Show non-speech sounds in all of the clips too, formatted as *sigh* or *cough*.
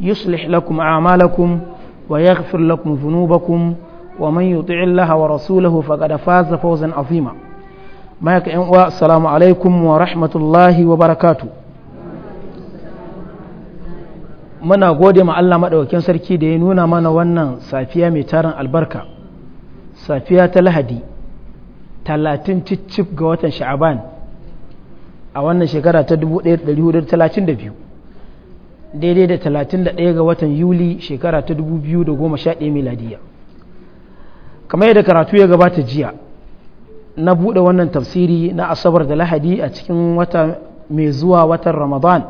يصلح لكم أعمالكم ويغفر لكم ذنوبكم ومن يطع الله ورسوله فقد فاز فوزا عظيما ما السلام عليكم ورحمة الله وبركاته muna gode ma Allah maɗaukakin sarki da ya nuna mana wannan safiya mai tarin albarka safiya ta lahadi talatin cicif ga watan sha'aban a wannan shekara ta 1432 daidai da 31 ga watan yuli shekara ta 2011 miladiya kamar yadda karatu ya gabata jiya na buɗe wannan tafsiri na asabar da lahadi a cikin wata mai zuwa watan ramadan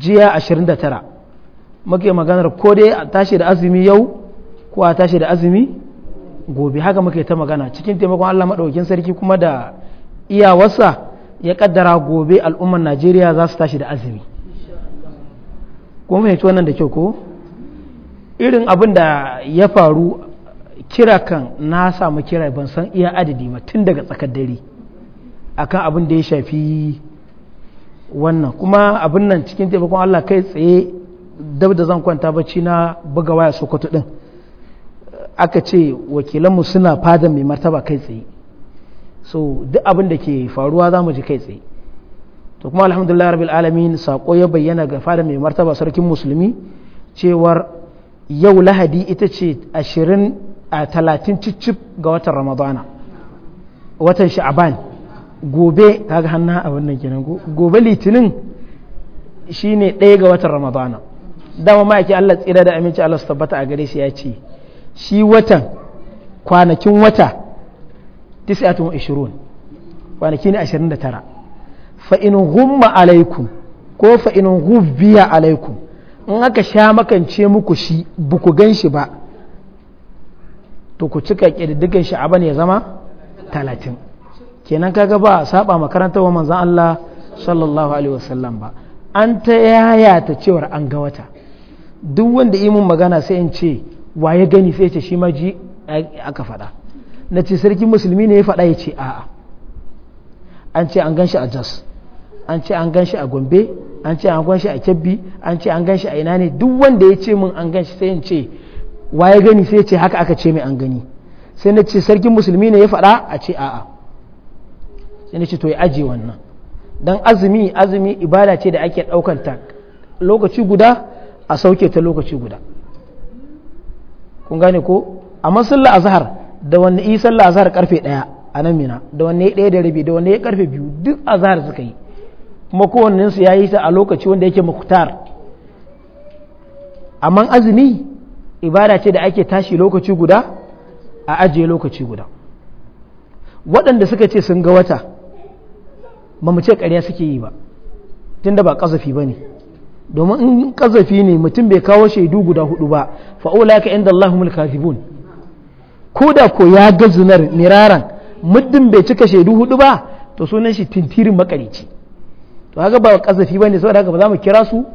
jiya ashirin da tara muke maganar ko dai a tashi da azumi yau ko a tashi da azumi gobe haka muke ta magana cikin taimakon allah maɗaukin sarki kuma da iyawarsa ya ƙaddara gobe al'ummar najeriya za su tashi da azumi kuma fahimci wannan da kyau ko irin abin da ya faru kira kan na samu kira ban san iya adadi ba tun daga tsakar dare akan abin da ya shafi wannan kuma abin nan cikin taimakon Allah kai tsaye dab da zan kwanta bacci na buga waya sokoto din aka ce wakilanmu suna fada mai martaba kai tsaye so duk abin da ke faruwa za mu ji kai tsaye to kuma alhamdulillah rabbil alamin sako ya bayyana ga fada mai martaba sarkin musulmi cewar yau lahadi ita ce ashirin a talatin cicif ga watan ramadana watan sha'aban gobe kaga hannu a wannan kenan gobe litinin shine ɗaya ga watan ramadana dama ma yake Allah tsira da aminci Allah su tabbata a gare shi ya ce shi watan kwanakin wata 29 kwanaki ne 29 fa'in humma alaikum ko fa'in hubbiya alaikum in aka sha makance muku shi buku gan ba to ku cika ƙididdigan shi abin ya zama talatin kenan kaga ba saba makarantar wa manzan Allah sallallahu alaihi wasallam ba an ta yayata cewar an ga wata duk wanda imin magana sai in ce wa ya gani sai ce shi ma ji aka faɗa na ce sarki musulmi ne ya faɗa ya ce a'a an ce an ganshi a jas an ce an ganshi a gombe an ce an ganshi a kyabbi an ce an ganshi a ina ne duk wanda ya ce min an ganshi sai in ce ya gani sai ce haka aka ce mai an gani sai na ce sarkin musulmi ne ya faɗa a ce a'a sai na ce to ya aje wannan dan azumi azumi ibada ce da ake ɗaukar ta lokaci guda a sauke ta lokaci guda kun gane ko a masallar azhar da wanne yi sallar azhar karfe ɗaya a nan mina da wanne ɗaya da rabi da wanne karfe biyu duk azhar suka yi kuma kowannensu ya yi sa a lokaci wanda yake muktar amma azumi ibada ce da ake tashi lokaci guda a ajiye lokaci guda waɗanda suka ce sun ga wata ba mu ce ƙarya suke yi ba tun da ba ƙazafi ba ne domin in ƙazafi ne mutum bai kawo shaidu guda hudu ba fa'ola ka inda Allahumul kafibun ko da ko ya ga zinar miraran muddin bai cika shaidu hudu ba to sunan shi tintirin makarici to haka ba kasafi ba ne saboda haka ba za mu kira su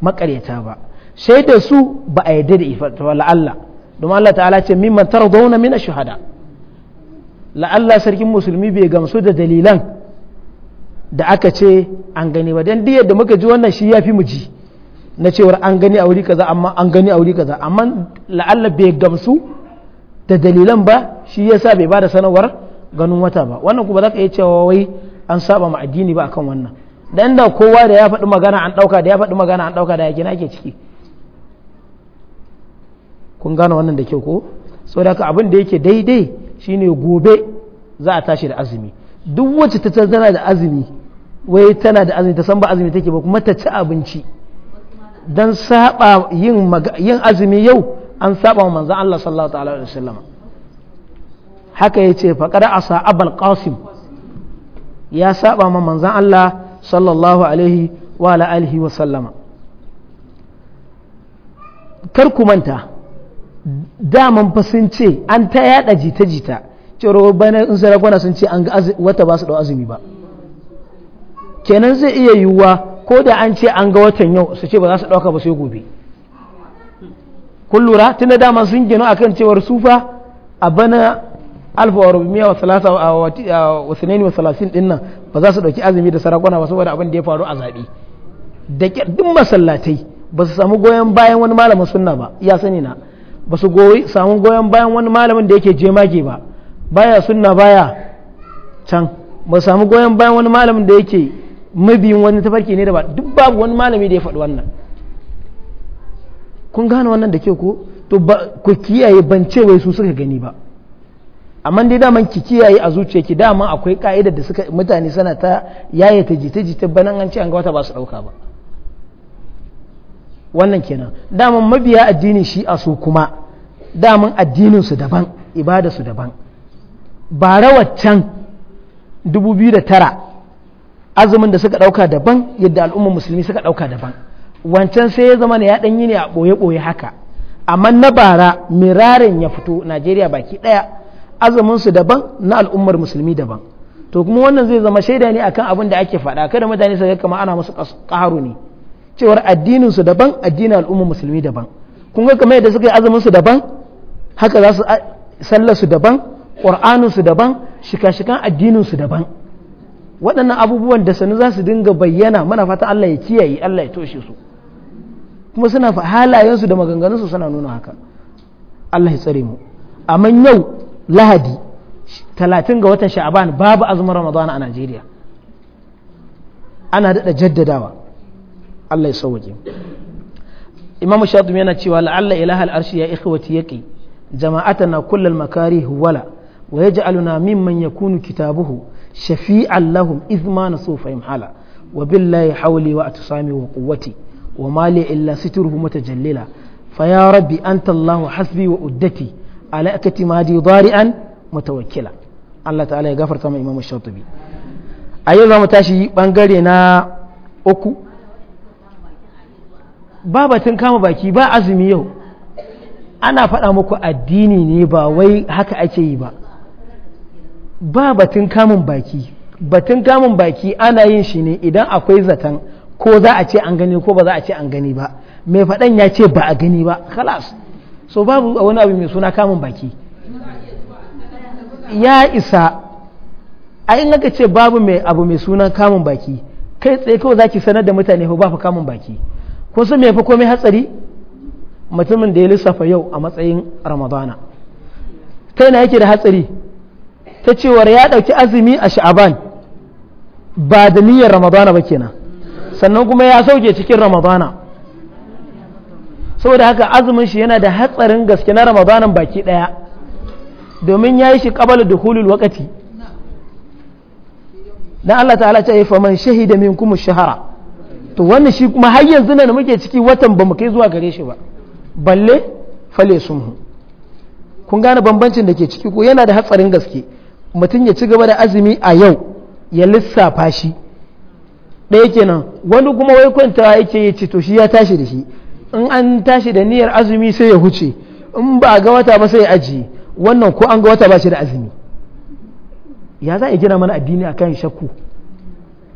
makaryata ba sai da su ba a yadda da ifata wa la'alla domin Allah ta'ala ce mimman tardauna min ash-shuhada la'alla sarkin musulmi bai gamsu da dalilan da aka ce an gani ba dan diyar da muka ji wannan shi yafi mu ji na cewar an gani a wuri kaza amma an gani a wuri kaza amma la'alla bai gamsu da dalilan ba shi yasa bai bada sanarwar ganin wata ba wannan kuma za ka iya cewa wai an saba ma addini ba akan wannan dan da kowa da ya faɗi magana an ɗauka da ya faɗi magana an ɗauka da ya na ke ciki kun gane wannan da kyau ko saboda haka abin da yake daidai shine gobe za a tashi da azumi duk wacce ta tana da azumi wai tana da azumi ta san ba azumi take ba kuma ta ci abinci dan saba yin azumi yau an saba wa manzon Allah sallallahu alaihi wasallam haka yace faqad asa abul qasim ya saba ma manzon Allah sallallahu alaihi wa ala alihi wa sallama kar ku manta daman fa sun ce an ta yada jita-jita cewar bana in sarakuna sun ce an ga wata ba su da azumi ba kenan zai iya yiwuwa ko da an ce an ga watan yau su ce ba za su dauka ba sai gobe kun lura tun da dama sun gino akan cewar sufa a bana alfa wa rubumiya wa salasa wa sinani wa salasin din ba za su ɗauki azumi da sarakuna ba saboda abin da ya faru a zaɓe da duk masallatai ba su samu goyon bayan wani malamin sunna ba ya sani na ba su samu goyon bayan wani malamin da yake jemage ba baya sunna baya can ba su samu goyon bayan wani malamin da yake mabiyin wani tafarki ne da ba duk babu wani malami da ya faɗi wannan kun gane wannan da ke ko to ku kiyaye ban ce wai su suka gani ba amma dai daman ki kiyaye a zuciyarki daman akwai ka'ida da suka mutane sana ta yayata ta jita jita banan an ce an ga wata ba su dauka ba wannan kenan daman mabiya addini shi a su kuma daman addinin su daban ibada su daban ba rawaccan 2009 azumin da suka dauka daban yadda al'ummar musulmi suka dauka daban wancan sai ya zama ya yi ne a boye boye haka amma na bara miraren ya fito Najeriya baki daya azumin su daban na al'ummar musulmi daban to kuma wannan zai zama shaida ne akan abin da ake faɗa kada mutane su ga kamar ana musu ƙaharu ne cewar addinin su daban addinin al'ummar musulmi daban kun ga kamar yadda suka yi azumin su daban haka za su sallar su daban qur'anin su daban shika-shikan addinin su daban waɗannan abubuwan da sanu za su dinga bayyana mana fata Allah ya kiyaye Allah ya toshe su kuma suna halayensu da maganganun su suna nuna haka Allah ya tsare mu amma yau lahadi talatin ga watan sha'aban babu azumin ramadana a najeriya ana daɗa jaddadawa allah ya sauwaje imam shatum yana cewa la'alla ilaha arshi ya ikhwati yaqi jama'atana kullal makarih wala wa yaj'aluna mimman kunu kitabuhu shafi'an lahum izma na fa hala wa billahi hawli wa atsami wa quwwati wa mali illa situruhu mutajallila fa ya rabbi anta allah hasbi wa uddati ala iktimadi dari'an mutawakkila Allah ta'ala ya gafarta ma Imam Shatibi a yau zamu tashi bangare na uku ba batun kama baki ba azumi yau ana faɗa muku addini ne ba wai haka ake yi ba ba batun kamun baki batun kamun baki ana yin shi ne idan akwai zaton ko za a ce an gani ko ba za a ce an gani ba mai faɗan ya ce ba a gani ba khalas so babu wani abu mai suna kamun baki ya isa a in ce babu mai abu mai suna kamun baki kai tsaye kawai zaki sanar da mutane ba fa kamun baki kun su me fa komai hatsari mutumin da ya lissafa yau a matsayin ramadana kai na yake da hatsari ta cewar ya ɗauki azumi a sha'aban ba da niyyar ramadana ba kenan sannan kuma ya sauke cikin ramadana saboda haka azumin shi yana da hatsarin gaske na ramadanan baki daya domin ya yi shi kabala da hulul wakati na Allah ta'ala a ya faman shahida min kuma shahara to wani shi kuma har yanzu na muke ciki watan ba mu kai zuwa gare shi ba balle fale hu kun gane bambancin da ke ciki ko yana da hatsarin gaske mutum ya ci gaba da azumi a yau ya lissafa shi ɗaya kenan wani kuma wai kwanta yake ya ci to shi ya tashi da shi in an tashi da niyyar azumi sai ya huce in ba a ga wata ba sai ya ajiye wannan ko an ga wata ba shi da azumi ya za a gina mana addini akan shakku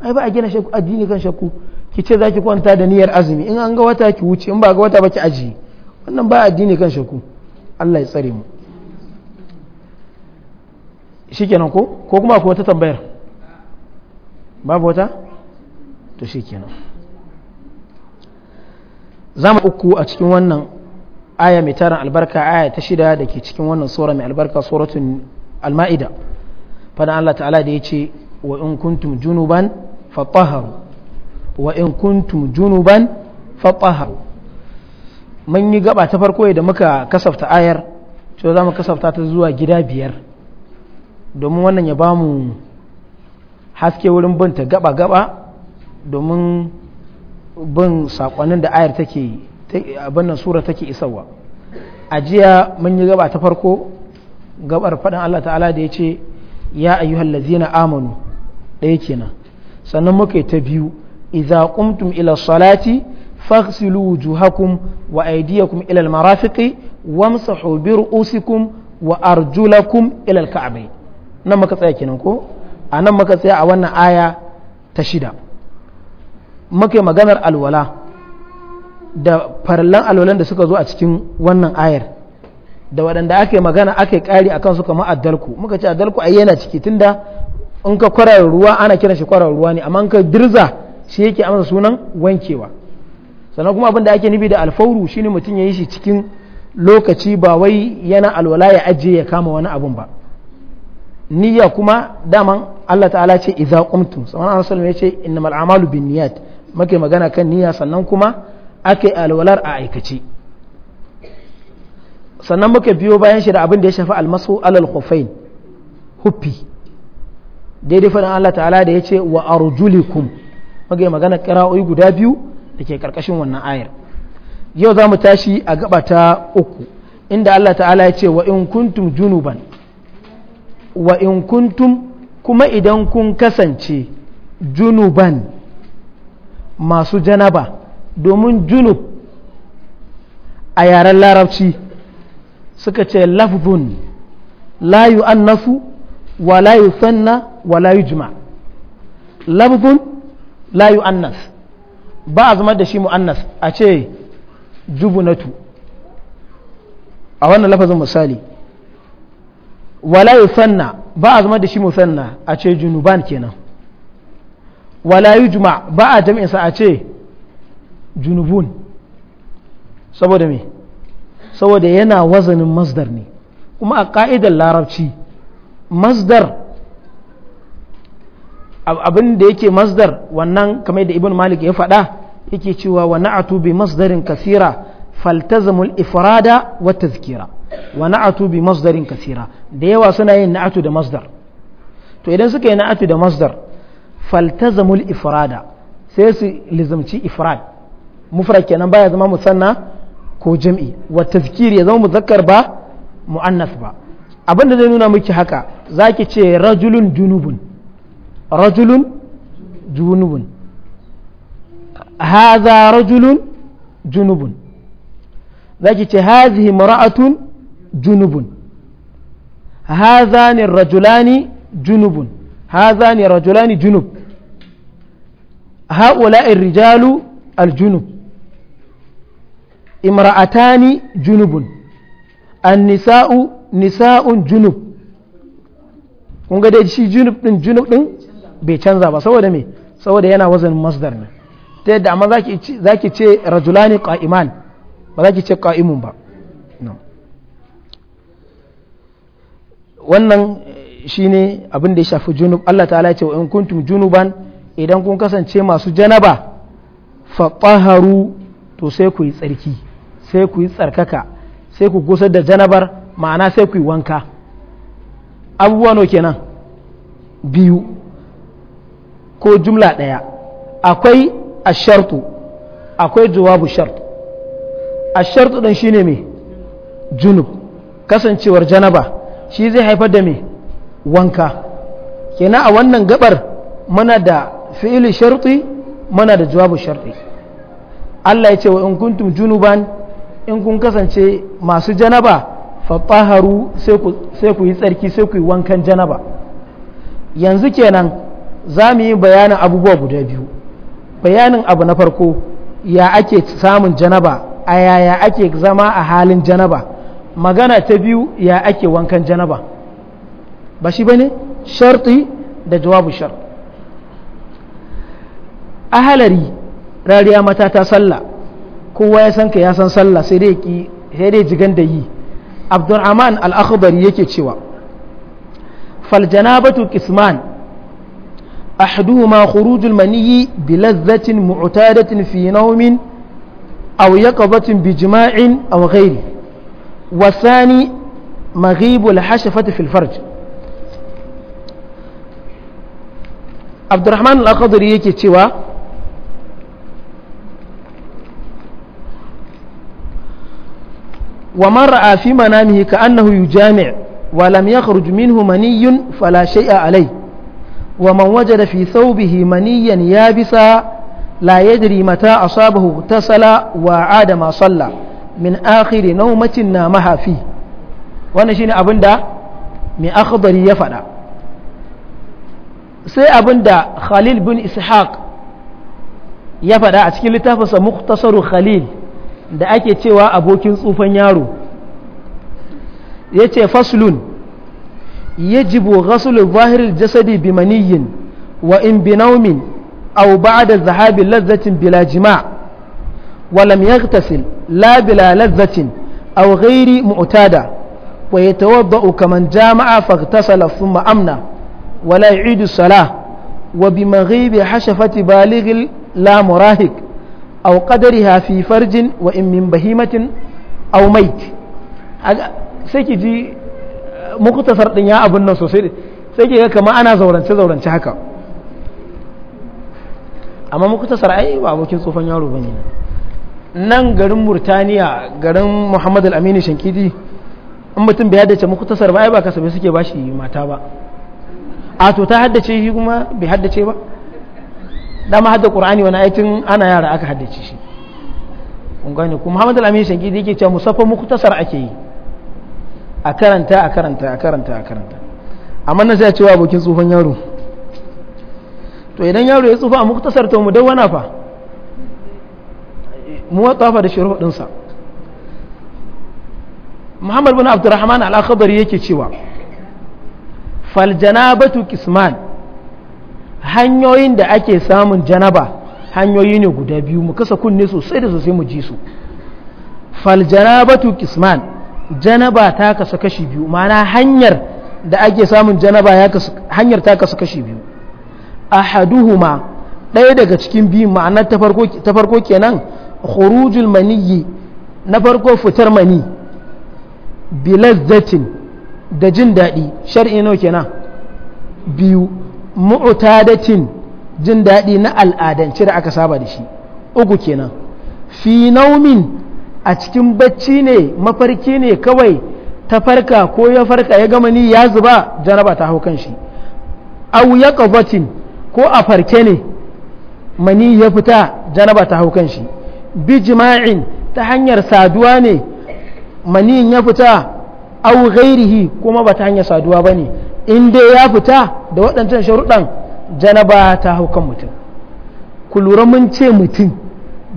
ai ba a gina addini kan shakku ki ce za ki kwanta da niyyar azumi in an ga wata ki huce in ba ga wata ba ki ajiye wannan ba addini kan shakku Allah ya tsare mu shikenan ko ko kuma akwai wata tambayar babu wata to shikenan zama uku a cikin wannan aya mai tarin albarka aya ta shida da ke cikin wannan tsoron mai albarka suratun alma'ida fadan Allah ta'ala da ya ce wa in kuntum junuban fatahharu wa in kuntum junuban fatahharu mun yi gaba ta farko da muka kasafta ayar cewa za mu kasafta ta zuwa gida biyar domin wannan ya ba mu haske wurin binta gaba-gaba domin bin sakonnin da ayar take abin nan sura take isarwa a jiya mun yi gaba ta farko gabar faɗin Allah ta'ala da ya ce ya ayyuhal ladzina amanu ɗaya kenan sannan muka ta biyu idza qumtum ila salati faghsilu wujuhakum wa aydiyakum ila marafiki wamsahu bi ru'usikum wa arjulakum ila alka'bayn nan muka tsaya kenan ko a nan muka tsaya a wannan aya ta shida muke maganar alwala da farlan alwalan da suka zo a cikin wannan ayar da waɗanda ake magana ake ƙari akan suka kamar addalku muka ce addalku ai yana ciki tunda in ka kwarar ruwa ana kiran shi kwarar ruwa ne amma in ka dirza shi yake amsa sunan wankewa sannan kuma abin da ake nufi da alfauru shine mutum ya yi shi cikin lokaci ba wai yana alwala ya ajiye ya kama wani abun ba niyya kuma daman Allah ta'ala ce idza qumtum sannan wasallam ya ce innamal a'malu binniyat Make magana kan niyya sannan kuma ake alwalar a aikace sannan muke biyo bayan shi da abin da ya shafi almasu alal khufain huffi daidai faɗin Allah ta'ala da ya ce wa arjulikum muke magana ƙira'o'i guda biyu da ke ƙarƙashin wannan ayar yau za mu tashi a gaba ta uku inda Allah ta'ala ya ce wa in kuntum junuban wa in kuntum kuma idan kun kasance junuban masu janaba domin junub a yaren larabci suka ce lafzun la nasu wa la sanna wa la yujma lafzun la nas ba a zama da shi mu'annas a ce jubunatu a wannan lafazin misali wa layu sanna ba a zama da shi sanna a ce junuban kenan wala juma ba a jam'in a ce junubun saboda me saboda yana wazanin masdar ne kuma a ka'idar larabci masdar abin da yake masdar wannan kamar da ibn malik ya faɗa yake cewa wa na'atu bi masdarin kasira faltazamul ifrada wa tazkira wa na'atu bi masdarin kasira da yawa suna yin na'atu da masdar to idan suka yi na'atu da masdar faltazamul ifrada sai su lizamci ifrad mufrad kenan baya zama musanna ko jam'i wa tazkir ya zama mu zakar ba muannas ba abinda zai nuna miki haka zaki ce rajulun junubun rajulun junubun hadha rajulun junubun zaki ce hadhihi mar'atun junubun hadhani rajulani junubun hazani rajulani junub هؤلاء الرجال الجنب امرأتان جنب النساء نساء جنب kun ga dai shi junub din junub din bai canza ba saboda me saboda yana wazan masdar ne ta yadda amma zaki ce rajulani qa'iman ba zaki ce qa'imun ba wannan shine abin da ya shafi junub Allah ta'ala ce in kuntum junuban idan kun kasance masu janaba fa taharu to sai ku yi tsarki sai ku yi tsarkaka sai ku gusar da janabar ma'ana sai ku yi wanka abubuwa no kenan biyu ko jumla ɗaya akwai ashartu akwai jawabu shart ashartu ɗin shine me junub kasancewar janaba shi zai haifar da me wanka kenan a wannan gabar mana da fi'ili sharti mana da jawabu sharti Allah ya ce wa in kuntum junuban in kun kasance masu janaba taharu sai ku yi tsarki sai ku yi wankan janaba yanzu kenan za mu yi bayanin abubuwa guda biyu bayanin abu na farko ya ake samun janaba a yaya ake zama a halin janaba magana ta biyu ya ake wankan janaba ba shi ba ne sharti da jawabu shar a halari rariya mata ta sallah kowa ya san ka ya sallah sai dai ki sai dai jigan da yi abdurrahman al-akhbar yake cewa fal janabatu qisman ahduma khurujul maniyyi bi ladhatin mu'tadatin fi nawmin aw yaqabatin bi jima'in aw ghairi wa thani maghibul hashafati fil abdurrahman al-akhdari yake cewa wa mara fi manamihi ka annahu yujami' wa lam yakhruj minhu maniyyun fala shay'a alayhi wa man wajada fi thawbihi maniyyan yabisa la yadri mata asabahu tasala wa aada ma salla min akhiri nawmatin na mahafi wannan shine abinda mai akhdari ya faɗa sai abin da khalil bin ishaq ya faɗa a cikin littafinsa muktasaru khalil da ake cewa abokin tsufan yaro ya ce faslun yajibu ghasulu zahiril jasadi bi maniyin wa in bi naumin ba da zahabi lazzacin bila jima' wa lam yaghtasil la bila lazzatin ghairi mu'tada wa yatawadda'u kaman jama'a faghtasala thumma amna ولا يعيد الصلاة وبمغيب حشفة بالغ لا مراهق أو قدرها في فرج وإن من بهيمة أو ميت سيكي جي مقتصر دنيا أبو النصر سيكي كما أنا زوران زوران haka amma muktasar ai ba abokin tsofan yaro bane nan garin murtaniya garin muhammad al-amini shankidi in mutum bai yadda ce muktasar ba ai ba kasabe suke bashi mata ba a to ta haddace shi kuma bai haddace ba dama hadda ƙura'ani wani aiki ana yara aka haddace shi ƙungani kuma Muhammad al shanki da yake cewa muku muktasar ake yi a karanta a karanta a karanta a karanta amma na sai cewa abokin tsufan yaro to idan yaro ya tsufa a muktasar ta mu dawana fa mu wata fa da shiru hudunsa Muhammad bin Abdurrahman al-Akhdari yake cewa faljanabatu kisman hanyoyin da ake samun janaba hanyoyi ne guda biyu mu kasa kunne sosai da sosai mu ji su faljanabatu kisman janaba ta kasu kashi biyu ma'ana hanyar da ake samun janaba ya hanyar ta kasu kashi biyu ahaduhuma ɗaya daga cikin biyu ma'anar ta farko kenan khurujul maniyyi na farko fitar mani bilazzatin da jin daɗi shar'i nawa kenan biyu mu'tadatin jin daɗi na al'adance da aka saba da shi uku kenan fi naumin a cikin bacci ne mafarki ne kawai ta farka ko ya farka ya gama ni ya zuba jaraba ta hau kanshi au ya ko a farke ne mani ya fita janaba ta hau kanshi bi jima'in ta hanyar saduwa ne manin ya fita au ghairihi kuma ba ta hanyar saduwa ba ne in ya fita da waɗancan sharuɗan janaba ta hau kan mutum ku lura mun ce mutum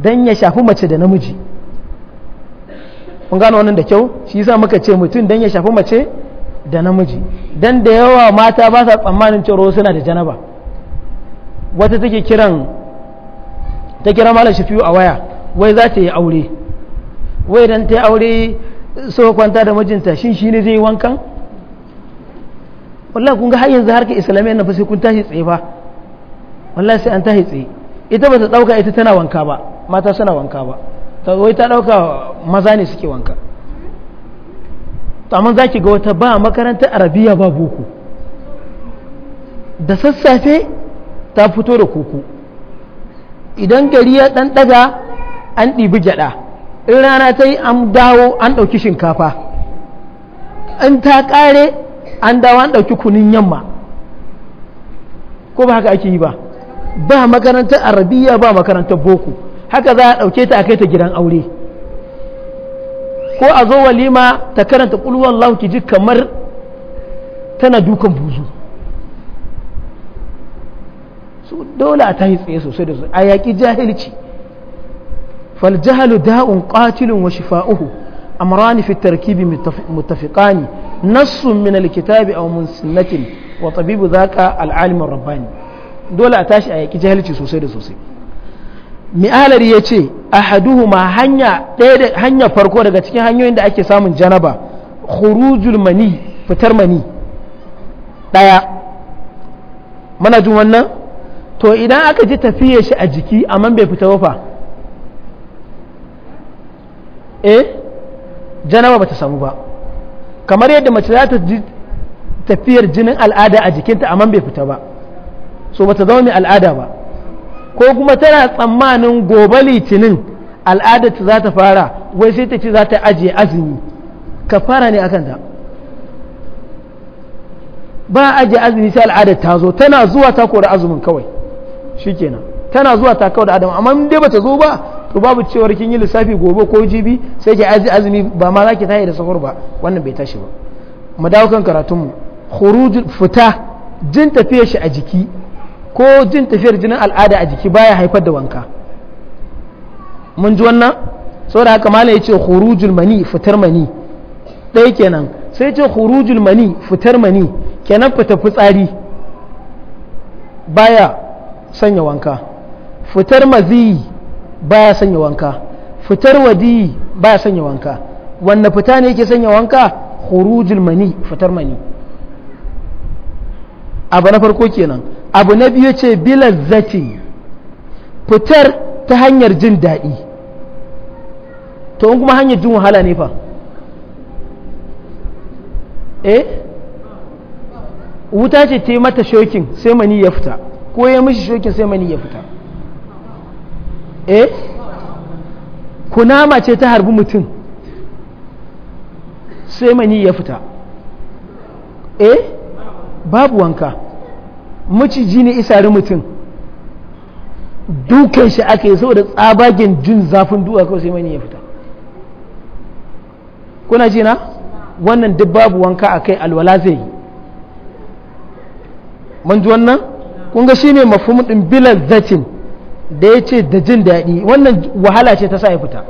don ya shafi mace da namiji kun gano wannan da kyau shi yasa muka ce mutum don ya shafi mace da namiji don da yawa mata ba sa tsammanin cewa suna da janaba wata take kiran ta kira malam shafi'u a waya wai za ta yi aure wai dan ta yi aure suka kwanta da mijinta shi shi ne zai yi wankan wallah kun ga har yanzu harkar islamiyya na fasikun kun tashi tsaye ba wallah sai an tashi tsaye ita ba ta dauka ita tana wanka ba mata suna wanka ba ta wai ta dauka maza ne suke wanka to za ki ga wata ba makarantar arabiya ba boko da sassafe ta fito da koko idan gari ya dan daga an ɗibi gyada in rana ta yi an dawo an ɗauki shinkafa in ta ƙare an dawo an ɗauki kunin yamma ko ba haka ake yi ba ba makarantar arabiya ba makarantar boko haka za a ɗauke ta a kai ta gidan aure ko a zo walima ta karanta ƙulwar lauki ji kamar tana dukan buzu dole a ta yi tsaye sosai da sosai a yaƙi jahilci فالجهل داء قاتل وشفاؤه أمران في التركيب متفقان نص من الكتاب أو من سنة وطبيب ذاك العالم الرباني a أتاش jahalci جهلتي سوسي سوسي mi'alar ya ce a haduhuma hanya ɗaya hanya farko daga cikin hanyoyin da ake samun janaba khurujul mani fitar mani ɗaya mana jin wannan to idan aka ji tafiye shi a jiki amma bai fita wafa eh janaba bata samu ba kamar yadda mace za ta tafiyar jinin al'ada a jikinta amma bai fita ba so bata zama mai al'ada ba ko kuma tana tsammanin gobe litinin al'ada ta za ta fara wai sai ta ce za ta ajiye azumi ka fara ne akan ta ba ajiye azumi sai al'ada ta zo tana zuwa ta kori azumin kawai shikenan tana zuwa ta kawai da adam amma in dai bata zo ba to babu cewar kin yi lissafi gobe ko jibi sai ki aji azumi ba ma za ki tashi da sahur ba wannan bai tashi ba mu dawo kan karatunmu khuruj fita jin tafiyar shi a jiki ko jin tafiyar jinin al'ada a jiki baya haifar da wanka mun ji wannan saboda haka malai yace khurujul mani fitar mani dai kenan sai ce khurujul mani fitar mani kenan fita fitsari baya sanya wanka fitar maziyi baya sanya wanka fitar wadi baya sanya wanka wanda fita ne yake sanya wanka khurujul mani fitar mani abu na farko kenan abu na biyu ce zati fitar ta hanyar jin daɗi to in kuma hanyar jin wahala ne fa eh wuta ce ta yi mata shokin sai mani ya fita ko ya mishi shokin sai mani ya fita eh kunama ce ta harbi mutum sai mani ya fita eh babu wanka maciji ne isari mutum dukan shi ake yi saboda tsabagen jin zafin duka kawai sai mani ya fita kuna ji na wannan duk babu wanka a kai alwala zai yi manju wannan kun ga shine mafi ɗin bilal zatin da ya ce da jin daɗi wannan wahala ce ta sa ya fita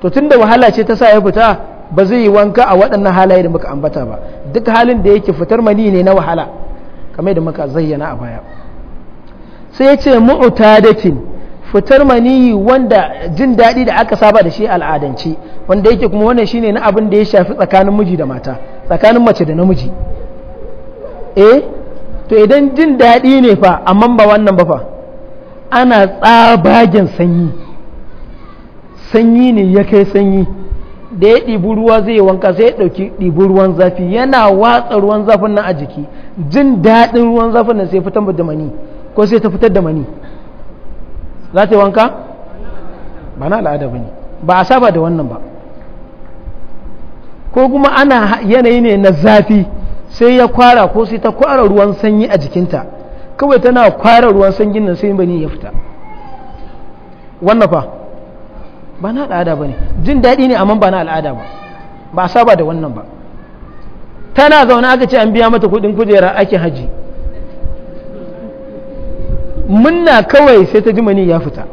to tun da wahala ce ta sa ya fita ba zai yi wanka a waɗannan halaye da muka ambata ba duk halin da yake fitar mani ne na wahala kamar da muka zayyana a baya sai ya ce kin fitar mani wanda jin daɗi da aka saba da shi al'adance wanda yake kuma wannan shine na abin da ya shafi tsakanin miji da mata tsakanin mace da namiji eh to idan jin daɗi ne fa amma ba wannan ba fa ana tsabagen sanyi sanyi ne ya kai sanyi da ya ɗibi ruwa zai wanka sai ya ɗauki ɗibi ruwan zafi yana watsa ruwan zafin nan a jiki jin daɗin ruwan zafin nan sai ya fitar da mani ko sai ta fitar da mani za ta yi wanka ba na al'ada ba ne ba a saba da wannan ba ko kuma ana yanayi ne na zafi sai ya kwara ko sai ta kwara ruwan sanyi a jikinta kawai tana kwara ruwan sangin nan sai bani ya fita wannan fa ba na al'ada ba ne jin daɗi ne amma ba na al'ada ba ba a saba da wannan ba tana zaune aka ce an biya mata kuɗin kujera ake haji munna kawai sai ta ji mani ya fita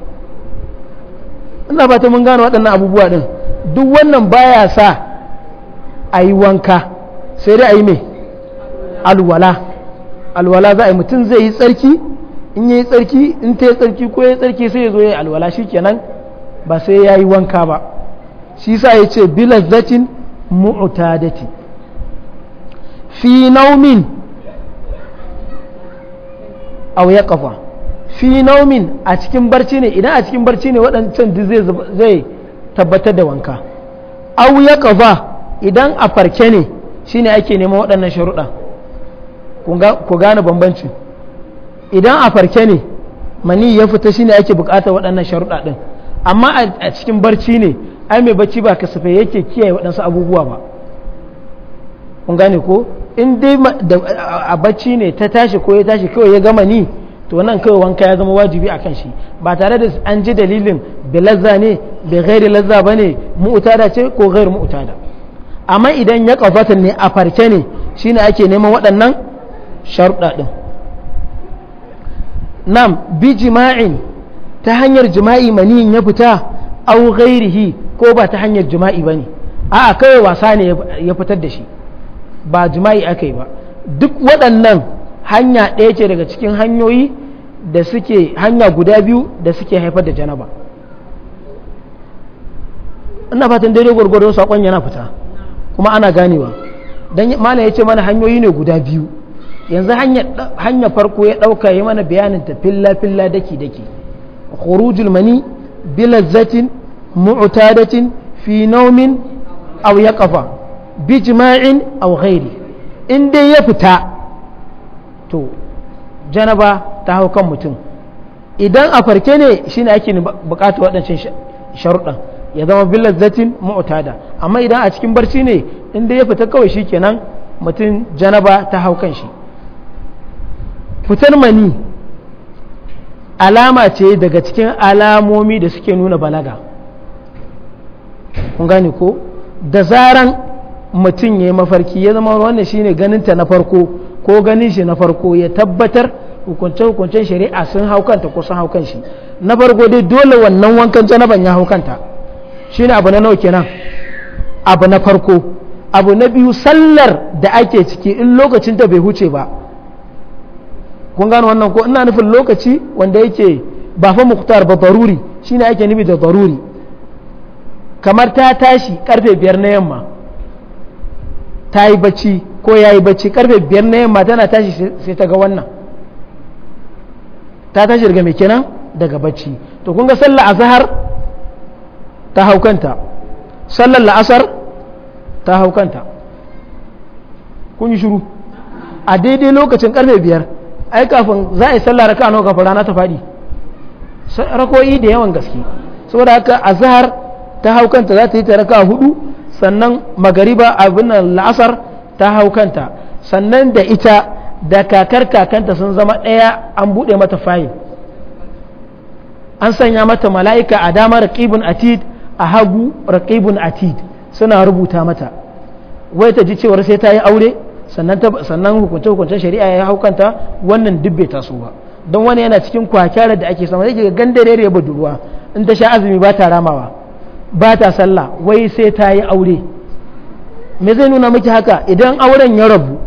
ina ba ta mun gano waɗannan abubuwa ɗin duk wannan baya sa ayi wanka sai dai ayi yi mai alwala alwala za a yi mutum zai yi tsarki in yi tsarki in ta yi tsarki ko ya yi tsarki sai ya zo ya yi alwala shi kenan ba sai ya yi wanka ba shi sa ya ce bilazzatin mu'tadati fi naumin a ya kafa fi naumin a cikin barci ne idan a cikin barci ne waɗancan zai tabbatar da wanka a ya kafa idan a farke ne shi ne ake neman waɗannan sharuɗa ku gane bambanci idan a farke ne mani ya fita shine ake bukatar waɗannan sharuɗa ɗin amma a cikin barci ne ai mai barci ba kasafai yake kiyaye waɗansu abubuwa ba kun gane ko in dai a barci ne ta tashi ko ya tashi kawai ya gama ni to nan kawai wanka ya zama wajibi a kan shi ba tare da an ji dalilin bi lazza ne bi ghairi lazza ba ne mu'tada ce ko ghairi mu'tada amma idan ya kafata ne a farke ne shine ake neman waɗannan sharuɗa ɗin nam bi jima'in ta hanyar jima'i maniyin ya fita au ghairihi ko ba ta hanyar jima'i ba ne a'a kawai wasa ne ya fitar da shi ba jima'i aka yi ba duk waɗannan hanya ɗaya ce daga cikin hanyoyi da suke hanya guda biyu da suke haifar da janaba ina fatan daidai gwargwado saƙon yana fita kuma ana ganewa don mana ya ce mana hanyoyi ne guda biyu yanzu hanya farko ya ɗauka yi mana bayanin ta filla-filla daki-daki khurujul mani bilazzatin mu'tadatin fi naumin aw ya kafa bijma'in aw ghairi in dai ya fita to janaba ta hau kan mutum idan a farke ne shine ake bukatar waɗancan sharuɗan ya zama bilazzatin mu'tada amma idan a cikin barci ne in dai ya fita kawai shikenan mutum janaba ta hau kan shi fitar mani alama ce daga cikin alamomi da suke nuna balaga kun gani ko da zaran mutum ya yi mafarki ya zama wannan shine ganinta na farko ko ganin shi na farko ya tabbatar hukunce-hukuncen shari'a sun hau kanta ko sun hau kan shi na farko dai dole wannan wankan janaban ya hau kanta ne abu na nauke kenan abu na farko abu na biyu sallar da ake ciki in lokacin ta bai huce ba kun gano wannan ko ina nufin lokaci wanda yake ba fa muktar ba daruri shine ake nufi da daruri kamar ta tashi karfe biyar na yamma ta yi bacci ko ya yi bacci karfe biyar na yamma tana tashi sai ta ga wannan ta tashi daga mai kenan daga bacci to kun ga sallar azhar ta haukanta sallar la'asar ta haukanta kun yi shiru a daidai lokacin karfe biyar ai kafin za a yi sallah raka nawa kafin rana ta faɗi rakoyi da yawan gaske saboda haka a zahar ta hau kanta za ta yi ta raka hudu sannan magariba abin la'asar ta hau kanta sannan da ita da kakar kakanta sun zama ɗaya an buɗe mata fayil an sanya mata mala'ika a dama raƙibin atid a hagu raƙibin atid suna rubuta mata wai ta ji cewar sai ta yi aure sannan hukunce hukuncen shari'a ya haukanta wannan dubbe ta ba don wani yana cikin kwakyarar da ake samu yake ga gandare ya duruwa, in ta sha azumi ba ta ramawa ba ta sallah wai sai ta yi aure me zai nuna miki haka idan auren ya rabu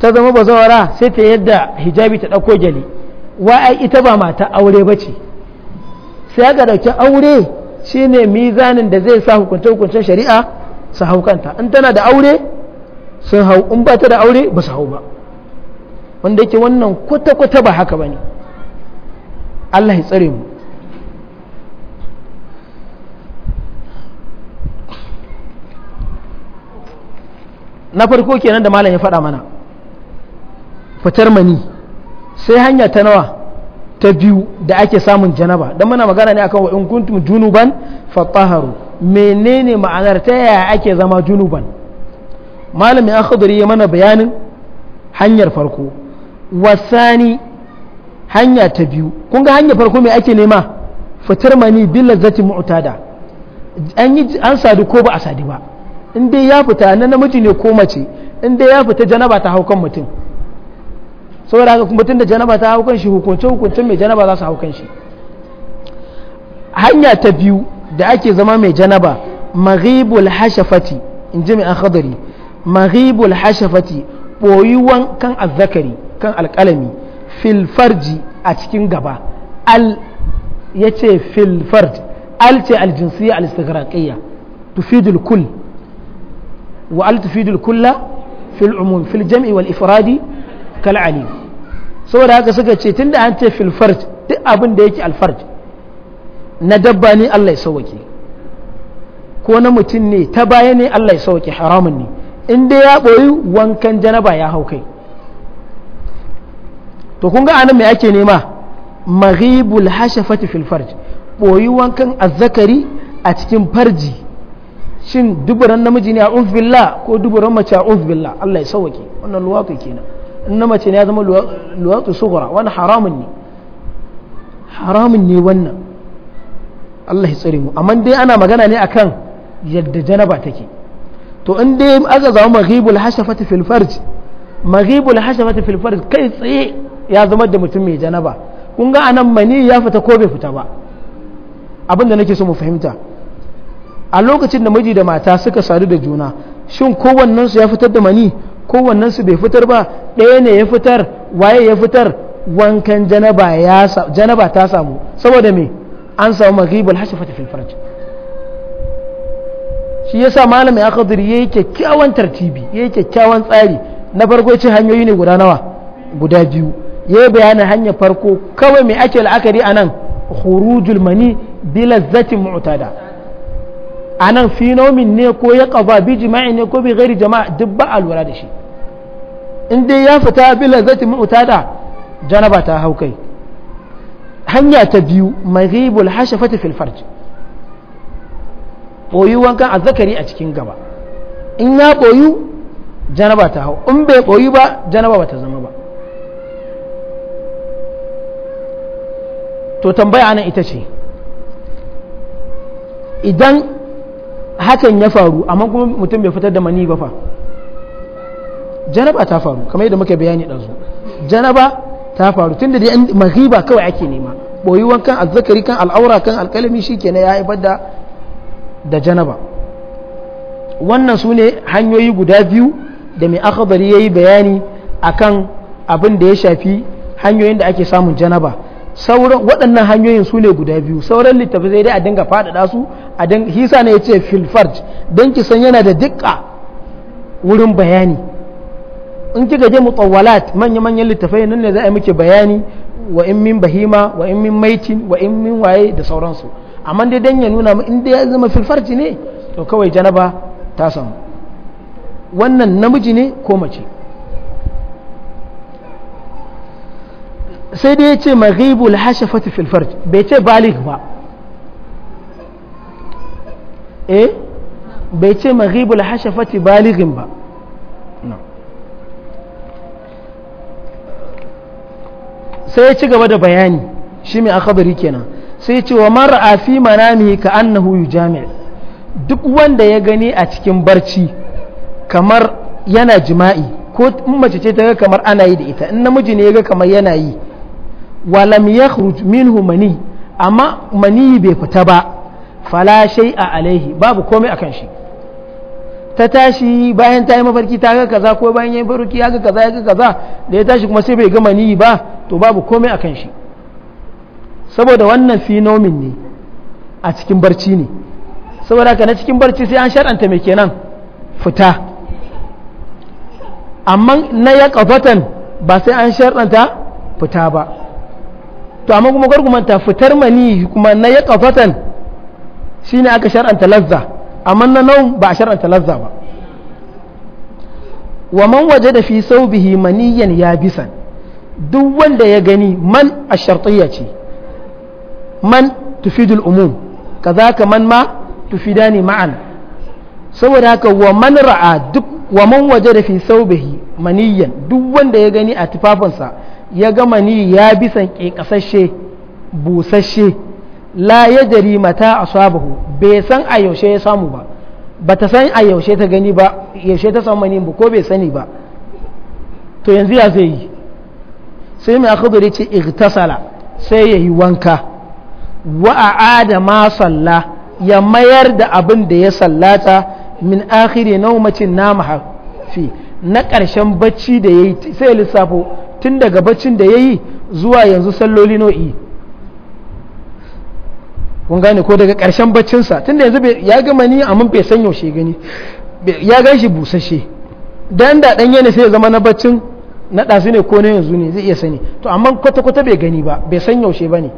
ta zama ba zawara sai ta yadda hijabi ta ɗauko gyale wa ai ita ba mata aure ba ce sai aka ɗauki aure shine mizanin da zai sa hukuncin hukuncen shari'a su haukanta in tana da aure sun hau in ba ta da aure ba su hau ba wanda yake wannan kwata-kwata ba haka ba ne allah ya tsare mu na farko kenan da malam ya faɗa mana fitar mani sai hanya ta nawa ta biyu da ake samun janaba don muna magana ne akan wa'in kuntum junuban fattaharu menene ma'anar ta yaya ake zama junuban malamin akhadari ya mana bayanin hanyar farko wasani hanya ta biyu kun ga hanyar farko mai ake nema fitar mani bil ladzati mu'tada an yi an sadu ko ba a sadu ba in dai ya fita na namiji ne ko mace in dai ya fita janaba ta haukan mutum saboda haka mutum da janaba ta haukan shi hukunce hukunce mai janaba za su haukan shi hanya ta biyu da ake zama mai janaba maghibul hashafati in ji mai an khadari maghibul hashafati boyuwan kan azzakari kan alƙalami fil farji a cikin gaba al ya ce fil farj al ce aljinsiyya al-istighraqiyya tufidul kul wa al tufidul kulla fil umum fil jam'i wal ifradi kal alim saboda haka suka ce tunda an ce fil farj duk abin da yake al farj na dabba ne Allah ya sauke ko na mutum ne ta baya ne Allah ya sauke haramun ne in dai ya ɓoyi wankan janaba ya hau kai to kun ga anan mai ake nema maghibul hashafati fil farj ɓoyi wankan azzakari a cikin farji shin duburan namiji ne a uzbillah ko duburan mace a uzbillah Allah ya sauwake wannan luwaƙi kenan in na mace ne ya zama luwatu sugura wani haramun ne haramun ne wannan Allah ya tsare mu amma dai ana magana ne akan yadda janaba take to in dai aka zama maghibul hashafati fil farj maghibul hashafati fil farj kai tsaye ya zama da mutum mai janaba kun ga anan mani ya fita ko bai fita ba abin da nake so mu fahimta a lokacin da miji da mata suka sadu da juna shin kowannen su ya fitar da mani kowannen su bai fitar ba ɗaya ne ya fitar waye ya fitar wankan janaba ya janaba ta samu saboda me an samu maghibul hashafati fil farj shi yasa malami akhadir yayi kyakkyawan tartibi yayi kyakkyawan tsari na farko ce hanyoyi ne guda nawa guda biyu yayi bayanin hanyar farko kawai mai ake la'akari anan khurujul mani bi lazzatin mu'tada anan finomin ne ko ya qaba bi jima'i ne ko bi ghairi jama'a duk ba alwala da shi in dai ya fita bi lazzati mu'tada janaba ta haukai hanya ta biyu maghibul hashafati fil farj ɓoyi wankan azzakari a cikin gaba in ya boyu janaba ta hau in bai ɓoyi ba janaba ba ta zama ba to tambaya nan ita ce idan hakan ya faru amma kuma mutum bai fitar da mani ba fa janaba ta faru kamar yadda muka bayani ɗazu janaba ta faru tunda dai mahiba kawai ake nema boyi wankan azzakari kan al'aura kan alkalami shikenan ya haifar da da janaba wannan su ne hanyoyi guda biyu da mai akabari ya yi bayani akan abin da ya shafi hanyoyin da ake samun janaba sauran waɗannan hanyoyin su ne guda biyu sauran littafi zai dai a dinga faɗaɗa su a dinga hisa ne ya ce filfarj don ki san yana da dukka wurin bayani in ki mu mutawalat manya-manyan littafai nan ne za a yi muke bayani wa in min bahima wa in min maitin wa in min waye da sauransu amma dai dan ya nuna in dai ya zama filfarci ne to kawai janaba ta samu wannan namiji ne ko mace sai dai ya ce maghibu hashafati filfarci bai ce balik ba eh bai ce maghibu hashafati balighin ba sai ya ci gaba da bayani shi mai akabari kenan sai ce wa mar'a fi manamihi ka annahu jami'a duk wanda ya gani a cikin barci kamar yana jima'i ko mace ce ta ga kamar ana yi da ita in namiji ne ya ga kamar yana yi wa lam yakhruj minhu mani amma mani bai fita ba fala a alaihi babu komai akan shi ta tashi bayan ta yi mafarki ta ga kaza ko bayan ya yi mafarki ya ga kaza ya ga kaza da ya tashi kuma sai bai ga mani ba to babu komai akan shi saboda wannan fenomin ne a cikin barci ne saboda haka na cikin barci sai an shar'anta mai kenan fita amma na ya ƙafatan ba sai an shar'anta fita ba to amma kuma gargumanta fitar mani kuma na ya ƙafatan shi ne aka shar'anta lazza amma na nau ba a shar'anta lazza ba wa man waje da fi sau bihi maniyan ya bisan duk wanda ya gani man a shartiyya ce man tufidul umum kazaka man ma tufidani ma'an saboda haka wa man ra'a duk wa man wajada fi saubahi maniyan duk wanda ya gani a tufafinsa ya ga mani ya bisan kasashe busashe la ya jari mata a sabahu bai san a yaushe ya samu ba ba ta san a yaushe ta gani ba yaushe ta samu mani ko bai sani ba to yanzu ya zai yi sai mai akhbari ce igtasala sai ya yi wanka wa'ada ma salla ya mayar da abin da ya sallata min akhiri naumacin nama fi na ƙarshen bacci da ya yi sai lissafo tun daga baccin da ya yi zuwa yanzu salloli nau'i. kun gane ko daga ƙarshen baccinsa tun da yanzu ya gama ni amma bai san yaushe gani ya gan shi busashe dan da ɗanye yana sai ya zama na baccin na ɗasu ne ko na yanzu ne zai iya sani to amma kwata-kwata bai gani ba bai san yaushe ba ne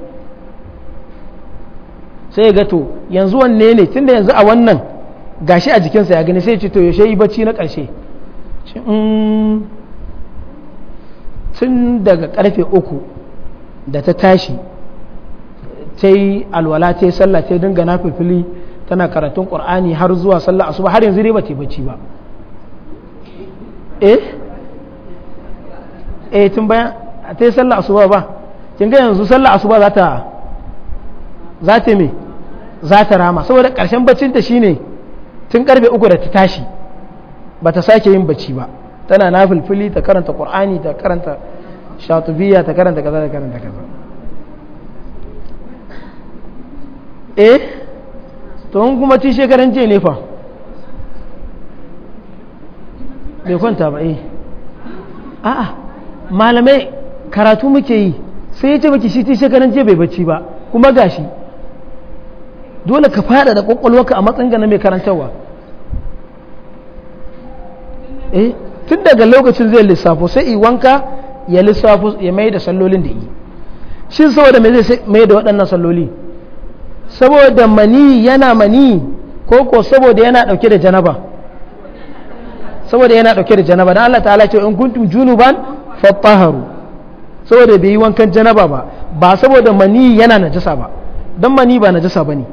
sai ga to yanzu wanne ne tunda yanzu a wannan gashi a jikinsa ya gani sai ce to yaushe yi bacci na ƙarshe mm, tun daga ƙarfe uku da ta tashi ta yi alwala ta yi sallah ta yi dinga na fili tana karatun ƙur'ani har zuwa sallah asuba har yanzu dai ba ta yi bacci ba eh eh tun bayan ta yi sallah asuba ba kin ga yanzu sallah asuba za ta za ta me za ta rama saboda ƙarshen baccinta shine tun ƙarfe uku da ta tashi ba ta sake yin bacci ba tana na filfili ta karanta ƙur'ani ta karanta shatubiya ta karanta kaza ta karanta kaza eh to hun kuma ci shekarun jiya ne fa bai kwanta ba eh a'a malamai karatu muke yi sai ya ce baki shi ci shekarun jiya bai bacci ba kuma gashi dole ka fada da kwakwalwarka a matsayin ga mai karantarwa eh tun daga lokacin zai lissafo sai yi wanka ya lissafo ya mai da sallolin da yi shi saboda mai zai mai da waɗannan salloli saboda mani yana mani ko ko saboda yana ɗauke da janaba saboda yana ɗauke da janaba dan Allah ta'ala ce in kuntum junuban fattaharu saboda bai yi wankan janaba ba ba saboda mani yana najasa ba Don mani ba najasa ba ne.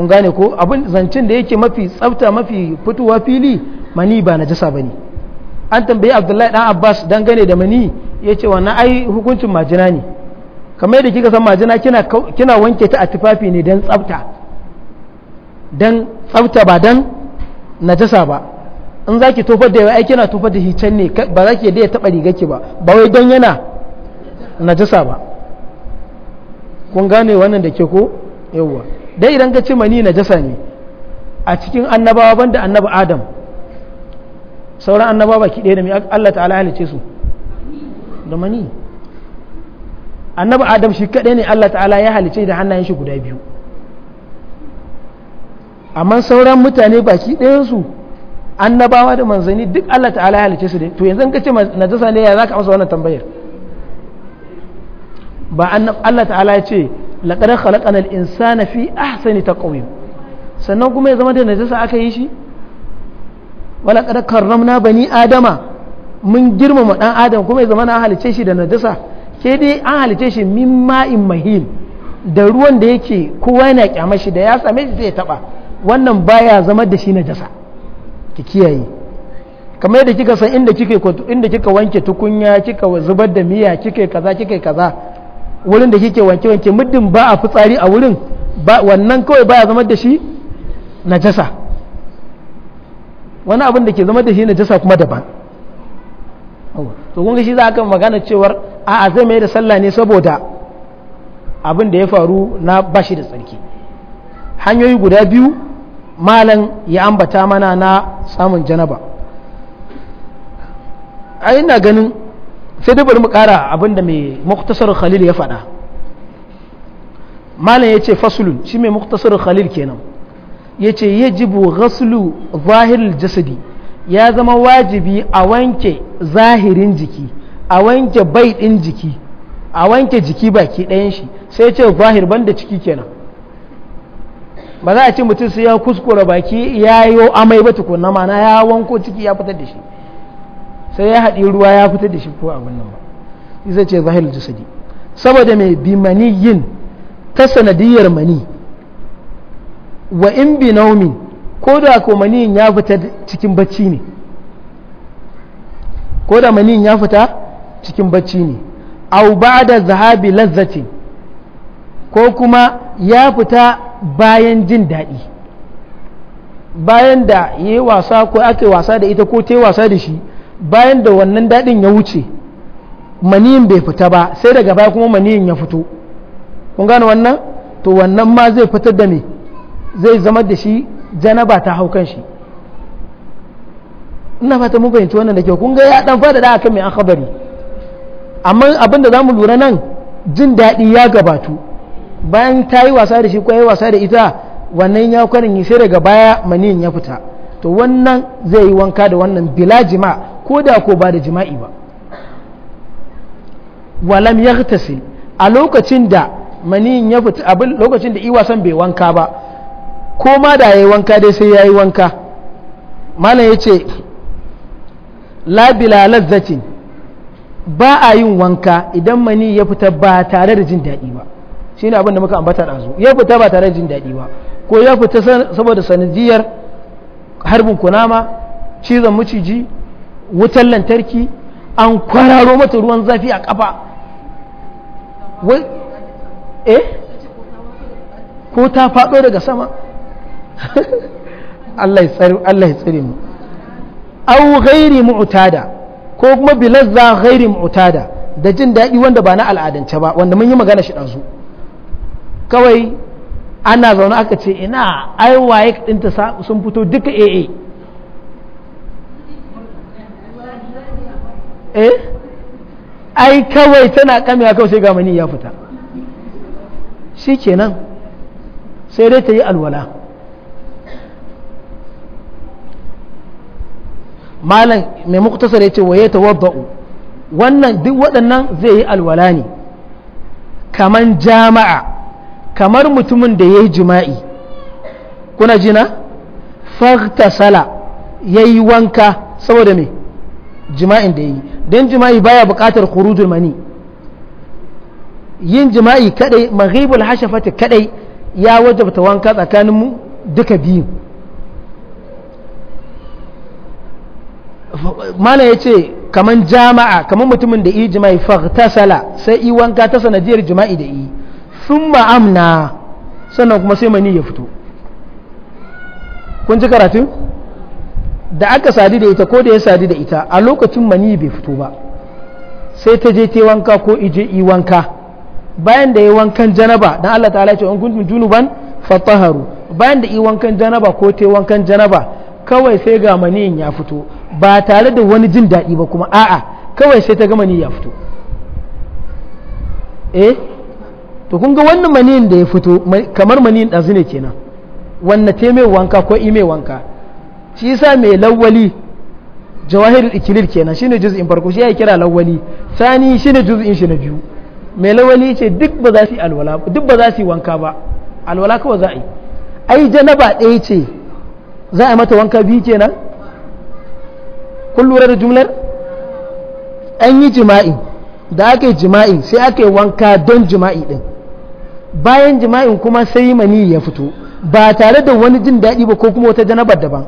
kun gane ko abin zancen da yake mafi tsafta mafi fitowa fili mani ba na ba ne an tambayi Abdullahi dan Abbas gane da mani ce wannan ai hukuncin majina ne kamar yadda kika san majina kina wanke ta a tufafi ne dan tsafta dan tsafta ba dan najasa ba in za ki tofar da yawa ai kina tofar da hicen ne ba za ki yadda ya taɓa riga ki ba ba wai don yana najasa ba kun gane wannan da ke ko yawwa dai idan ka ce mani na jasa ne a cikin annabawa banda annabi adam sauran annabawa baki ɗaya da mai Allah ta'ala halice su da mani annabi adam shi kaɗai ne Allah ta'ala ya halice da hannayen shi guda biyu amma sauran mutane baki su annabawa da manzani duk Allah ta'ala ya halice su dai to yanzu ka ce jasa ne ya za ka amsa wannan tambayar ba Allah ta'ala ya ce laqad khalaqana al-insana fi ahsani taqwim sannan kuma ya zama da najasa aka yi shi wala na karramna bani adama mun girmama dan adam kuma ya zama na halice shi da najasa ke dai an halice shi min ma'in mahil da ruwan da yake kowa yana kyamar shi da ya same shi zai taba wannan baya zama da shi najasa ki kiyaye kamar yadda kika san inda kika inda kika wanke tukunya kika zubar da miya kika kaza kika kaza wurin da kike wanke-wanke muddin ba a fitsari a wurin wannan kawai baya zama da shi na jasa wani abin da ke zama da shi na jasa kuma daban to kun shi za a kan magana cewar a a zai mai da sallah ne saboda abin da ya faru na bashi da tsarki hanyoyi guda biyu malam ya ambata mana na samun janaba a na ganin sai dai bari mu kara abin da mai muktasar khalil ya faɗa malam ya ce fasulun shi mai muktasar khalil kenan ya ce yajibu ghaslu zahir jasadi ya zama wajibi a wanke zahirin jiki a wanke bai ɗin jiki a wanke jiki baki ɗayan shi sai ce zahir banda ciki kenan ba za a ce mutum sai ya kuskura baki ya yi amai ba tukunna mana ya wanko ciki ya fitar da shi sai ya haɗi ruwa ya fitar da shi ko abin nan ba isa ce zahil jisadi saboda mai bi maniyin ta sanadiyar mani wa in bi naumi ko da ko maniyin ya fita cikin bacci ne ko da mani ya fita cikin bacci ne au da zahabi lazzatin ko kuma ya fita bayan jin daɗi bayan da yi wasa ko ake wasa da ita ko ta yi wasa da shi bayan da wannan daɗin ya wuce maniyin bai fita ba sai daga baya kuma maniyin ya fito kun gane wannan to wannan ma zai fitar da me zai zama da shi janaba ta hau kan shi ina fata mun fahimci wannan da kyau kun ga ya dan fada da akan mai an khabari amma abin da mu lura nan jin daɗi ya gabatu bayan ta yi wasa da shi ko ya wasa da ita wannan ya kwarin sai daga baya maniyin ya fita to wannan zai yi wanka da wannan bila jima ko da ko ba da jima'i ba walam yaghtasil a lokacin da maniyin ya fita abin lokacin da iwasan bai wanka ba ko ma da yi wanka dai sai ya yi wanka mana ya ce labila lazzatin ba a yin wanka idan mani ya fita ba tare da jin daɗi ba ne abin da muka ambata da ya fita ba tare da jin daɗi ba ko ya fita saboda sanadiyar harbin kunama cizon maciji wutar lantarki an kwararo mata ruwan zafi a kafa eh? ko ta faɗo daga sama *laughs* Allah ya tsare mu au ghairi mu'tada ko kuma bilazza ghairi mu'tada da jin daɗi wanda ba na al'adance ba wanda mun yi magana shi ɗansu kawai ana zaune aka ce ina ai waye ɗinta sun fito duka AA eh, eh. eh ai kawai tana kamewa kawai sai ga ya fita shi kenan sai dai ta yi alwala malam mai muktasar ya ce waye ta wadda'u wannan duk waɗannan zai yi alwala ne kamar jama'a kamar mutumin da ya yi jima'i kuna jina sala ya yi wanka saboda mai jima'in da ya yi don jima'i baya buƙatar khurujul mani yin jima'i kadai maghibul hashafati kadai ya wajabta wanka tsakanin mu duka biyu mana ya ce kaman jama'a kaman mutumin da yi jima'i faghtasala sai iya wanka ta sanadiyar jima'i da yi sun amna sannan kuma sai mani ya fito kun ji karatun da aka sadi da ita ko da ya sadi da ita a lokacin mani bai fito ba sai ta je ta wanka ko ije yi wanka bayan da ya wankan janaba dan Allah ta'ala ce in kuntum junuban fatahharu bayan da yi wankan janaba ko ta wankan janaba kawai sai ga maniyin ya fito ba tare da wani jin daɗi ba kuma a'a kawai sai ta ga mani ya fito eh to kun ga wannan maniyin da ya fito kamar maniyin ɗazu ne kenan wannan te mai wanka ko i mai wanka shi yasa mai lawali jawahirul ikilir kenan shine juz'in farko shi ya kira lawali sani shine juz'in shi na biyu mai lawali ce duk ba za su yi alwala duk ba za su yi wanka ba alwala kawai za a yi ai janaba ɗaya ce za a mata wanka biyu kenan kun lura da jumlar an yi jima'i da aka yi jima'i sai aka yi wanka don jima'i ɗin bayan jima'in kuma sai maniyi ya fito ba tare da wani jin daɗi ba ko kuma wata janabar daban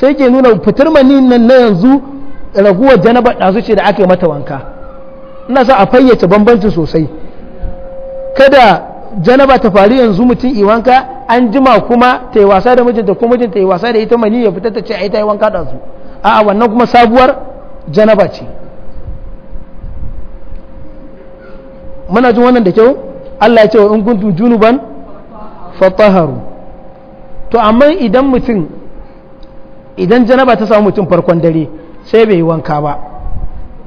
sai ke nuna fitar mani nan na yanzu raguwar janabar ɗazu ce da aka yi mata wanka ina sa a fayyace bambancin sosai kada janaba ta faru yanzu mutum wanka an jima kuma ta yi wasa da mijinta ko mijinta yi wasa da ita mani ya fitar ta ce a ta yi wanka da su a wannan kuma sabuwar janaba ce muna jin wannan da kyau Allah ya ce wa in kuntum junuban fatahharu to amma idan mutum idan janaba ta samu mutum farkon dare sai bai yi wanka ba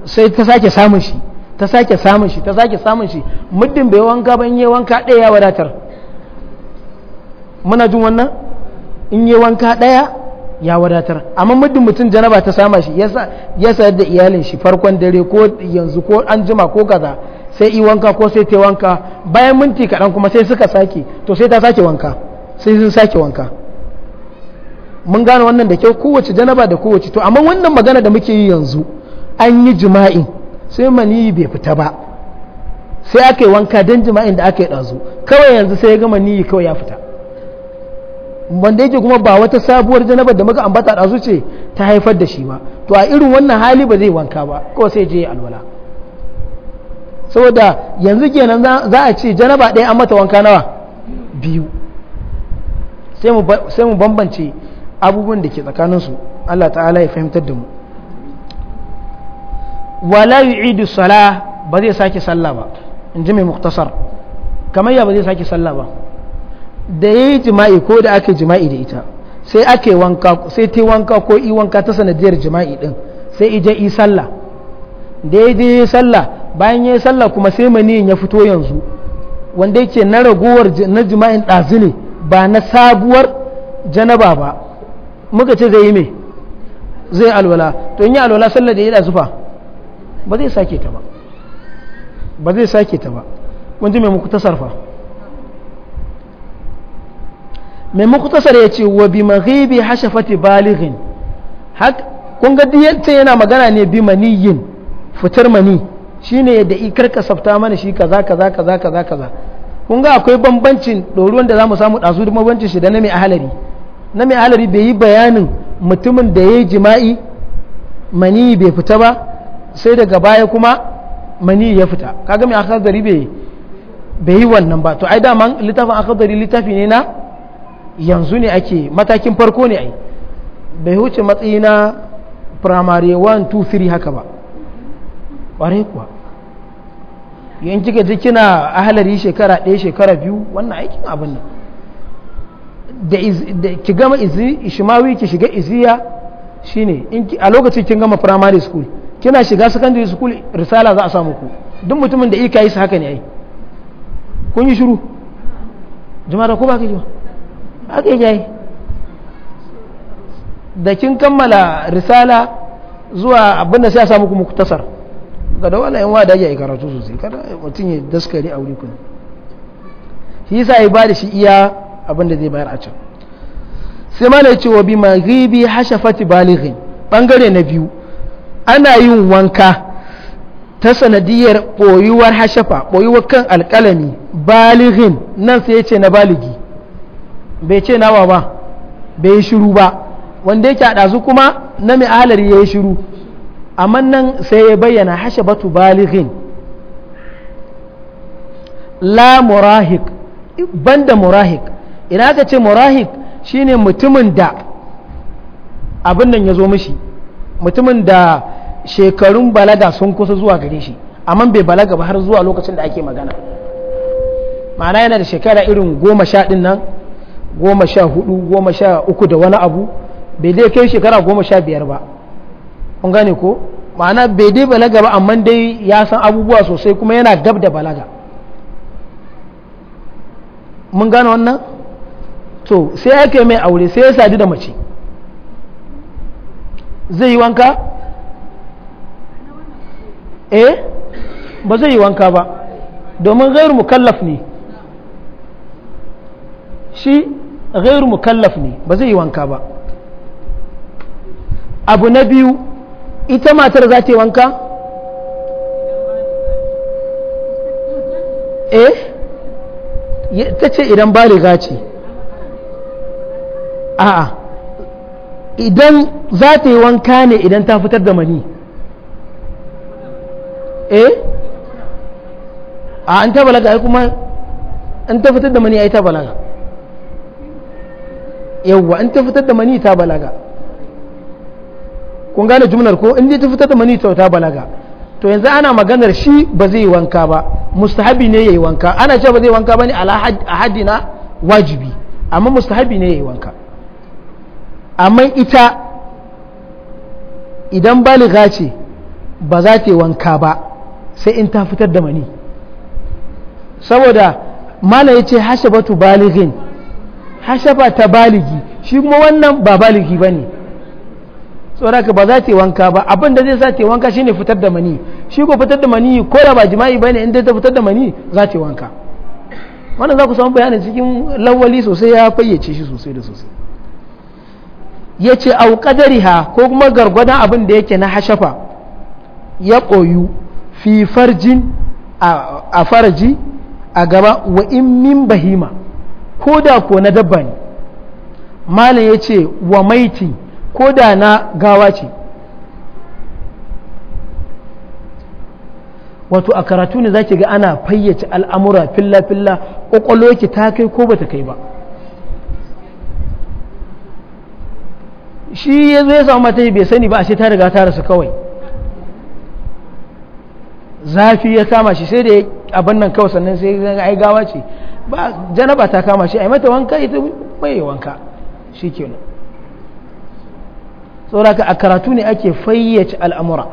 sai ta sake samun shi ta sake samun shi ta sake samun shi muddin bai wanka ba in yi wanka ɗaya ya wadatar muna jin wannan in yi wanka ɗaya ya wadatar amma muddin mutum janaba ta sama shi ya sayar da iyalin shi farkon dare ko yanzu ko an jima ko kaza sai yi wanka ko sai ta wanka bayan minti kaɗan kuma sai suka sake to sai ta sake wanka sai sun sake wanka mun gane wannan da kyau kowace janaba da kowace to amma wannan magana da muke yi yanzu an yi jima'in sai maniyi bai fita ba sai aka yi wanka don jima'in da aka yi ɗazu kawai yanzu sai ya ga maniyi kawai ya fita wanda yake kuma ba wata sabuwar janabar da muka ambata ɗazu ce ta haifar da shi ba to a irin wannan hali ba zai wanka ba kawai sai je alwala saboda yanzu kenan za a ce janaba ɗaya an mata wanka nawa biyu sai mu bambance abubuwan da ke tsakaninsu Allah ta'ala ya fahimtar da mu wala yu'idu salah ba zai sake sallah ba in ji mai muktasar kamar ya ba zai sake sallah ba da yayi jima'i ko da aka jima'i da ita sai ake wanka sai ta wanka ko i wanka ta sanadiyar jima'i din sai ije i sallah da ya yi sallah bayan yayi yi sallah kuma sai maniyin ya fito yanzu wanda yake na ragowar na jima'in ɗazu ne ba na sabuwar janaba ba muka ce zai yi me zai alwala to in yi alwala sallar da ya da zufa ba zai sake ta ba ba zai sake ta ba kun mai muku tasarfa mai muku tasar ya ce wa bi maghibi hashafati balighin hak kun ga diyatta yana magana ne bi maniyin fitar mani shine yadda ikar ka safta mana shi kaza kaza kaza kaza kaza kun ga akwai bambancin ɗoruwan da za mu samu ɗazu da bambancin shi da na mai ahalari na mai alari bai yi bayanin mutumin da ya yi jima'i mani bai fita ba sai daga baya kuma mani ya fita kaga mai akadari bai yi wannan ba to ai dama littafin akadari littafi ne na yanzu ne ake matakin farko ne ai bai huce matsayi na primary 1 2 3 haka ba kware kuwa yankin kika ji kina ahalari shekara ɗaya shekara biyu wannan aikin abin nan da ki gama ishimawi ki shiga isiya shine a lokacin kin gama primary school kina shiga secondary school risala za a samu ku duk mutumin da ika yi su haka ne ai kun yi shiru jama'a ko ba ka yi ba haka yi da kin kammala risala zuwa abin da sai a samu ku muktasar ga da wala yan wada ya karatu sosai kada mutum ya daskari a wuri kun shi yasa ya ba da shi iya abinda da zai bayar a can sai malai ce wa bi maghibi hashafati balighin bangare na biyu ana yin wanka ta sanadiyar boyuwar hashafa boyuwar kan alkalami balighin nan sai ya ce na baligi bai ce nawa ba bai yi shiru ba wanda yake a ɗazu kuma na mai ya yi shiru amma nan sai ya bayyana hashabatu balighin la murahik banda murahik ina ka ce murahik shine mutumin da abin nan ya zo mishi mutumin da shekarun balaga sun kusa zuwa gare shi amma bai balaga ba har zuwa lokacin da ake magana ma'ana yana da shekara irin goma sha ɗin nan goma sha hudu goma sha uku da wani abu bai dai kai shekara goma sha biyar ba kun gane ko ma'ana bai dai balaga ba amma dai ya san abubuwa sosai kuma yana gab da balaga mun gane wannan to sai ake mai aure sai ya sadu da mace zai yi wanka eh ba zai yi wanka ba domin gairu mukallaf ne shi gairu mukallaf ne ba zai yi wanka ba abu na biyu ita matar za ta yi wanka eh ta ce idan ba riga ce a'a idan za ta yi wanka ne idan ta fitar da mani eh a an ta balaga ai kuma an ta fitar da mani ai ta balaga yawwa an ta fitar da mani ta balaga kun gane jumlar ko in ta fitar da mani ta balaga to yanzu ana maganar shi ba zai wanka ba mustahabi ne yayi wanka ana cewa ba zai wanka bane ala hadina wajibi amma mustahabi ne yayi wanka amma ita idan baliga ce ba za ta yi wanka ba sai in ta fitar da mani saboda mala ya ce hashabatu baligin hashaba ta baligi shi kuma wannan ba baligi ba ne tsoraka ba za ta yi wanka ba abin da zai sa ta yi wanka shine fitar da mani shi ko fitar da mani ko da ba jima'i ba ne inda ta fitar da mani za ta yi wanka wannan za ku samu bayanin cikin lawali sosai ya fayyace shi sosai da sosai ya ce au ko kuma gargwadon abin da yake na hashafa ya ƙoyu fi farjin a faraji a gaba wa in min bahima ko da ko na dabba ne malam ya ce wa maiti ko da na gawa ce wato a karatu ne za ki ga ana fayyace al'amura filla-filla ƙwaƙwalo ki ta kai ko ba ta kai ba shi ya zo ya samu mata bai sani ba a ta riga ta rasu kawai zafi ya kama shi sai da ya abin nan kawai sannan sai ya ai gawa ce ba janaba ta kama shi yi mata wanka ita mai wanka shi kenan tsoraka a karatu ne ake fayyace al'amura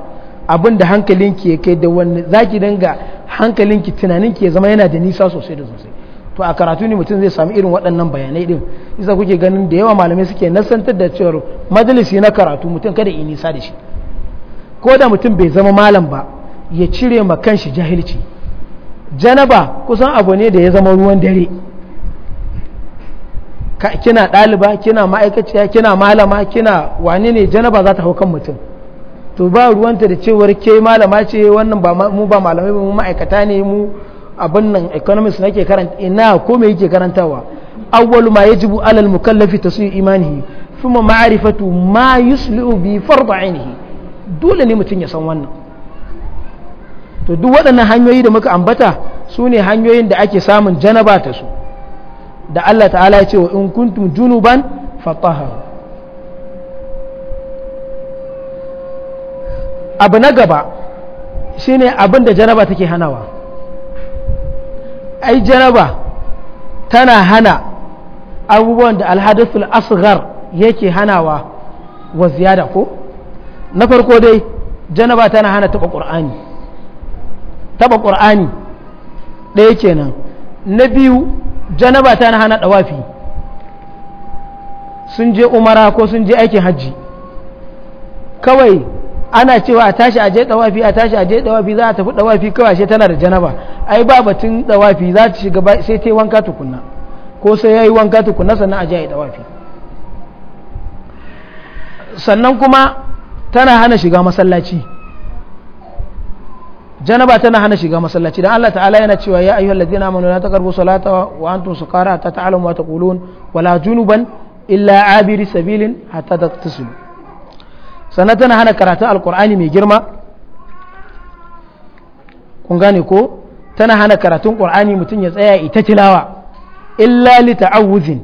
abin da hankalinki ya kai da wani zaki dinga hankalinki tunaninki ya zama yana da nisa sosai da sosai to a karatu ne mutum zai sami irin waɗannan bayanai din isa kuke ganin da yawa malamai suke nasantar da cewar majalisi na karatu mutum kada yi nisa da shi ko da mutum bai zama malam ba ya cire ma kanshi jahilci janaba kusan abu ne da ya zama ruwan dare kina ɗaliba kina ma'aikaciya kina malama kina wani ne janaba za ta hau kan mutum to ba ruwanta da cewar ke malama ce wannan mu ba malamai ba mu ma'aikata ne mu abin nan economics nake karanta ina ko me yake karantawa awwalu ma yajibu alal mukallafi tasiyu imanihi thumma ma'rifatu ma yuslu bi fardu ainihi dole ne mutun ya san wannan to duk waɗannan hanyoyi da muka ambata su ne hanyoyin da ake samun janaba ta su da Allah ta'ala ya ce wa in kuntum junuban fatahar abu na gaba shine abin da janaba take hanawa ai janaba tana hana abubuwan da alhadathul asghar yake hanawa wa ziyada ko na farko dai janaba tana hana taba qur'ani taba qur'ani ɗaya kenan na biyu janaba tana hana dawafi sun je umara ko sun je aikin hajji kawai ana cewa a tashi aje dawafi a tashi aje dawafi za a tafi dawafi kawai shi tana da janaba ai ba batun dawafi za ta shiga sai ta yi wanka tukunna ko sai ya yi wanka tukunna sannan aje yi dawafi sannan kuma tana hana shiga masallaci janaba tana hana shiga masallaci dan Allah ta'ala yana cewa ya ayyuhal ladina amanu la taqrabu salata wa antum sukara ta ta'lamu wa taqulun wala junuban illa abiri sabilin hatta tagtasilu sannan tana hana karatun alkur'ani mai girma kun gane ko tana hana karatun ƙur'ani mutum ya tsaya ita tilawa illa li ta'awuzin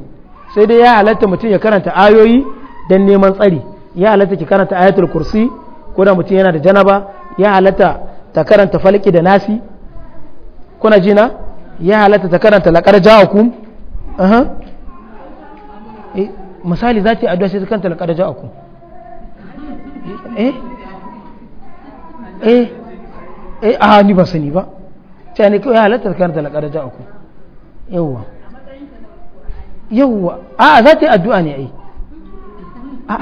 sai dai ya halatta mutum ya karanta ayoyi dan neman tsari ya halatta ki karanta ayatul kursi ko da mutum yana da janaba ya halatta ta karanta falaki da nasi kuna jina ya halatta ta karanta laqad ja'akum eh, za misali zati addu'a sai ta karanta laqad ja'akum eh eh eh ni ba sani ba ta ne kawai halatta karanta laƙar da ku yawwa yawwa a za ta yi addu'a ne ai a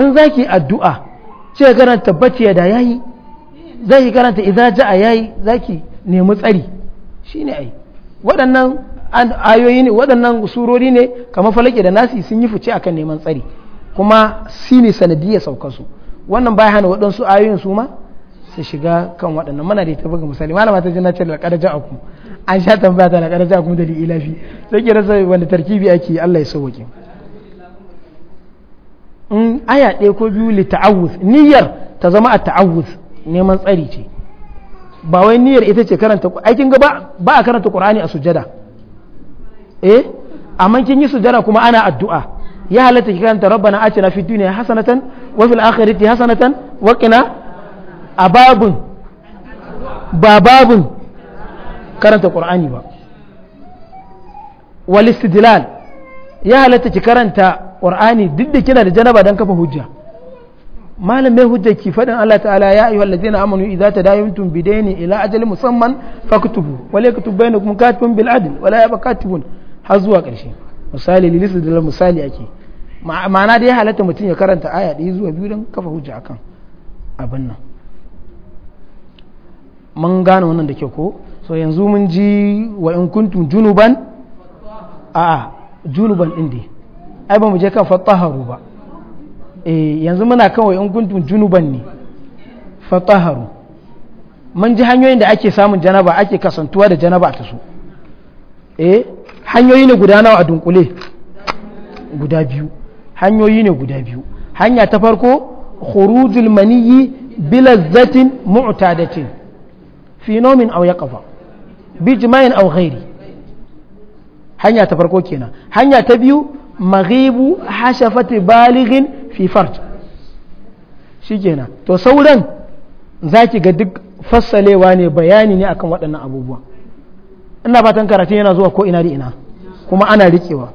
in za ki addu'a ce karanta batiya da yayi za ki karanta idan ja'a yayi za ki nemi tsari shi ne ai waɗannan ayoyi ne waɗannan surori ne kamar falake da nasi sun yi fice akan neman tsari kuma shi ne sanadiyar su. wannan baya hana waɗansu ayoyin su ma su shiga kan waɗannan mana da ita buga misali malama ta jinna ce da ƙaraja akum an sha tambaya ta da ƙaraja akum da ilafi sai ki rasa wanda tarkibi ake Allah ya sauke in aya ɗaya ko biyu li ta'awuz niyyar ta zama a ta'awuz neman tsari ce ba wai niyyar ita ce karanta aikin ga ba a karanta qur'ani a sujada eh amma kin yi sujada kuma ana addu'a ya halatta ki karanta rabbana atina fid dunya hasanatan wa fil akhirati hasanatan wa qina ababun ba babun karanta qur'ani ba wal ya halatta ki karanta qur'ani duk da kina da janaba dan kafa hujja malam mai hujja ki fadin Allah ta'ala ya ayyuhal ladzina amanu idza tadayantum bidaini ila ajali musamman faktubu wa la yaktubu bainakum katibun bil adl wa la yabqa katibun har zuwa karshe misali lilis da misali ake ma'ana dai halatta mutum ya karanta aya ɗaya zuwa biyu don kafa hujja akan abin nan mun gane wannan da kyau ko so yanzu mun ji wa in kuntum junuban a junuban din dai ai ba mu je kan fataharu ba eh yanzu muna kan wa in kuntum junuban ne fataharu mun ji hanyoyin da ake samun janaba ake kasantuwa da janaba ta su eh hanyoyi ne guda nawa a dunkule guda biyu hanyoyi ne guda biyu hanya ta farko khurujul maniyyi bilazzatin mu'tadatin fi nomin aw yaqfa bijma'in aw ghairi hanya ta farko kenan hanya ta biyu maghibu hashafati balighin fi farj shikenan to sauran zaki ga duk fassalewa ne bayani ne akan waɗannan abubuwa ina fatan karatun yana zuwa ko ina da ina kuma ana riƙewa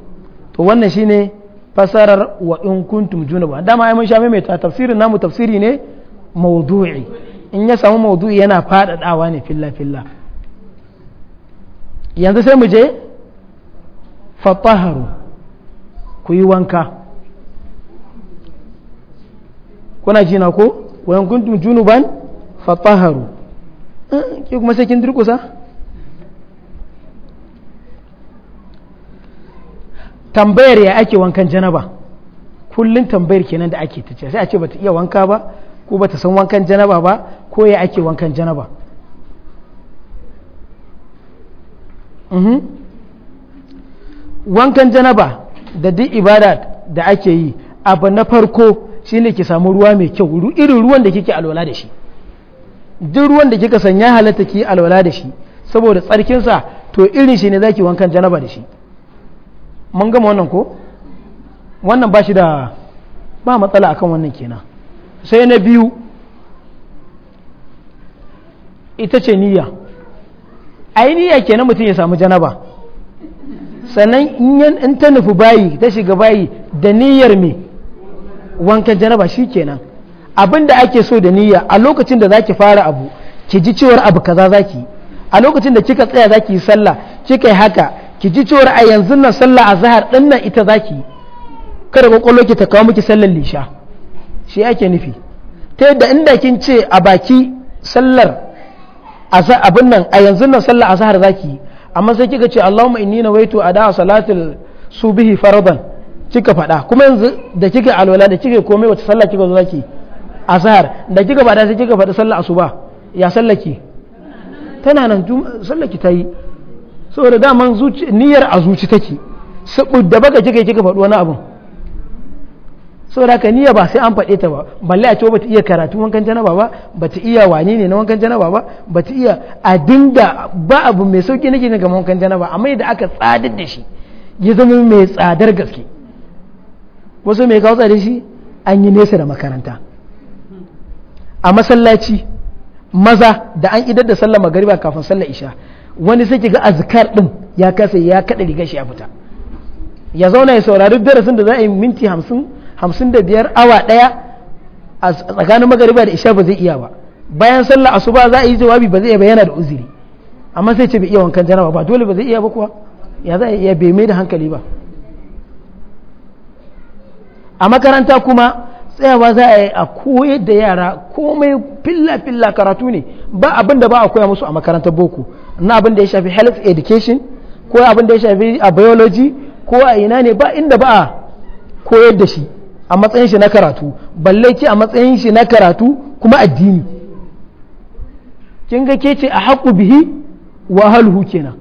to wannan shine fasarar wa in kuntum junuba dama ai mun sha mai ta tafsirin namu tafsiri ne mawdu'i in ya samu mawdu'i yana fadadawa ne filla filla yanzu sai mu je fataharu ku yi wanka kuna ji na ko wa in kuntum junuban fataharu eh, ki kuma sai kin durkusa tambayar ya ake wankan janaba kullum tambayar kenan da ake ta ce sai a ce bata iya wanka ba ko bata san wankan janaba ba ko ya ake wankan janaba mhm. wankan janaba da duk ibada da ake yi abu na farko shine ki samu ruwa mai kyau irin ruwan da kike alwala da shi duk ruwan da kika sanya halatta ki alwala da shi saboda tsarkinsa to irin shi ne zaki wankan janaba da shi mun gama wannan ko wannan ba shi da ba matsala akan wannan kenan sai na biyu ita ce niyya ai niyya kenan mutum ya samu janaba sannan in ta nufi bayi ta shiga bayi da niyyar mai wankan janaba shi kenan abin da ake so da niyya a lokacin da za ki fara abu ki ji cewar abu kaza za ki a lokacin da kika tsaya za ki yi sallah kika yi haka ki ji cewar a yanzu nan sallah azhar din nan ita zaki kada kwakwallo ki ta kawo miki sallar lisha shi ake nufi ta yadda inda kin ce a baki sallar abin nan a yanzu nan sallar azhar zaki amma sai kika ce Allahumma inni nawaitu ada salatul subihi faradan kika faɗa kuma yanzu da kika alwala da kika komai wata sallah kika zo zaki azhar da kika bada sai kika faɗi sallar asuba ya sallaki tana nan sallaki ta yi. saboda daman niyyar a zuci take da baka kika kika faɗi wani abu saboda ka niyya ba sai an faɗe ta ba balle a ce ba ta iya karatu wankan janaba ba ba ta iya wani ne na wankan janaba ba ba ta iya a dinga ba abu mai sauki nake ne ga wankan janaba amma yadda aka tsadar da shi ya zama mai tsadar gaske wasu mai kawo tsadar shi an yi nesa da makaranta a masallaci maza da an idar da sallar magariba kafin sallar isha wani sai ga azkar din ya kasa ya kada rigar shi ya fita ya zauna ya saurari darasin da za a yi minti hamsin hamsin da biyar awa ɗaya a tsakanin magariba da isha ba zai iya ba bayan sallah asuba za a yi jawabi ba zai iya yana da uzuri amma sai ce bai iya wankan janaba ba dole ba zai iya ba kuwa ya za a iya bai mai da hankali ba a makaranta kuma tsayawa za a yi a koyar da yara komai filla filla karatu ne ba abin da ba a koya musu a makarantar boko na abin da ya shafi health education ko abin da ya shafi a biology ko a ina ne ba inda ba a koyar da shi a matsayin shi na karatu balle ki a matsayin shi na karatu kuma addini kin ga ke ce a haƙu bihi wa kenan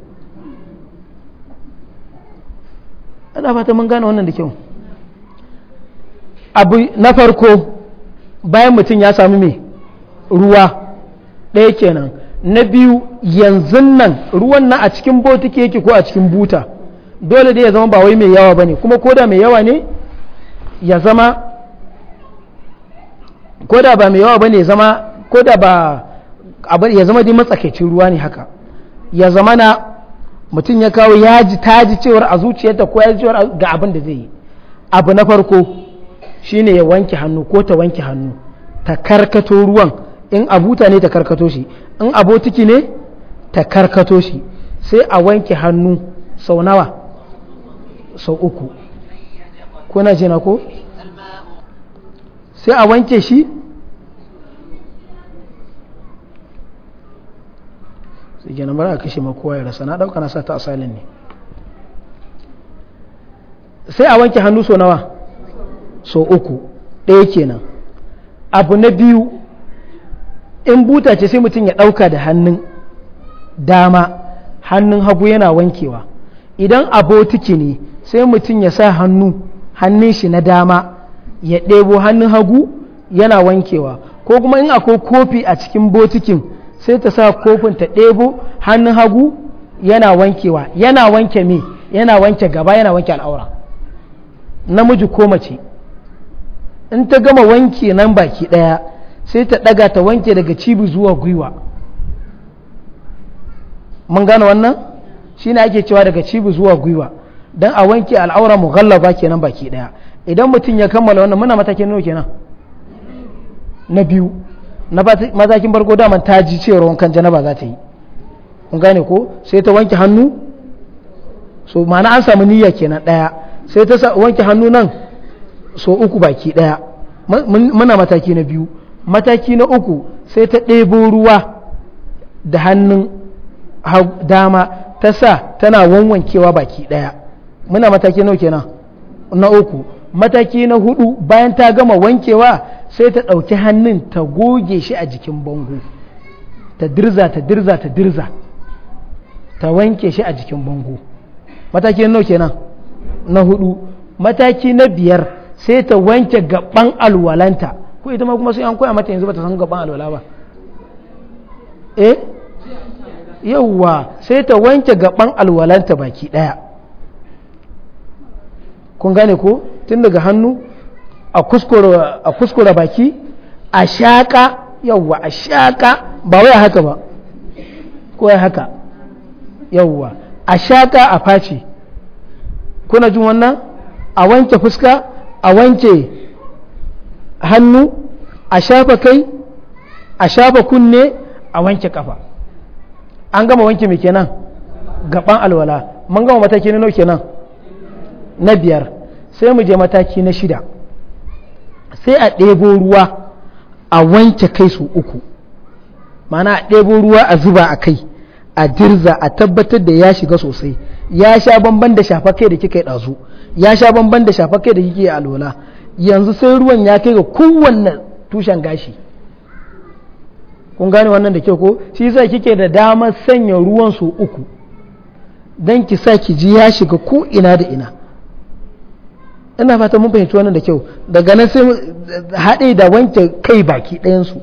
ana fata mun gane wannan da kyau abu na farko bayan mutum ya sami mai ruwa ɗaya kenan na biyu yanzu nan ruwan na a cikin botiki yake ko a cikin buta dole dai ya zama ba wai mai yawa bane kuma koda mai yawa ne ya zama koda ba mai yawa bane ya zama koda ba ya zama dai matsakaicin ruwa ne haka ya zama na mutum ya kawo ya ji cewar a zuciyarta ko ya ji cewar ga abin da zai yi abu na farko shine ya wanke hannu ko ta wanke hannu ta karkato ruwan in abuta ne ta karkato shi in abotiki ne ta karkato shi sai a wanke hannu sau nawa sau uku kuna jina ko sai a wanke shi sai gina mara a kashe makowa ya rasa na dauka na sata asalin ne sai a wanke hannu sau nawa sau uku ɗaya kenan abu na biyu in buta ce sai mutum ya ɗauka da hannun dama hannun hagu yana wankewa idan abotiki ne sai mutum ya sa hannu hannun shi na dama ya ɗebo hannun hagu yana wankewa ko kuma in akwai kofi a cikin botikin sai ta sa kofin ta ɗebo hannun hagu yana wankewa yana wanke me yana wanke gaba yana wanke al'aura namiji ko mace in ta gama wanke nan baki ɗaya sai ta daga ta wanke daga cibi zuwa gwiwa mun gane wannan shine ake cewa daga cibi zuwa gwiwa don a wanke al'aura mughallaba kenan baki daya idan mutum ya kammala wannan muna matakin nuna kenan na biyu na matakin barko daman ta ji cewa wankan janaba za ta yi mun gane ko sai ta wanke hannu so ma'ana an samu niyya kenan daya sai ta wanke hannu nan so uku baki daya muna mataki na biyu mataki na uku sai ta ɗebo ruwa da hannun dama ta sa tana wanwankewa baki ɗaya muna mataki nau kenan na uku mataki na hudu bayan ta gama wankewa sai ta ɗauki hannun ta goge shi a jikin bango ta dirza ta dirza ta dirza ta wanke shi a jikin bango mataki na kenan na hudu mataki na biyar sai ta wanke gaban alwalanta Ku ita ma kuma sai an koya mata yanzu bata san gaban alwala ba eh yawwa sai ta wanke gaban alwalanta baki daya kun gane ko tun daga hannu a kuskura baki a shaka yawwa a shaƙa ba wai haka ba ko ya haka yawwa a shaƙa a face kuna jin wannan a wanke fuska a wanke hannu a shafa kai a shafa kunne a wanke kafa an gama wanke mai kenan gaban alwala mun gama mataki na nauke nan na biyar sai mu je mataki na shida sai a ɗebo ruwa a wanke kai su uku mana a ɗebo ruwa a zuba a kai a dirza a tabbatar da ya shiga sosai ya sha bamban da shafa kai da kika yi ɗazu ya sha bamban da shafa kai da kike alwala yanzu sai ruwan ya kai ga kowanne tushen gashi kun gane wannan da ke ko shi yasa kike da damar sanya ruwan su uku don ki sa ki ji ya shiga ko ina da ina ina fata mun fahimci wannan da kyau daga nan sai haɗe da wanke kai baki ɗayansu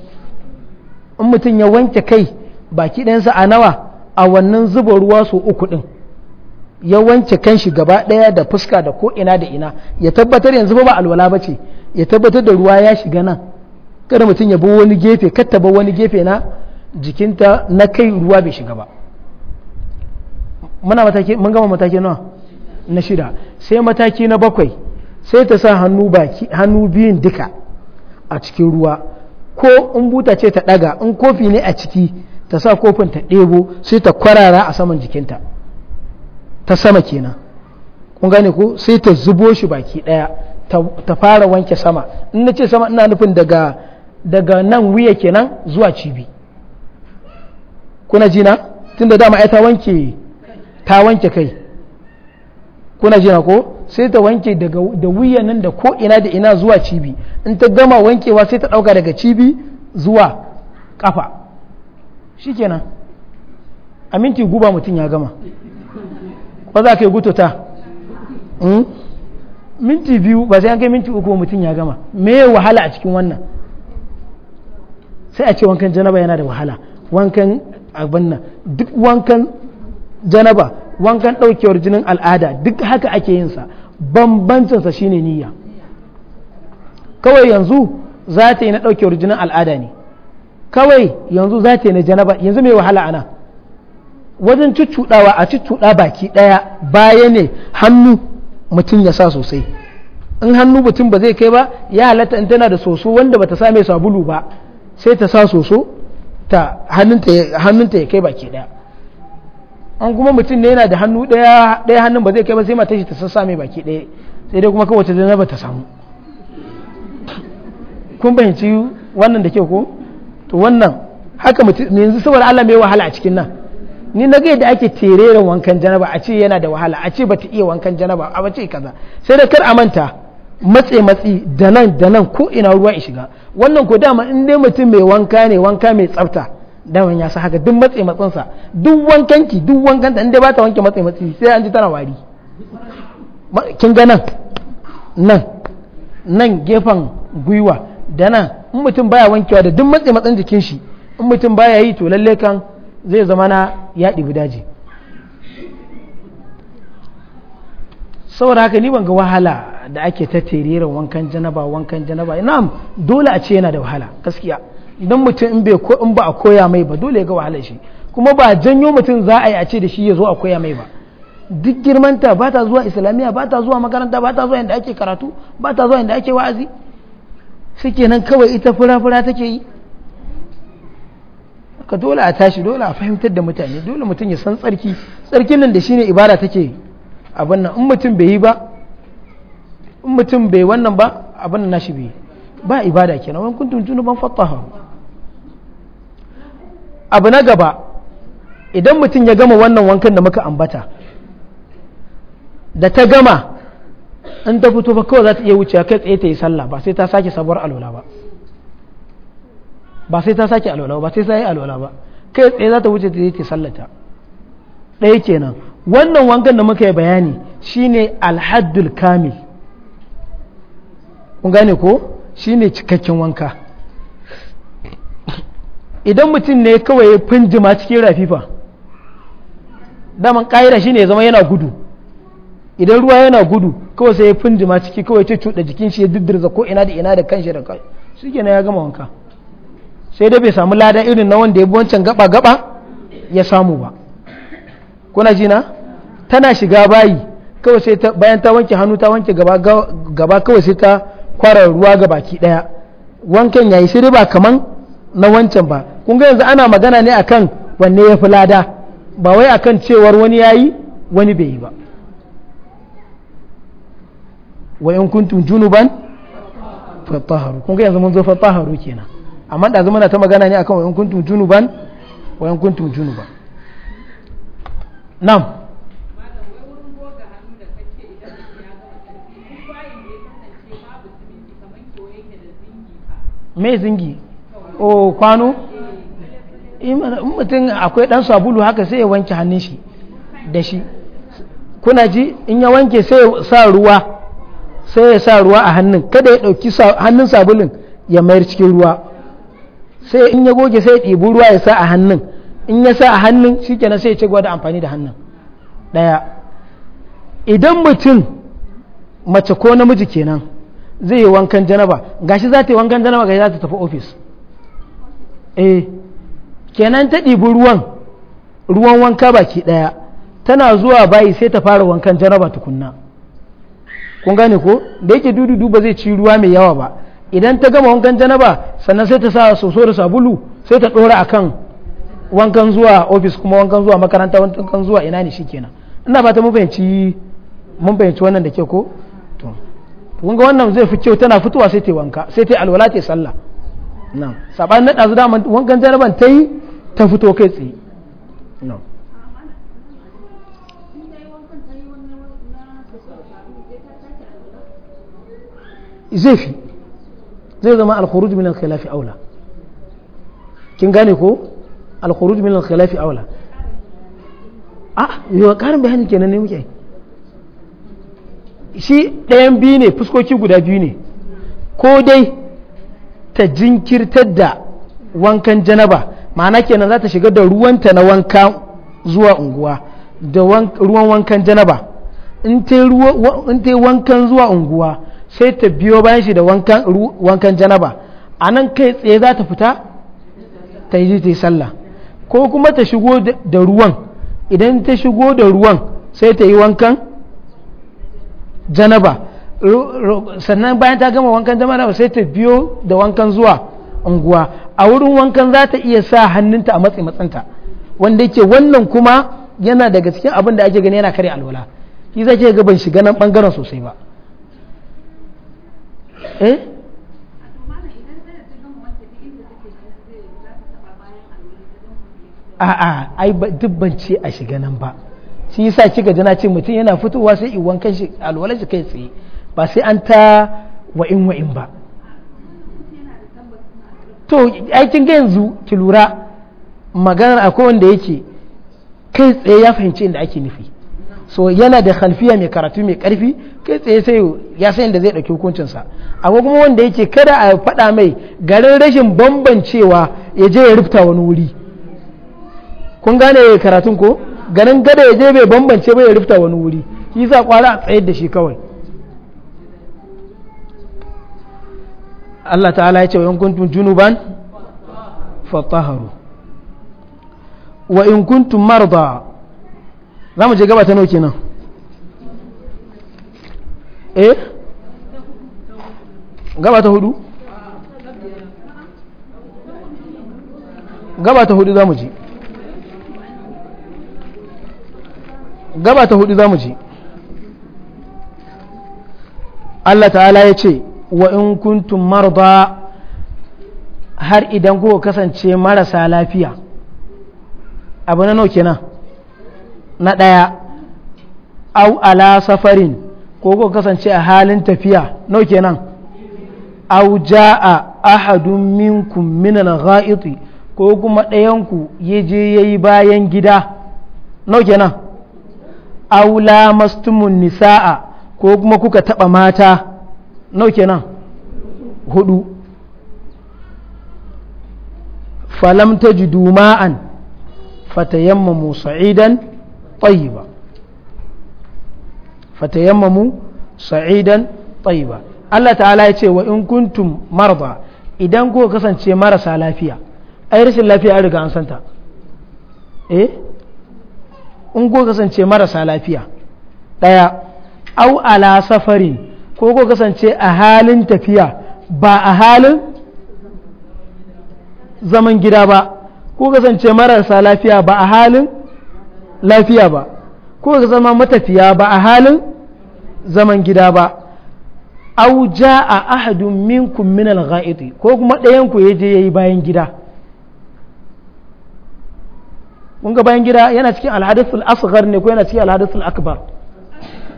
in mutum ya wanke kai baki ɗayansa a nawa a wannan zuba ruwa su uku ɗin ya wanke shi gaba ɗaya da fuska da ko ina da ina ya tabbatar yanzu ba alwala ba ce ya tabbatar da ruwa ya shiga nan kada mutum ya bi wani gefe katta ba wani gefe na jikinta na kai ruwa bai shiga ba muna mataki mun gama mataki nawa na shida sai mataki na bakwai sai ta sa hannu baki hannu biyun duka a cikin ruwa ko in buta ce ta daga in kofi ne a ciki ta sa kofin ta ɗebo sai ta kwarara a saman jikinta ta sama kenan kun gane ko sai ta zubo shi baki daya ta fara wanke sama in na ce sama ina nufin daga nan wuya kenan zuwa cibi kuna jina tunda dama ai ta wanke ta wanke kai kuna jina ko sai ta wanke da wuya nan da ko ina da ina zuwa cibi in ta gama wankewa sai ta dauka daga cibi zuwa kafa shikenan a minti guba mutum ya gama ba za ka yi gututa hmm? minti biyu ba sai an kai minti uku mutum ya gama me wahala a cikin wannan sai a ce wankan janaba yana da wahala wankan abinna duk wankan janaba wankan ɗaukewar jinin al'ada duk haka ake yin sa bambancinsa shine niyya kawai yanzu za ta yi na ɗaukewar jinin al'ada ne kawai yanzu za ta yi na janaba yanzu mai wahala ana wajen cuccuɗawa a cuccuɗa baki ɗaya baya ne hannu mutum ya sa sosai in hannu mutum ba zai kai ba ya halatta in tana da soso wanda bata sa mai sabulu ba sai ta sa soso ta hannunta ya kai baki ɗaya an kuma mutum ne yana da hannu ɗaya ɗaya hannun ba zai kai ba sai mata shi ta sassa mai baki ɗaya sai dai kuma kawai ta zana ba ta samu kun fahimci wannan da kyau ko to wannan haka mutum yanzu saboda Allah mai wahala a cikin nan ni na ga ake tereren wankan janaba a ce yana da wahala a ce bata iya wankan janaba a bace kaza sai da kar a manta matse matsi da nan da nan ko ina ruwa ya shiga wannan ko dama in dai mutum mai wanka ne wanka mai tsafta Dama ya sa haka duk matse matsinsa duk wankanki duk wankan ta in dai bata wanke matse matsi sai an ji tana wari kin ga nan nan nan gefen gwiwa da nan in mutum baya wankewa da duk matse matsin jikin shi in mutum baya yi to lalle kan zai zama na ya ɗibi daji saboda haka ni ban ga wahala da ake ta teririn wankan janaba wankan janaba ina dole a ce yana da wahala gaskiya idan mutum in bai in ba a koya mai ba dole ya ga wahalar shi kuma ba janyo mutum za a yi a ce da shi ya zo a koya mai ba duk girmanta ba ta zuwa islamiyya ba ta zuwa makaranta ba ta zuwa inda ake karatu ba ta zuwa inda ake wa'azi nan kawai ita fura-fura take yi ka dole a tashi dole a fahimtar da mutane dole mutum ya san tsarki tsarkin nan da shine ibada take abin nan in mutum bai yi ba in mutum bai wannan ba abin nan nashi bai ba ibada kenan wani ban junuban fattaha abu na gaba idan mutum ya gama wannan wankan da muka ambata da ta gama in ta fito ba kawai za ta iya wuce kai tsaye ta yi sallah ba sai ta sake sabuwar alola ba ba sai ta sake alwala ba sai sai alwala ba kai tsaye za ta wuce ta sallata ɗaya kenan wannan wankan da muka yi bayani shine alhaddul kamil kun gane ko shine cikakken wanka idan mutum ne kawai ya finjima cikin rafifa daman ƙa'ida shine ya zama yana gudu idan ruwa yana gudu kawai sai ya finjima ciki kawai ce cuɗa jikin shi ya diddirza ko ina da ina da kanshi da kai shi ya gama wanka sai dai bai samu lada irin na wanda ya bi wancan gaba gaba ya samu ba kuna jina tana shiga bayi kawai sai ta bayan ta wanke hannu ta wanke gaba kawai sai ta kwara ruwa ga baki daya wankan yayi sai dai ba kaman na wancan ba kun ga yanzu ana magana ne akan wanne ya fi lada ba wai akan cewar wani yayi wani bai yi ba wa in kuntum junuban fatahharu kun ga yanzu mun zo fatahharu kenan amma da zama na ta magana ne akan wayan kuntum junuban wayan kuntum junuba na'am me zingi o kwano in mutum akwai dan sabulu haka sai ya wanke hannun shi da shi kuna ji in ya wanke sai ya sa ruwa sai ya sa ruwa a hannun kada ya ɗauki hannun sabulun ya mayar cikin ruwa sai in ya goge sai ya ruwa ya sa a hannun in ya sa a hannun shi kenan sai ya ci gaba da amfani da hannun ɗaya idan mutum mace ko namiji kenan zai yi wankan janaba ga shi za ta yi wankan janaba shi za ta tafi ofis eh kenan ta ɗibu ruwan ruwan wanka baki ɗaya tana zuwa bayi sai ta fara wankan janaba tukunna kun gane ko da yake dududu ba zai ci ruwa mai yawa ba idan ta gama wankan janaba sannan sai ta sa soso da sabulu sai ta dora akan wankan zuwa ofis kuma wankan zuwa makaranta wankan zuwa ina ne shikenan ina ba ta mun fahimci mun fahimci wannan da ke ko to kun ga wannan zai fi kyau tana fitowa sai ta wanka sai ta alwala ta sallah nan saban na dazu daman wankan janaban ta yi ta fito kai tsaye zai fi zai zama alkhuruj min alkhilafi aula kin gane ko alkhuruj min alkhilafi aula ah yau karin bayani kenan ne muke shi ɗayan biyu ne fuskoki guda biyu ne ko dai ta jinkirtar da wankan janaba ma'ana kenan za ta shiga da ruwanta na wanka zuwa unguwa da ruwan wankan janaba in ta yi wankan zuwa unguwa sai ta biyo bayan shi da wankan janaba a nan kai tsaye za ta fita ta yi ta yi sallah ko kuma ta shigo da ruwan idan ta shigo da ruwan sai ta yi wankan janaba sannan bayan ta gama wankan janaba sai ta biyo da wankan zuwa unguwa a wurin wankan za ta iya sa hannunta a matsi matsanta wanda yake wannan kuma yana daga cikin abin da ake gani yana kare alwala shi zai ke gaban shiga nan bangaren sosai ba eh a'a ai duk ban ce a shiga nan ba shi yasa kika gaji na ce mutum yana fitowa sai in kan shi alwalar shi kai tsaye ba sai an ta wa'in wa'in ba to aikin ga yanzu ki lura maganar akwai wanda yake kai tsaye ya fahimci inda ake nufi so yana da khalfiya mai karatu mai karfi kai tsaye sai ya san yadda zai dauki hukuncinsa akwai kuma wanda yake kada a faɗa mai garin rashin bambancewa ya je ya rufta wani wuri kun gane ya karatun ko garin gada ya je bai bambance ba ya rufta wani wuri shi sa kwara a tsayar da shi kawai Allah ta'ala ya ce wa kuntum junuban fatahharu wa in kuntum marda za mu je gaba ta nauke nan eh gaba ta hudu gaba ta hudu za mu je gaba ta hudu za mu je Allah ta'ala ya ce wa in kuntum marda har idan kuka kasance marasa lafiya abu na nauke nan na ɗaya au ala safarin ko ko kasance a halin tafiya nau kenan au ja'a ahadun minkum minal gha'iti ko kuma ɗayanku ya je ya yi bayan gida nau kenan au lamastumun nisa'a ko kuma kuka taɓa mata nau kenan hudu falam tajidu ma'an fatayammamu sa'idan طيبة فتيمموا صعيدا طيبة Allah ta'ala ya ce wa in إذا marda idan ko kasance marasa lafiya ai rashin lafiya an riga an santa eh in ko kasance marasa lafiya daya au ala safarin ko ko kasance a halin tafiya ba a halin zaman gida ba ko kasance marasa lafiya ba a halin lafiya ba ko ka zama matafiya ba a halin zaman gida ba au a ahadun minkum min al-gha'iti ko kuma ɗayan ku yaje yayi bayan gida kun bayan gida yana cikin al-hadith al-asghar ne ko yana cikin al al-akbar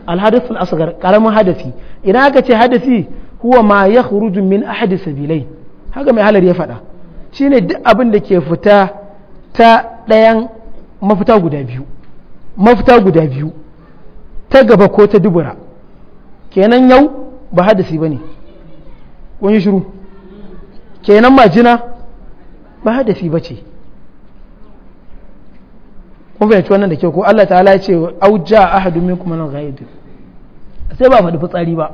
al-hadith al-asghar karamin hadasi idan aka ce hadasi huwa ma yakhruju min ahadi sabilai haka mai halar ya faɗa shine duk abin da ke fita ta ɗayan mafita guda biyu mafita guda biyu ta gaba ko ta dubura kenan yau ba hadasi ba ne yi shiru kenan majina ba hadasi ba ce kun fahimci wannan da ke ko Allah ta'ala ya ce auja ahadun minkum min ghaib sai ba faɗi fitsari ba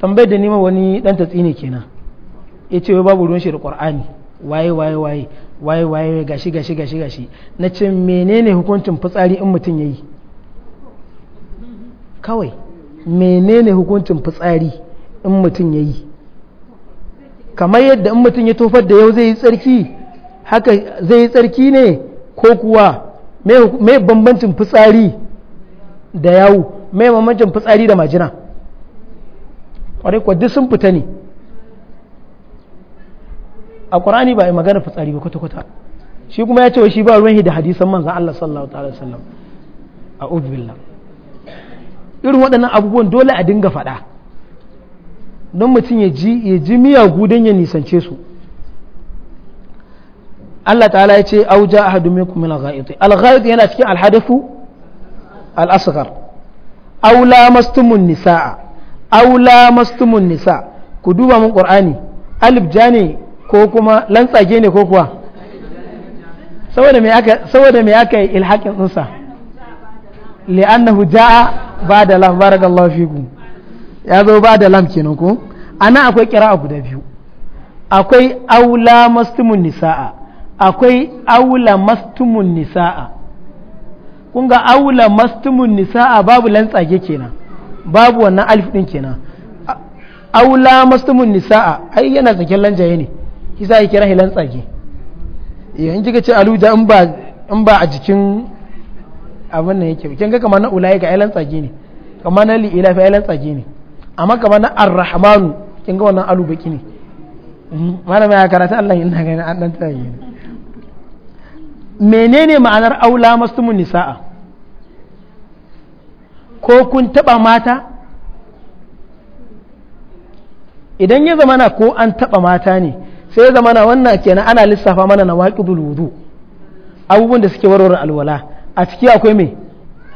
tambayar da nima wani dan tatsi ne kenan ya ce babu ruwan shi da qur'ani waye waye waye waye waye gashi gashi gashi gashi na ce menene hukuncin fitsari in mutum ya yi kawai menene hukuncin fitsari in mutum ya yi kamar yadda in mutum ya tofar da yau zai yi tsarki haka zai yi tsarki ne ko kuwa mai bambancin fitsari da yawu mai bambancin fitsari da majina ƙwarai kwa duk sun fita ne a qur'ani ba a magana fitsari ba kwata kwata shi kuma ya ce shi ba ruwan da hadisan manzan Allah sallallahu ta'ala sallam a billah irin waɗannan abubuwan dole a dinga faɗa don mutum ya ji ya ji miyagu don ya nisance su Allah ta'ala ya ce auja ahadu minkum min al-gha'it al-gha'it yana cikin al-hadathu al-asghar aw lamastumun nisaa aw mastumun nisa ku duba mun qur'ani alif jani. ko kuma lantsage ne ko kuwa saboda me aka saboda me aka yi ilhaqin dinsa li'annahu jaa ba da lam barakallahu ya zo ba da lam kenan ko ana akwai qira'a guda biyu akwai aula mastumun nisaa akwai aula mastumun nisaa kun ga aula mastumun nisaa babu lantsage kenan babu wannan alif din kenan aula mastumun nisaa ai yana tsakin lanjaye ne shi za a kira hilan tsage eh, in kika ce aluja in ba a jikin abin nan yake kin ga kamar na ulai ga hilan tsage ne kamar na li'ila fa hilan tsage ne amma kamar na arrahmanu kin ga wannan alu baki ne hmm, malama ya karata Allah ina gani an dan tsage ne menene ma'anar aula mastumun nisa'a ko kun taba mata idan ya zama na ko an taba mata ne sai zamana wannan kenan ana lissafa mana na waqidul wudu abubuwan da suke warware alwala a ciki akwai mai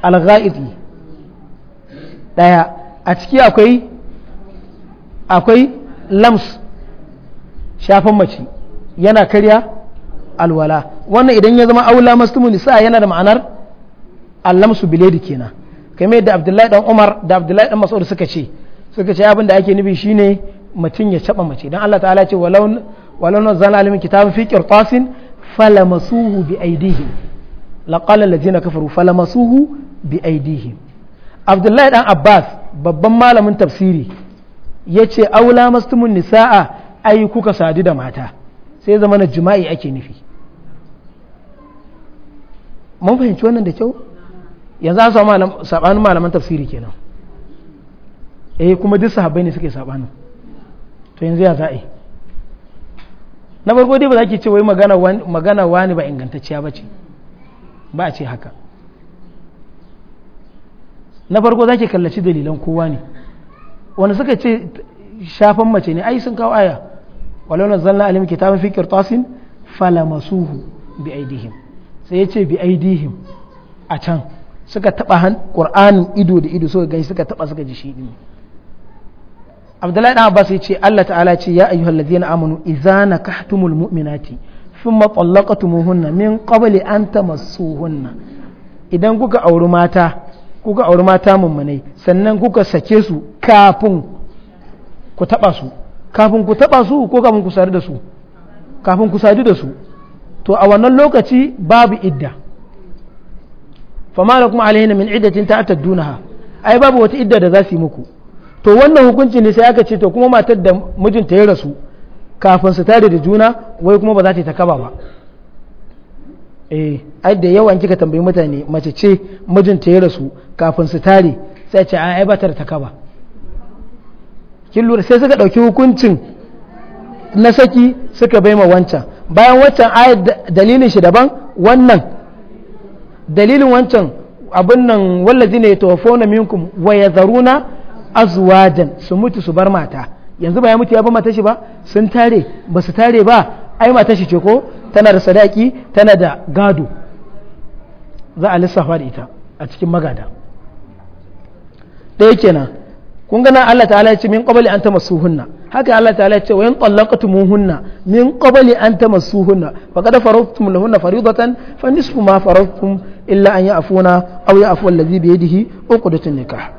alghaidi daya a ciki akwai akwai lams shafan mace yana karya alwala wannan idan ya zama aula mastumu nisa yana da ma'anar allamsu biledi kenan kame da abdullahi dan umar da abdullahi dan mas'ud suka ce suka ce abin da ake nufi shine mutum ya caba mace dan Allah ta'ala ce walau ولو nazzalna عليهم kitaban في قرطاس فلمسوه bi لقال الذين كفروا kafaru falamasuhu bi الله abdullahi dan abbas babban malamin tafsiri yace aula mastumun nisaa ai kuka sadu da mata sai zama na jima'i ake nufi mun fahimci wannan da kyau yanzu an samu sabanin malaman tafsiri kenan eh kuma duk sahabbai ne suke sabanin to yanzu ya za'a na farko dai ba za ki ce wai magana wani ba ingantacciya ba ce ba a ce haka na farko za ki kallaci dalilan kowa ne wanda suka ce shafan mace ne ai sun kawo aya walau zanna alim fikir fi Fala falamasuhu bi aidihim sai yace bi aidihim a can suka taba han qur'anin ido da ido suka gani suka taba suka ji shi abdullahi ɗan abbas ya ce Allah ta'ala ce ya ayyuhal ladina amanu idza nakahtumul mu'minati thumma tallaqtumuhunna min qabli an tamassuhunna idan kuka auri mata kuka auri mata mummunai sannan kuka sake su kafin ku taba su kafin ku taba su ko kafin ku sadu da su kafin ku sadu da su to a wannan lokaci babu idda fama lakum alaihina min iddatin ta'taddunaha ai babu wata idda da za su yi muku to wannan hukunci ne sai aka ce to kuma matar da mijinta ya rasu kafin su tare da juna wai kuma ba za ta yi ta kaba ba eh ai da yawan kika tambayi mutane mace ce mijinta ya rasu kafin su tare sai ce ai ba ta kaba kin lura sai suka dauki hukuncin na saki suka bai ma wancan bayan wancan ai dalilin shi daban wannan dalilin wancan abin nan wallazi ne tawafuna minkum wa ya azwajan sun mutu su bar mata yanzu ba ya mutu ya bar mata shi ba sun tare ba su tare ba ai mata shi ce ko tana da sadaki tana da gado za a lissafa da ita a cikin magada ɗaya kenan kun gana Allah ta'ala ya ce min qabli an tamassuhunna haka Allah ta'ala ya ce wa in talaqtumuhunna min qabli an tamassuhunna faqad faradtum lahunna fariidatan fa nisfu ma faradtum illa an ya'funa aw ya'fu alladhi bi yadihi uqdatun nikah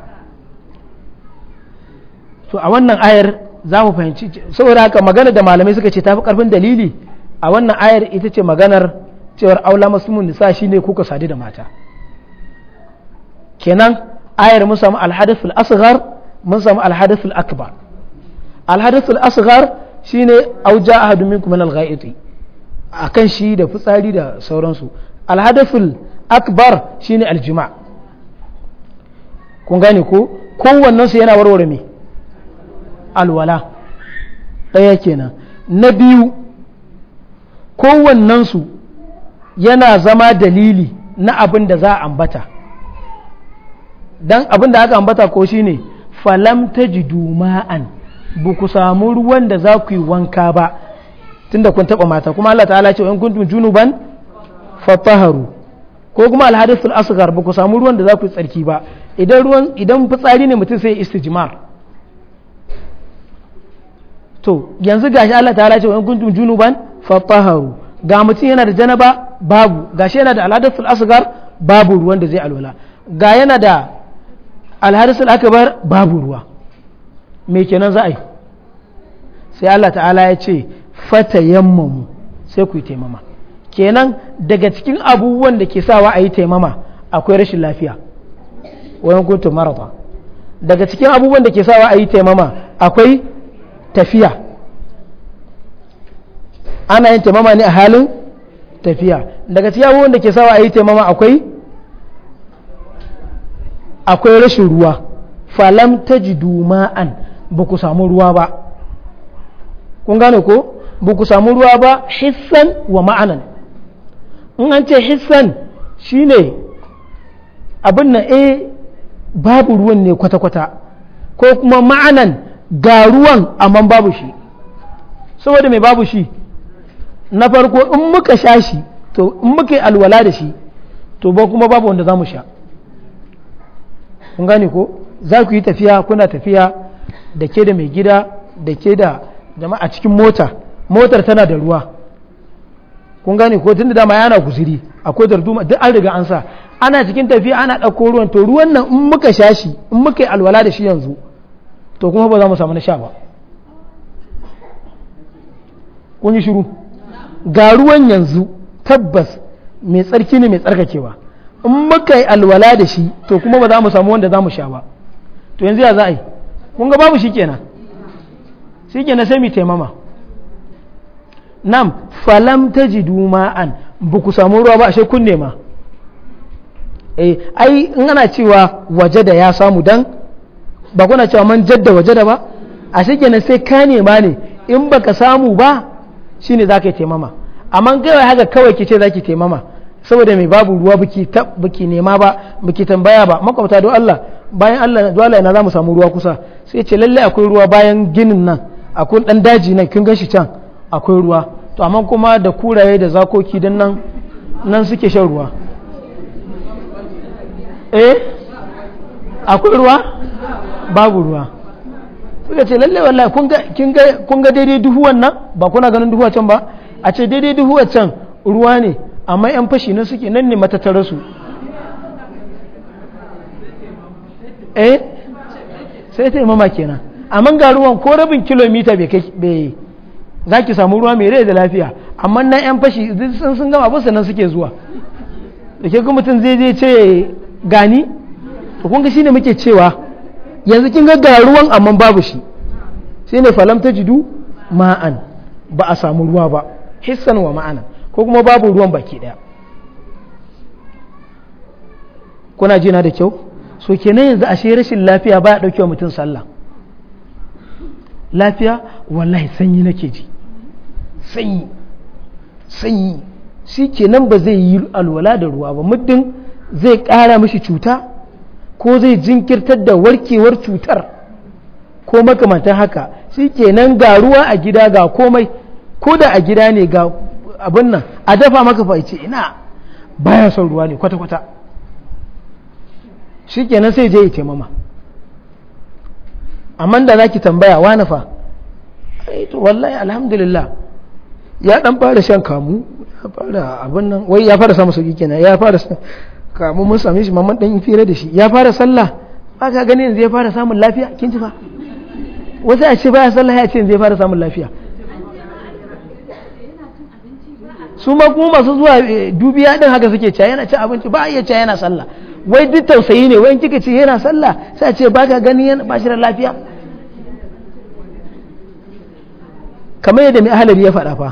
to a wannan ayar za mu fahimci saboda haka magana da malamai suka ce tafi karfin dalili a wannan ayar ita ce maganar cewar aula muslimun nisa shine kuka sadu da mata kenan ayar mun samu alhadath al-asghar mun samu alhadath al-akbar alhadath asghar shine auja ahadu minkum min al akan shi da fitsari da sauransu alhadath akbar shine aljima kun gane ko kowannen su yana warware me alwala ɗaya kenan na biyu kowannensu yana zama dalili na abin da za a ambata don abin da aka ambata ko shine falam ta ji duma'an ba ku samu ruwan da za ku yi wanka ba tunda kun taɓa mata kuma Allah ta'ala ce in kuntum junuban fataharu ko kuma alhadithul asghar ba ku samu ruwan da za ku yi tsarki ba idan ruwan fitsari ne mutum sai istijmar to yanzu gashi Allah ta'ala ce wani in kuntum junuban fattaharu ga mutum yana da janaba babu gashi yana da alhadathul asgar babu ruwan da zai alwala ga yana da alhadathul akbar babu ruwa me kenan za a yi sai Allah ta'ala ya ce fatayammamu sai ku yi taimama kenan daga cikin abubuwan da ke sawa a yi taimama akwai rashin lafiya wani kuntum marata daga cikin abubuwan da ke sawa a yi taimama akwai tafiya ana yin taimama ne a halin tafiya daga cikin abubuwan da ke sawa a yi taimama akwai akwai rashin ruwa falam ta ji duma'an ba ku samu ruwa ba kun gane ko ba ku samu ruwa ba hissan wa ma'anan in an ce hissan shine abin na e eh, babu ruwan ne kwata-kwata ko kuma ma'anan ga ruwan amma babu shi saboda mai babu shi na farko in muka sha shi to in muka yi alwala da shi to ba kuma babu wanda za mu sha kun gane ko za ku yi tafiya kuna tafiya da ke da mai gida da ke da jama'a cikin mota motar tana da ruwa kun gane ko tun da dama yana guziri akwai darduma duk an riga an sa ana cikin tafiya ana ɗauko ruwan to ruwan nan in muka sha shi in muka yi alwala da shi yanzu to kuma ba za mu samu na sha ba kun yi shiru ga ruwan yanzu tabbas mai tsarki ne mai tsarkakewa in muka yi alwala da shi to kuma ba za mu samu wanda za mu sha ba to yanzu ya za a yi kun ga babu shi kenan shi kenan sai mu taimama nam falam ta ji duma'an ba ku samu ruwa ba ashe kun nema eh, ai in ana cewa waje da ya samu dan ba kuna cewa man jadda da ba a shi kenan sai ka nema ne in ba ka samu ba shine za ka yi taimama amma gaiwa haka kawai ki ce za ki taimama saboda mai babu ruwa biki nema ba biki tambaya ba makwabta don Allah bayan Allah dole yana za mu samu ruwa kusa sai ce lallai akwai ruwa bayan ginin nan akwai dan daji nan kin gashi can akwai ruwa to amma kuma da kuraye da zakoki don nan nan suke shan ruwa eh akwai ruwa babu ruwa suka ce lalle wallahi kun ga daidai duhu wannan ba kuna ganin duhuwa can ba a ce daidai duhuwa can ruwa ne amma yan fashi nan suke nan ne matattara su eh sai ta imama kenan amma ga ruwan ko rabin kilomita bai za ki samu ruwa mai rai da lafiya amma nan yan fashi sun sun gama ba nan suke zuwa da ke mutum zai je ce gani to kun ga shine muke cewa yanzu kin ga garuwan amma babu shi shine falam tajidu ma'an ba a samu ruwa ba hissan wa ma'ana ko kuma babu ruwan baki daya kuna ji na da kyau so kenan yanzu ashe rashin lafiya ba ya dauke wa mutum sallah lafiya wallahi sanyi nake ji sanyi sanyi shi kenan ba zai yi alwala da ruwa ba muddin zai ƙara mishi cuta ko zai jinkirtar da warkewar cutar ko makamantar haka shi kenan ga ruwa a gida ga komai ko da a gida ne ga abin nan a dafa maka faice ina baya son ruwa ne kwata-kwata shi kenan sai je ya ce mama amma da za ki tambaya wani fa wallahi alhamdulillah ya dan fara shan kamu ya fara abin nan wai ya fara samu sauki kenan ya fara kamun mun same shi mamman dan fira da shi ya fara sallah ba ka gani yanzu ya fara samun lafiya kin ji fa wasu a ce baya sallah ya ce yanzu ya fara samun lafiya su ma kuma masu zuwa eh, dubiya din haka suke cewa yana cin abinci ba iya cewa yana sallah wai duk tausayi ne wai kika ce yana sallah sai a ce ba ka gani yana ba shi da lafiya kamar yadda mai ahalari ya faɗa fa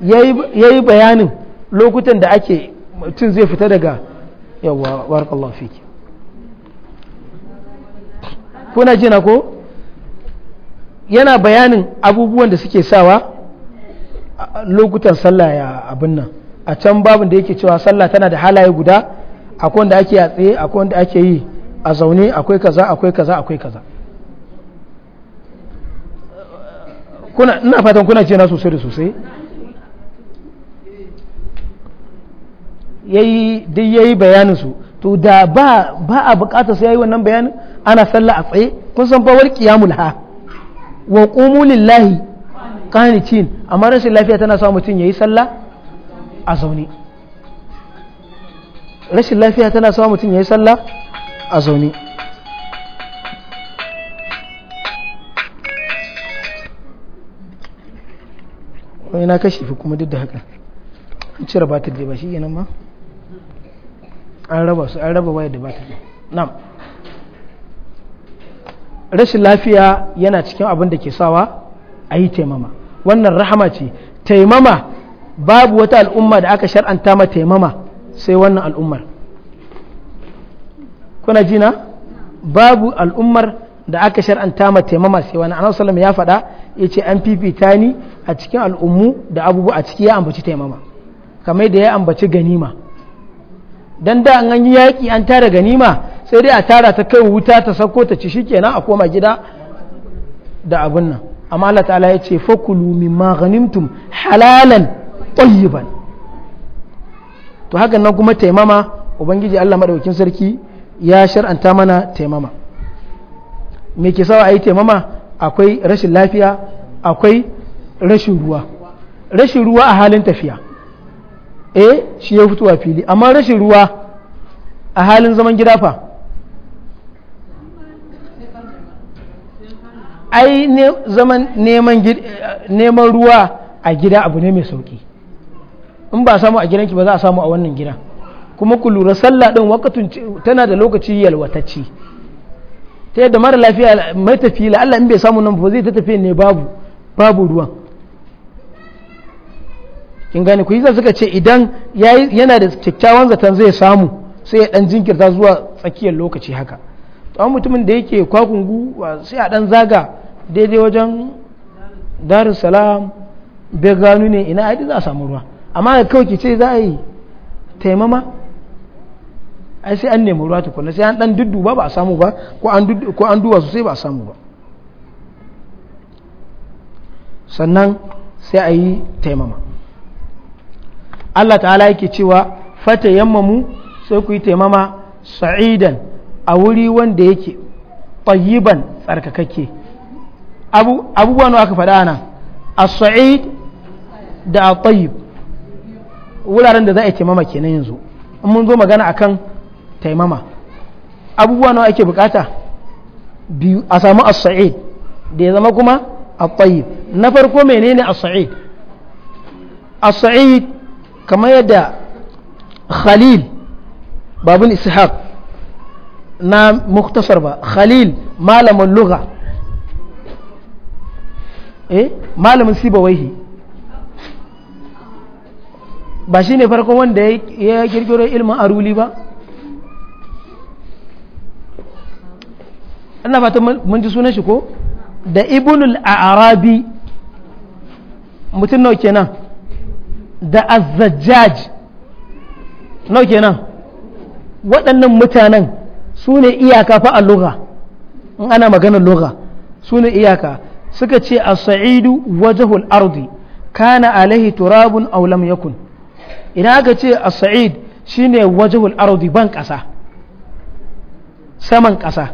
ya yi bayanin lokutan da ake mutum zai fita daga yawa barakallahu fiki kuna jina ko yana bayanin abubuwan da suke sawa lokutan sallah ya abin nan a can babin da yake cewa sallah tana da halaye guda akwai wanda ake a tsaye akwai wanda ake yi a zaune akwai kaza akwai kaza akwai kaza kuna ina fatan kuna ce na sosai da sosai dai ya yi bayaninsu to da ba a bukatar sai ya yi wannan bayanin ana sallah a tsaye kun san fawar kiyamul ha wa qumu lillahi qanitin amma rashin lafiya tana sa mutum yayi sallah a zaune rashin lafiya tana sa mutum yayi sallah a zaune wai na kashi kuma duk da haka cire batir da ba shi kenan ma an raba su an raba waya da bata na'am rashin lafiya yana cikin abin da ke sawa a yi taimama wannan rahama ce taimama babu wata al'umma da aka shar'anta ma taimama sai wannan al'ummar kuna jina babu al'ummar da aka shar'anta ma taimama sai wani anan ya faɗa ya ce an fifita ni a cikin al'ummu da abubuwa a ciki ya ambaci taimama kamar da ya ambaci ganima dan da an yi yaƙi an tara ganima sai dai a tara ta kai wuta ta sako ta ci shikenan a koma gida da abun nan amma Allah ta'ala ya ce fakulu mimma ghanimtum halalan tayyiban to hakan nan kuma taimama ubangiji Allah madaukakin sarki ya shar'anta mana taimama me ke sawa ayi taimama akwai rashin lafiya akwai rashin ruwa rashin ruwa a halin tafiya eh shi ya fito a fili amma rashin ruwa a halin zaman gida fa ai zaman neman ruwa a gida abu ne mai sauki in ba samu a gidanki ba za a samu a wannan gida kuma ku lura sallah din wakatun tana da lokaci yalwatacci ta yadda mara lafiya mai tafi la Allah in bai samu nan ba zai ta tafi ne babu babu ruwan kin gane ku yi suka ce idan yana da kyakkyawan zaton zai samu sai ya dan jinkirta zuwa tsakiyar lokaci haka to an mutumin da yake kwakungu sai a dan zaga daidai wajen darin salam bai gano ne ina aidi za a samu ruwa amma kawai ki ce za a yi taimama ai sai an nemi ruwa tukuna sai an dan dudduba ba a samu ba ko an duwa sosai ba a samu ba sannan sai a yi taimama Allah ta'ala yake cewa fata yammamu sai ku yi taimama sa'idan a wuri wanda yake tayyiban tsarkakakke abubuwa nawa aka faɗa ana a sa'id da a tayyib wuraren da za a yi taimama kenan yanzu in mun zo magana akan taimama abubuwa nawa ake bukata biyu a samu a said da ya zama kuma a tayyib na farko menene a said a said kamar yadda khalil babun ishaq na muktasar ba khalil malamin lugha eh malamin sibawaihi ba shi ne farko wanda ya kirkiro ilmin aruli ba ana fata mun ji sunan shi ko da ibnul arabi mutum nawa kenan da azzajjaj nau kenan waɗannan mutanen su ne iyaka fa a in ana maganar lugha su ne iyaka suka ce a sa'idu wajahul ardi kana alaihi turabun aulam yakun idan aka ce a sa'id shine wajahul ardi ban ƙasa saman ƙasa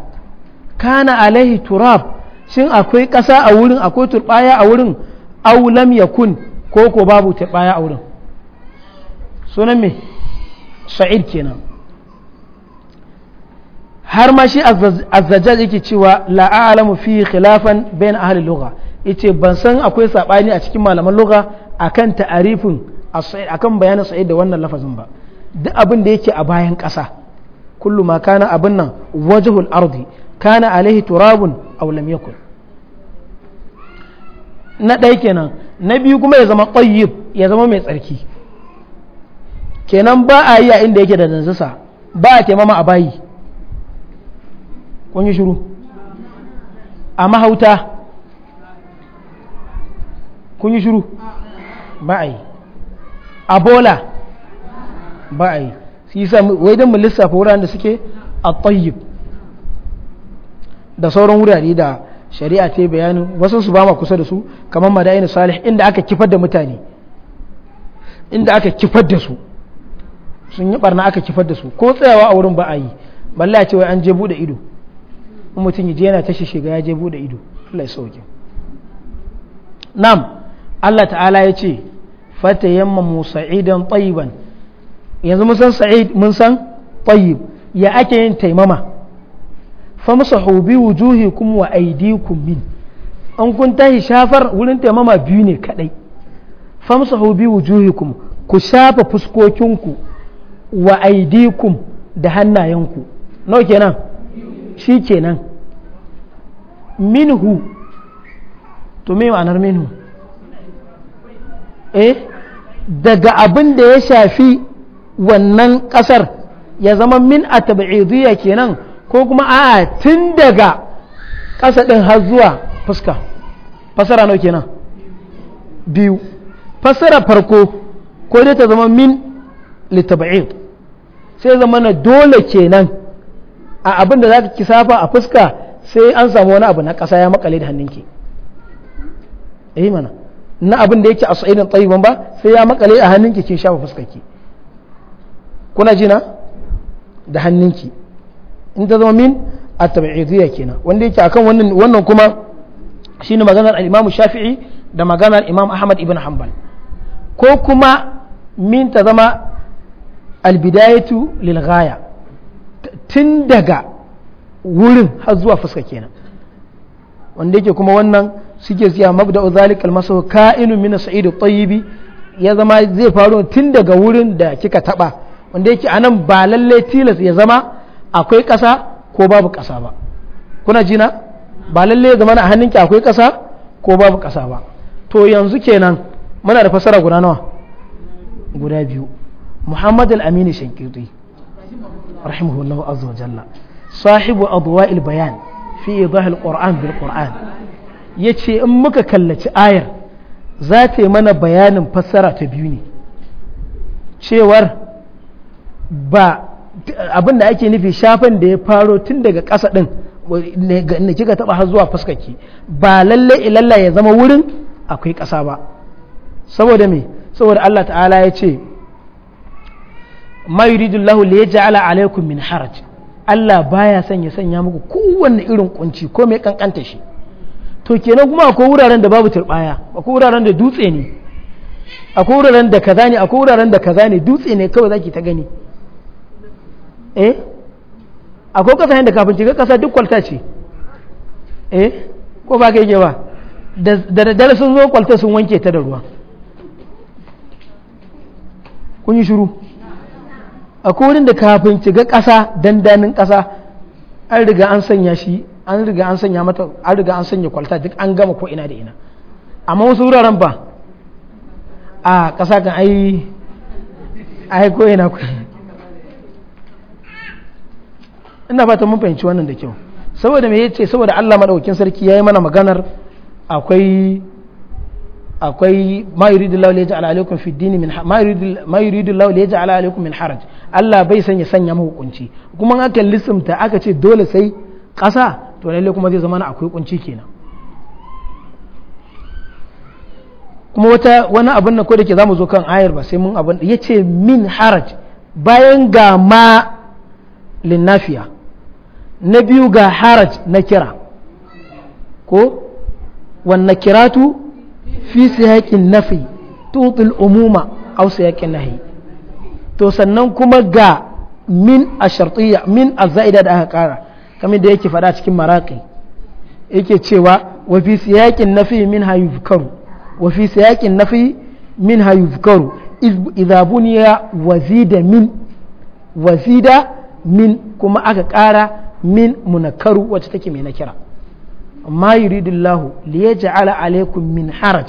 kana alaihi turab shin akwai ƙasa a wurin akwai turbaya a wurin aulam yakun ko ko babu ta baya a wurin sunan me sa'id kenan har ma shi azzajaj yake cewa la a'lamu fi khilafan bain ahli lugha yace ban san akwai sabani a cikin malaman lugha akan ta'arifin akan bayanin sa'id da wannan lafazin ba duk abin da yake a bayan ƙasa kullu ma kana abin nan wajhul ardi kana alaihi turabun aw lam yakun na ɗaya kenan na biyu kuma ya zama ƙwayyib ya zama mai tsarki kenan ba a yi a inda yake da danzasa ba a taimama a bayi kun yi shuru a mahauta kun yi shuru ba a yi a bola ba a yi su yi sami waidan mu lissafa wuraren da suke a ƙwayyib da sauran wurare da shari'a ta yi bayanin wasu su ba ma kusa da su kamar madayin salih inda aka kifar da mutane inda aka kifar da su sun yi barna aka kifar da su ko tsayawa a wurin ba a yi balla ce wai an je buɗe ido in mutum ya je yana tashi shiga ya je buɗe ido Allah ya sauke nam Allah ta'ala ya ce fata yamma musa'idan tayyiban yanzu mun san sa'id mun san tayyib ya ake yin taimama famsahu bi wujuhikum wa aydikum min an kun tahi shafar wurin taimama biyu ne kadai famsahu bi wujuhikum ku shafa fuskokinku wa aydikum da hannayenku nawa kenan shi kenan minhu to me ma'anar minhu eh daga abin da ya shafi wannan kasar ya zama min a kenan ko kuma a'a tun daga ƙasa ɗin har zuwa fuska fasara nau kenan biyu fasara farko ko dai ta zama min litaba'id sai zama na dole kenan a abin da za ka kisafa a fuska sai an samu wani abu na ƙasa ya makale da hannunki eh mana na abin da yake a sa'idin tsayiban ba sai ya makale a hannunki ke shafa fuskarki kuna jina da hannunki in ta zama min a tabidiyya kenan wanda yake akan wannan wannan kuma shine maganar al-Imam Shafi'i da maganar Imam Ahmad ibn Hanbal ko kuma min ta zama al-bidayatu lil ghaya tun daga wurin har zuwa fuska kenan wanda yake kuma wannan suke siya mabda'u zalika al-masahu ka'inu min as-sa'id at-tayyib ya zama zai faru tun daga wurin da kika taba wanda yake anan ba lalle tilas ya zama akwai ƙasa ko babu ƙasa ba kuna jina ba lalle zama a hannunki akwai ƙasa ko babu ƙasa ba to yanzu kenan muna da fasara guda nawa guda biyu muhammad al-amini shankiti rahimahullahu azza wa jalla sahibu adwa'il bayan fi idahil qur'an bil qur'an yace in muka kallaci ayar za ta yi mana bayanin fassara ta biyu ne cewar ba abin da ake nufi shafan da ya faro tun daga ƙasa ɗin da kika taɓa har zuwa fuskaki ba lalle ilalla ya zama wurin akwai ƙasa ba saboda me saboda Allah ta'ala ya ce ma yuridu lahu li yaj'ala alaykum min haraj Allah baya son ya sanya muku kowanne irin kunci ko mai kankanta shi to kenan kuma akwai wuraren da babu turbaya akwai wuraren da dutse ne akwai wuraren da kaza ne akwai wuraren da kaza ne dutse ne kawai zaki ta gani eh akwai kasa yadda kafin shiga kasa duk kwalta ce eh ko ba ka yi ba da daddare sun zo kwalta sun wanke ta da ruwa kun yi shuru akwai wurin da kafin shiga kasa dandanin kasa an riga an sanya shi an riga an sanya mata an riga an sanya kwalta duk an gama ko ina da ina amma wasu wuraren ba a kasa kan ai ai ko ina ko ina fata mun fahimci wannan da kyau saboda me yace saboda Allah madaukakin sarki yayi mana maganar akwai akwai ma Allah la yaj'al alaykum fi dini min ma Allah la yaj'al alaykum min haraj Allah bai sanya sanya mu hukunci kuma an aka lissimta aka ce dole sai ƙasa to lalle kuma zai zama na akwai kunci kenan kuma wata wani abin na ko da ke zamu zo kan ayar ba sai mun abin yace min haraj bayan ga ma linnafiya na biyu ga haraj na kira ko wanne kiratu fi siyaƙin nafi tutul umuma au siyaƙin nahi to sannan kuma ga min a shartiyya min a za'ida da aka kara kamar da yake faɗa cikin maraƙi yake cewa wa fi siyaƙin nafi min hayufkaru wa fi siyaƙin nafi min hayufkaru idza buniya wazida min wazida min kuma aka ƙara min munakaru wacce take mai nakira amma yuridullahu li yaj'ala alaikum min haraj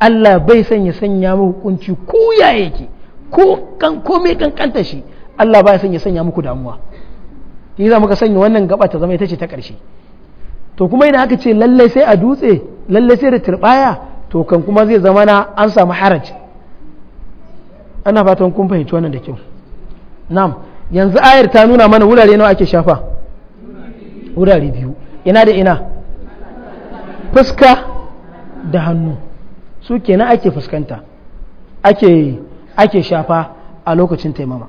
Allah bai sanya sanya muku kunci ko ya yake ko kan ko mai kankanta shi Allah bai sanya sanya muku damuwa yi za muka sanya wannan gaba ta zama ita ce ta ƙarshe to kuma idan aka ce lallai sai a dutse lallai sai da turbaya to kan kuma zai zama na an samu haraj ana fatan kun fahimci wannan da kyau na'am yanzu ayar ta nuna mana wurare nawa ake shafa wurare biyu ina da ina fuska da hannu su kenan ake fuskanta ake shafa a lokacin taimama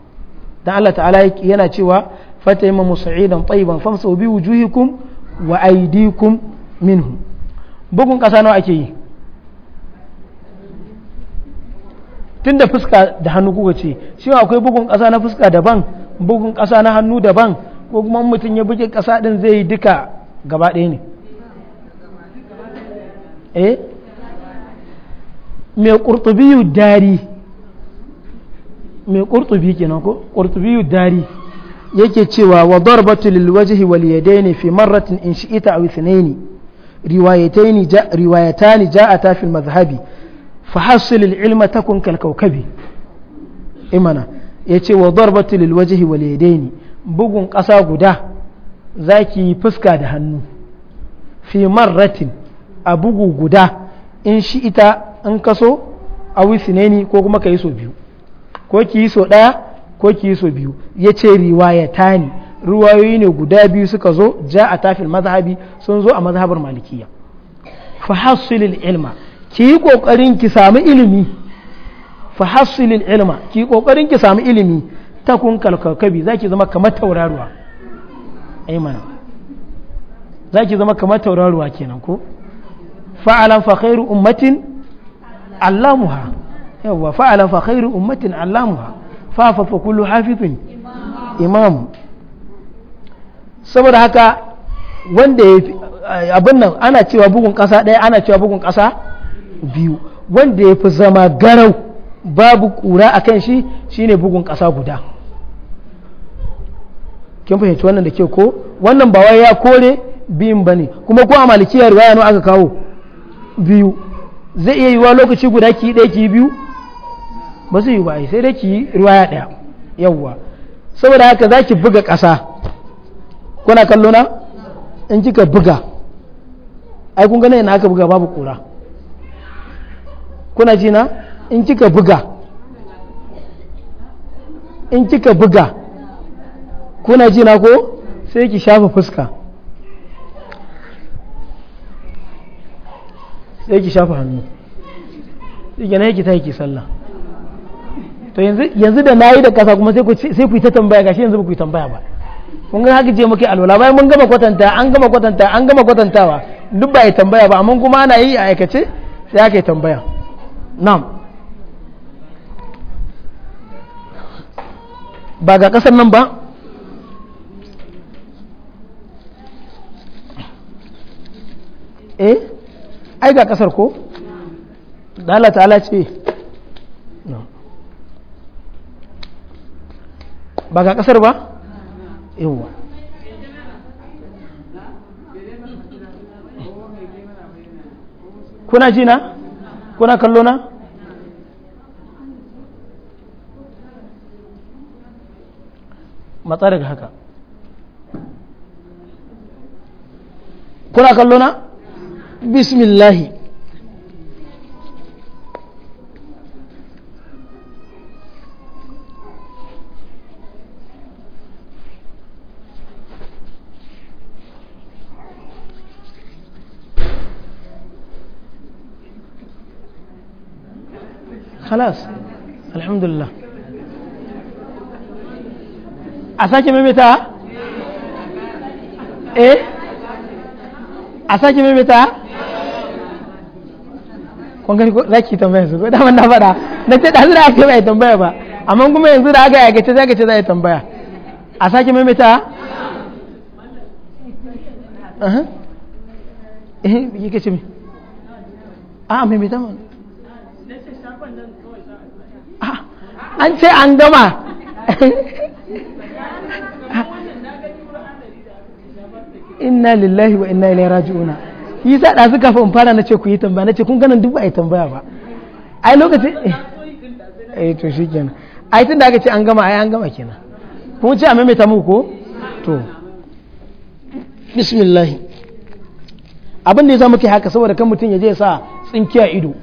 dan Allah ta'ala yana cewa fataymamu sa'idan tayyiban famsa bi wujuhikum wa aydikum minhu bugun ƙasa nawa ake yi tun da fuska da hannu kuka ce shi akwai bugun ƙasa na fuska daban bugun ƙasa na hannu daban ko kuma mutum ya buge ƙasa ɗin zai yi duka gaba ɗaya ne eh mai ƙurtubiyu dari mai ƙurtubi kenan ko ƙurtubiyu dari yake cewa wa darbatu lil wajhi wal yadaini fi marratin in shi'ita aw ithnaini riwayataini ja riwayatani ja'ata fil madhhabi fahassil al ilma takun kal kawkabi imana yace wa darbatu lil wajhi wal yadaini bugun ƙasa guda za ki yi fuska da hannu fi ratin a bugu guda in shi ita in kaso a wisineni ko kuma ka yi so biyu ko ki yi so ɗaya ko ki yi so biyu ya ce riwaya ta ne ruwayoyi ne guda biyu suka zo ja a tafil mazhabi sun zo a mazhabar malikiya fa hasilil ilma ki yi kokarin ki samu ilimi fa hasilil ilma ki yi kokarin ki samu ilimi ta kun kalkakabi za ki zama kamar tauraruwa ai mana za ki zama kamar tauraruwa kenan ko fa'alan fa khairu ummatin allamuha yawa fa'alan fa khairu ummatin allamuha fa fa fa kullu hafizin imam saboda haka wanda ya abin nan ana cewa bugun kasa ɗaya ana cewa bugun kasa biyu wanda ya fi zama garau babu kura a kan shi shine bugun ƙasa guda kin fahimci wannan da ke ko wannan ba wai ya kore biyun ba ne kuma ko a malikiya riwaya nawa aka kawo biyu zai iya yiwuwa lokaci guda ki ɗaya ki biyu ba zai yi ba sai dai ki riwaya ɗaya yawwa saboda haka za ki buga ƙasa kuna kallo na in kika buga ai kun gane ina aka buga babu kura kuna ji na in kika buga in kika buga kuna ji na ko sai ki shafa fuska sai ki shafa hannu yake na yake ta yake sallah to yanzu da na yi da kasa kuma sai ku yi ta tambaya gashi yanzu ba ku yi tambaya ba kun ga haka je muke alwala bayan mun gama kwatanta an gama kwatanta an gama kwatantawa duk ba yi tambaya ba amma kuma ana yi a aikace sai aka yi tambaya nam ba ga kasar nan ba eh ai ga kasar ko da Allah ta'ala ce ba ga kasar ba yawa kuna ji na kuna kallo na matsar daga haka kuna kallo na بسم الله خلاص الحمد لله أساكي متى إيه أساكي متى kun gani za ki tambaya su da na faɗa na ce ɗazu da aka yi tambaya ba amma kuma yanzu da aka yagace za ka ce za a yi tambaya a sake maimaita eh yi ka ce mi a maimaita ma an ce an gama inna lillahi wa inna ilaihi raji'una yi sa da suka in fara na ce ku yi tambaya na ce kun ganin duk ba a yi tambaya ba ai lokacin eh to shi kenan ai tun da aka ce an gama ai an gama kenan kun ce a maimaita muku ko to bismillah abin da ya muke haka saboda kan mutum ya je sa tsinkiya ido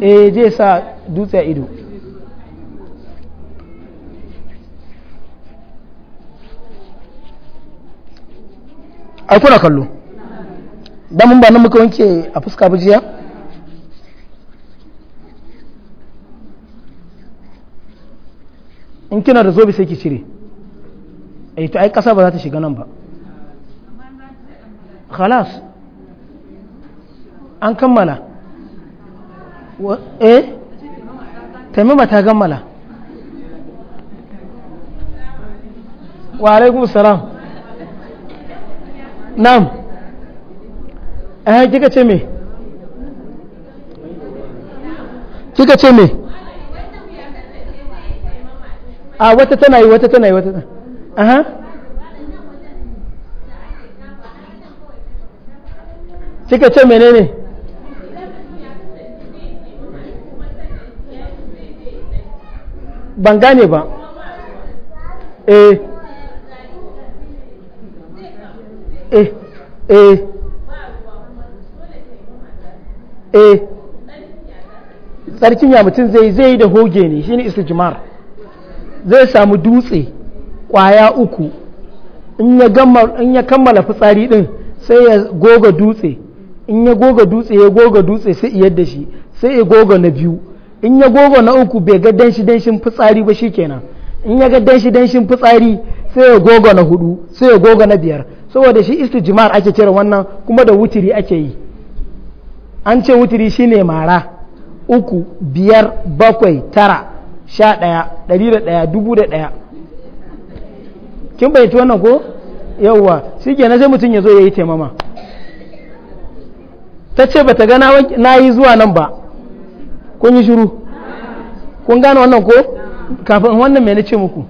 eh je sa dutse ido ai kuna kallo damun ba nan muka wanke a fuska bujiya in kina da zobe sai ki cire ai eh, to ai kasa ba za ta shiga nan ba khalas an kammala eh taimama ta kammala wa alaikun salam na'am eh kika ce me kika ce me a ah, wata tana yi wata tana yi wata tana aha kika ce menene ne ban gane ba eh eh eh eh tsarkin ya mutum zai zai da hoge ne shi shine jimar zai samu dutse kwaya uku in ya kammala fitsari din sai ya goga dutse in ya goga dutse ya goga dutse sai iya da shi sai ya goga na biyu in ya goga na uku bai ga danshi danshin fitsari ba shikenan in ya ga danshi danshin fitsari sai ya goga na hudu sai ya goga na biyar saboda shi istijmar ake kira wannan kuma da wutiri ake yi an ce wutiri ne mara uku biyar bakwai tara sha ɗaya ɗari da ɗaya dubu da ɗaya kin bayyanci wannan ko yauwa shi ke sai mutum ya zo ya yi taimama ta ce ba ta ga na yi zuwa nan ba kun yi shiru kun gane wannan ko kafin wannan mai na ce muku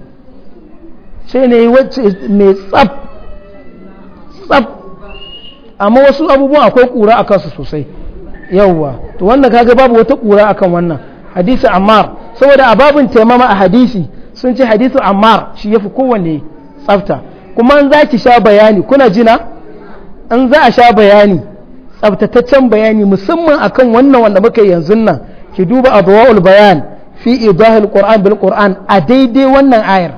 sai ne wacce mai tsaf tsaf amma wasu abubuwan akwai kura a kansu sosai yawwa to wannan kaga babu wata kura akan wannan hadisi ammar saboda a babin taimama a hadisi sun ce hadisi ammar shi yafi kowanne tsafta kuma an za ki sha bayani kuna jina an za a sha bayani tsaftataccen bayani musamman akan wannan wanda muka yanzu nan ki duba abwaul bayan fi idahil qur'an bil qur'an a daidai wannan ayar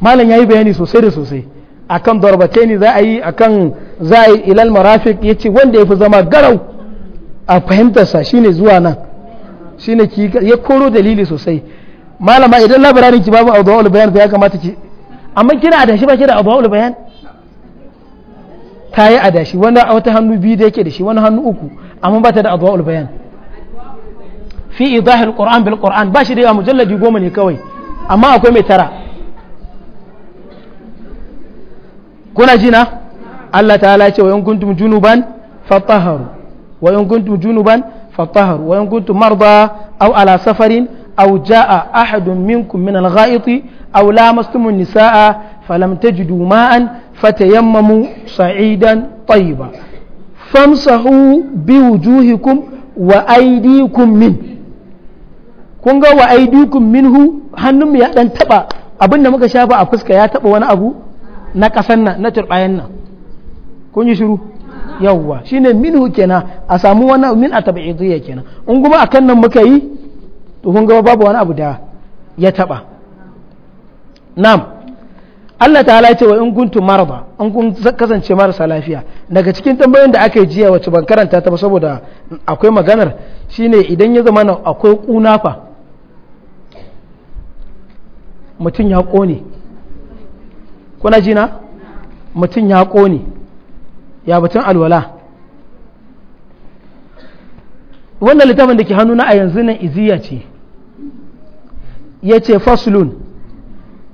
malam yayi bayani sosai da sosai akan darbataini za a yi akan za a yi ilal marafiq wanda wanda fi zama garau a fahimtarsa shine zuwa nan shine ki ya koro dalili sosai malama idan labararin ki babu awdaul bayan ya kamata ki amma kina da shi ba kina awdaul bayan ta yi adashi wanda a wata hannu biyu da yake da shi wani hannu uku amma ba ta da adwa'ul bayan fi idahil qur'an bil qur'an ba shi da yawa mujalladi goma ne kawai amma akwai mai tara kuna jina Allah ta'ala ya ce wa in kuntum junuban fatahharu wa in kuntum junuban fatahharu wa in kuntum marda aw ala safarin aw jaa ahadun minkum min al-gha'iti aw lamastum an-nisaa falam tajidu ma'an fatayammamu sa'idan tayyiba famsahu biwujuhikum wa aydikum min kun ga wa aydikum minhu hannun ya dan taba abinda muka shafa a fuska ya taba wani abu na ƙasan nan na turɓayan nan kun yi shiru yawwa shine Minu kenan a samu wani min a idiya kenan in kuma akan nan muka yi to kun gaba babu wani abu da ya taba nam Allah ta ya wa in kuntum marada in kun kasance marasa lafiya daga cikin tambayoyin da aka yi jiya wacce ban karanta ta ba saboda akwai maganar shine idan ya zama akwai kunafa mutum ya kone kuna ji na mutum ya ƙone ya batun alwala wannan littafin da ke hannuna a yanzu nan iziya ce ya ce faslun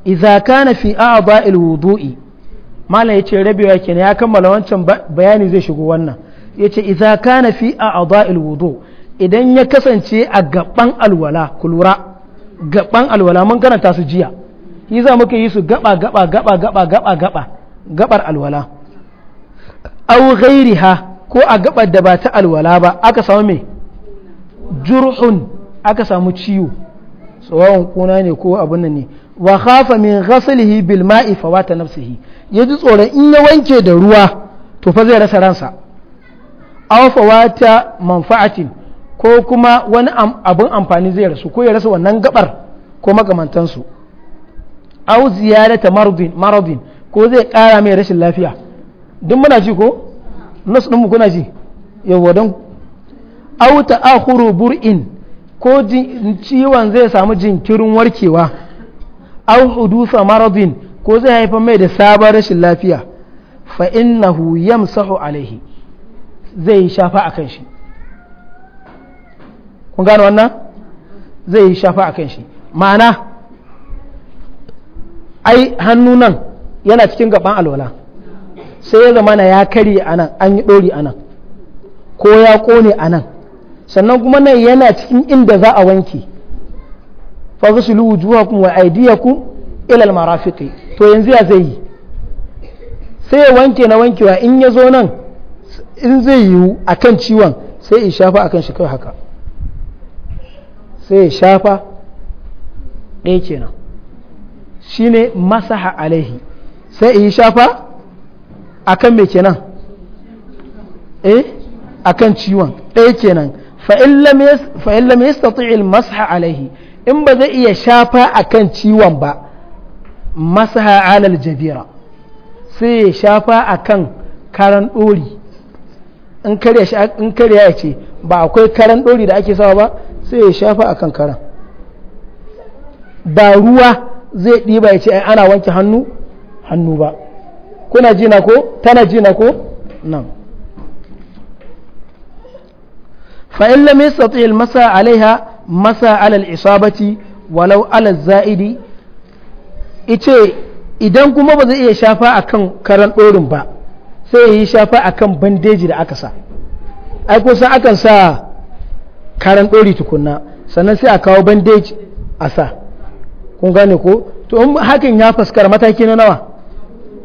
izaka na fi a'dha'il wudu'i malam yace rabewa kenan ya kammala wancan bayani zai shigo wannan ya yace izaka na fi a'dha'il wudu idan ya kasance a gaban alwala kulura gaban alwala mun karanta su jiya yi za muka yi su gaba gaba gaba gaba gaba gaba gabar alwala au ghairiha ko a gabar da ba ta alwala ba aka samu me jurhun aka samu ciwo tsawon kuna ne ko abin nan ne wa khafa min ghaslihi bil ma'i fawata nafsihi yaji tsoron in ya wanke da ruwa to fa zai rasa ransa aw fawata manfa'atin ko kuma wani abun amfani zai rasu ko ya rasa wannan gabar ko makamantansu au ziyarata maradin maradin ko zai kara mai rashin lafiya duk muna ji ko nas din mu ji yawa dan au ta'akhuru bur'in ko ciwon zai samu jinkirin warkewa au hudusa maradin ko zai haifar mai da sabon rashin lafiya fa innahu yamsahu alaihi zai shafa akan shi kun gano wannan zai shafa akan shi ma'ana ai hannu nan yana cikin gaban alwala sai ya zamana ya karye a nan an yi ɗori a nan ko ya ƙone a nan sannan kuma nan yana cikin inda za a wanke fa wujuwa kuma wa aydiyakum ku ilal marafiki to yanzu ya zai yi sai ya wanke na wankewa in ya zo nan in zai yiwu akan ciwon sai ya shafa akan shi kai haka sai ya shafa ɗaya kenan Shi ne masaha alaihi sai yi shafa akan mai kenan eh akan ciwon ɗaya kenan fa'in lam yastati'il masaha alaihi in ba zai iya shafa akan ciwon ba masaha alal jabira sai ya shafa akan karan ɗori in karya ya ce ba akwai karan ɗori da ake sawa ba sai ya shafa akan karan ba ruwa zai ɗiba ya ce ana wanke hannu hannu ba kuna na ko tana jina ko nan fa'in lami yastati masa alaiha masa alal isabati walau alal za'idi ice idan kuma ba zai iya shafa a kan karan ɗorin ba sai ya yi shafa kan bandeji da aka sa ai sa akan sa karan ɗori tukunna sannan sai a kawo bandeji a sa kun gane ko to in hakan ya fuskar mataki na nawa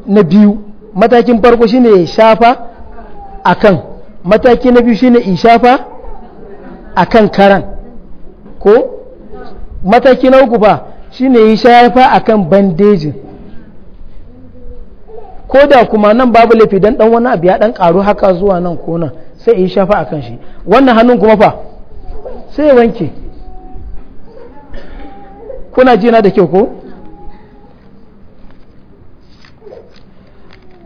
na biyu matakin farko shine shafa akan mataki na biyu shine ishafa akan karan ko mataki na uku ba shine yi shafa akan bandejin ko da kuma nan babu laifi dan dan wani abu ya dan karu haka zuwa nan ko nan sai in shafa akan shi wannan hannun kuma fa sai ya wanke kuna jina da kyau ko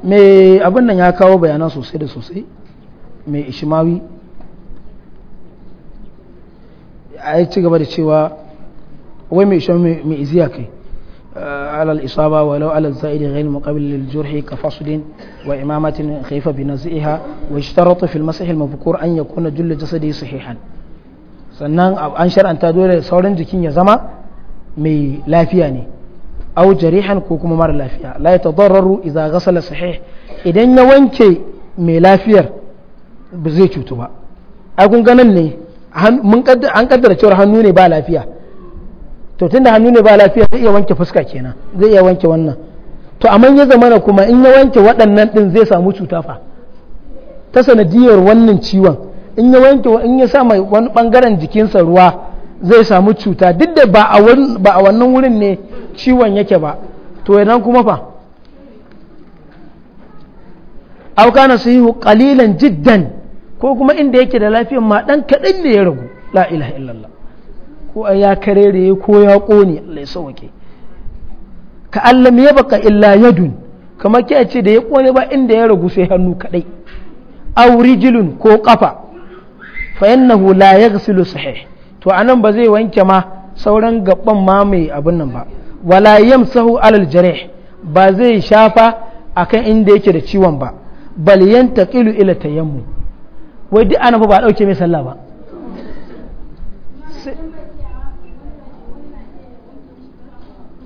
mai abin nan ya kawo bayanan sosai da sosai mai ishimawi a ci gaba da cewa wai mai ishimawi mai iziya kai ah, alal isaba wa lau alal za'id ghayr muqabil lil jurhi ka fasudin wa imamatin khayfa bi naz'iha wa ishtaratu fil masah al mabkur an yakuna jull sannan an shar'anta dole da sauran jikin ya zama mai lafiya ne au jarihan ko kuma mara lafiya la ya tadarraru idza ghasala sahih idan ya wanke mai lafiyar ba zai cutu ba ai kun ganin ne an kaddara cewar hannu ne ba lafiya to tunda hannu ne ba lafiya zai iya wanke fuska kenan zai iya wanke wannan to amma ya zamana kuma in ya wanke waɗannan din zai samu cuta fa ta sanadiyar wannan ciwon in ya wanke in ya sa mai wani bangaren jikinsa ruwa zai samu cuta duk da ba a wannan wurin ne ciwon yake ba to idan kuma fa aukana su yi kalilan jiddan ko kuma inda yake da lafiyan ma dan kaɗin da ya ragu la ilaha illallah ko ya karere ko ya ƙone Allah ya sauke ka Allah ya baka illa yadun kamar ke ce da ya ƙone ba inda ya ragu sai hannu kaɗai aw rijilun ko ƙafa fa innahu la yaghsilu sahih to a nan ba zai wanke ma sauran gaban ma mai abin nan ba wala sahu alal jarih ba zai shafa akan inda yake da ciwon ba bal yantaqilu ila tayammu wai duk ana ba dauke mai sallah ba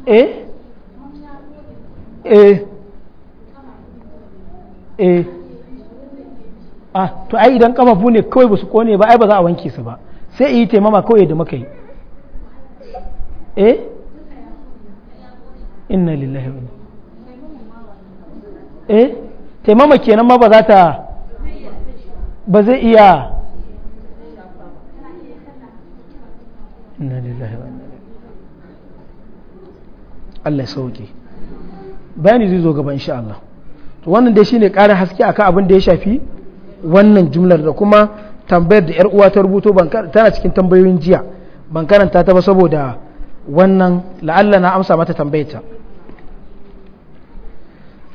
eh eh eh ah to ai idan kafafu ne kawai ba su kone ba ai ba za a wanke su ba sai yi taimama kawai da muka yi eh inna lillahi wa eh taimama kenan ma ba za ta ba zai iya inna lillahi wa Allah ya sauke bayani zai zo gaba insha Allah to wannan dai shine ƙarin haske akan abin da ya shafi wannan jumlar da kuma tambayar da 'yar uwa ta rubuto tana cikin tambayoyin jiya ban karanta ta ba saboda wannan la'alla na amsa mata tambayata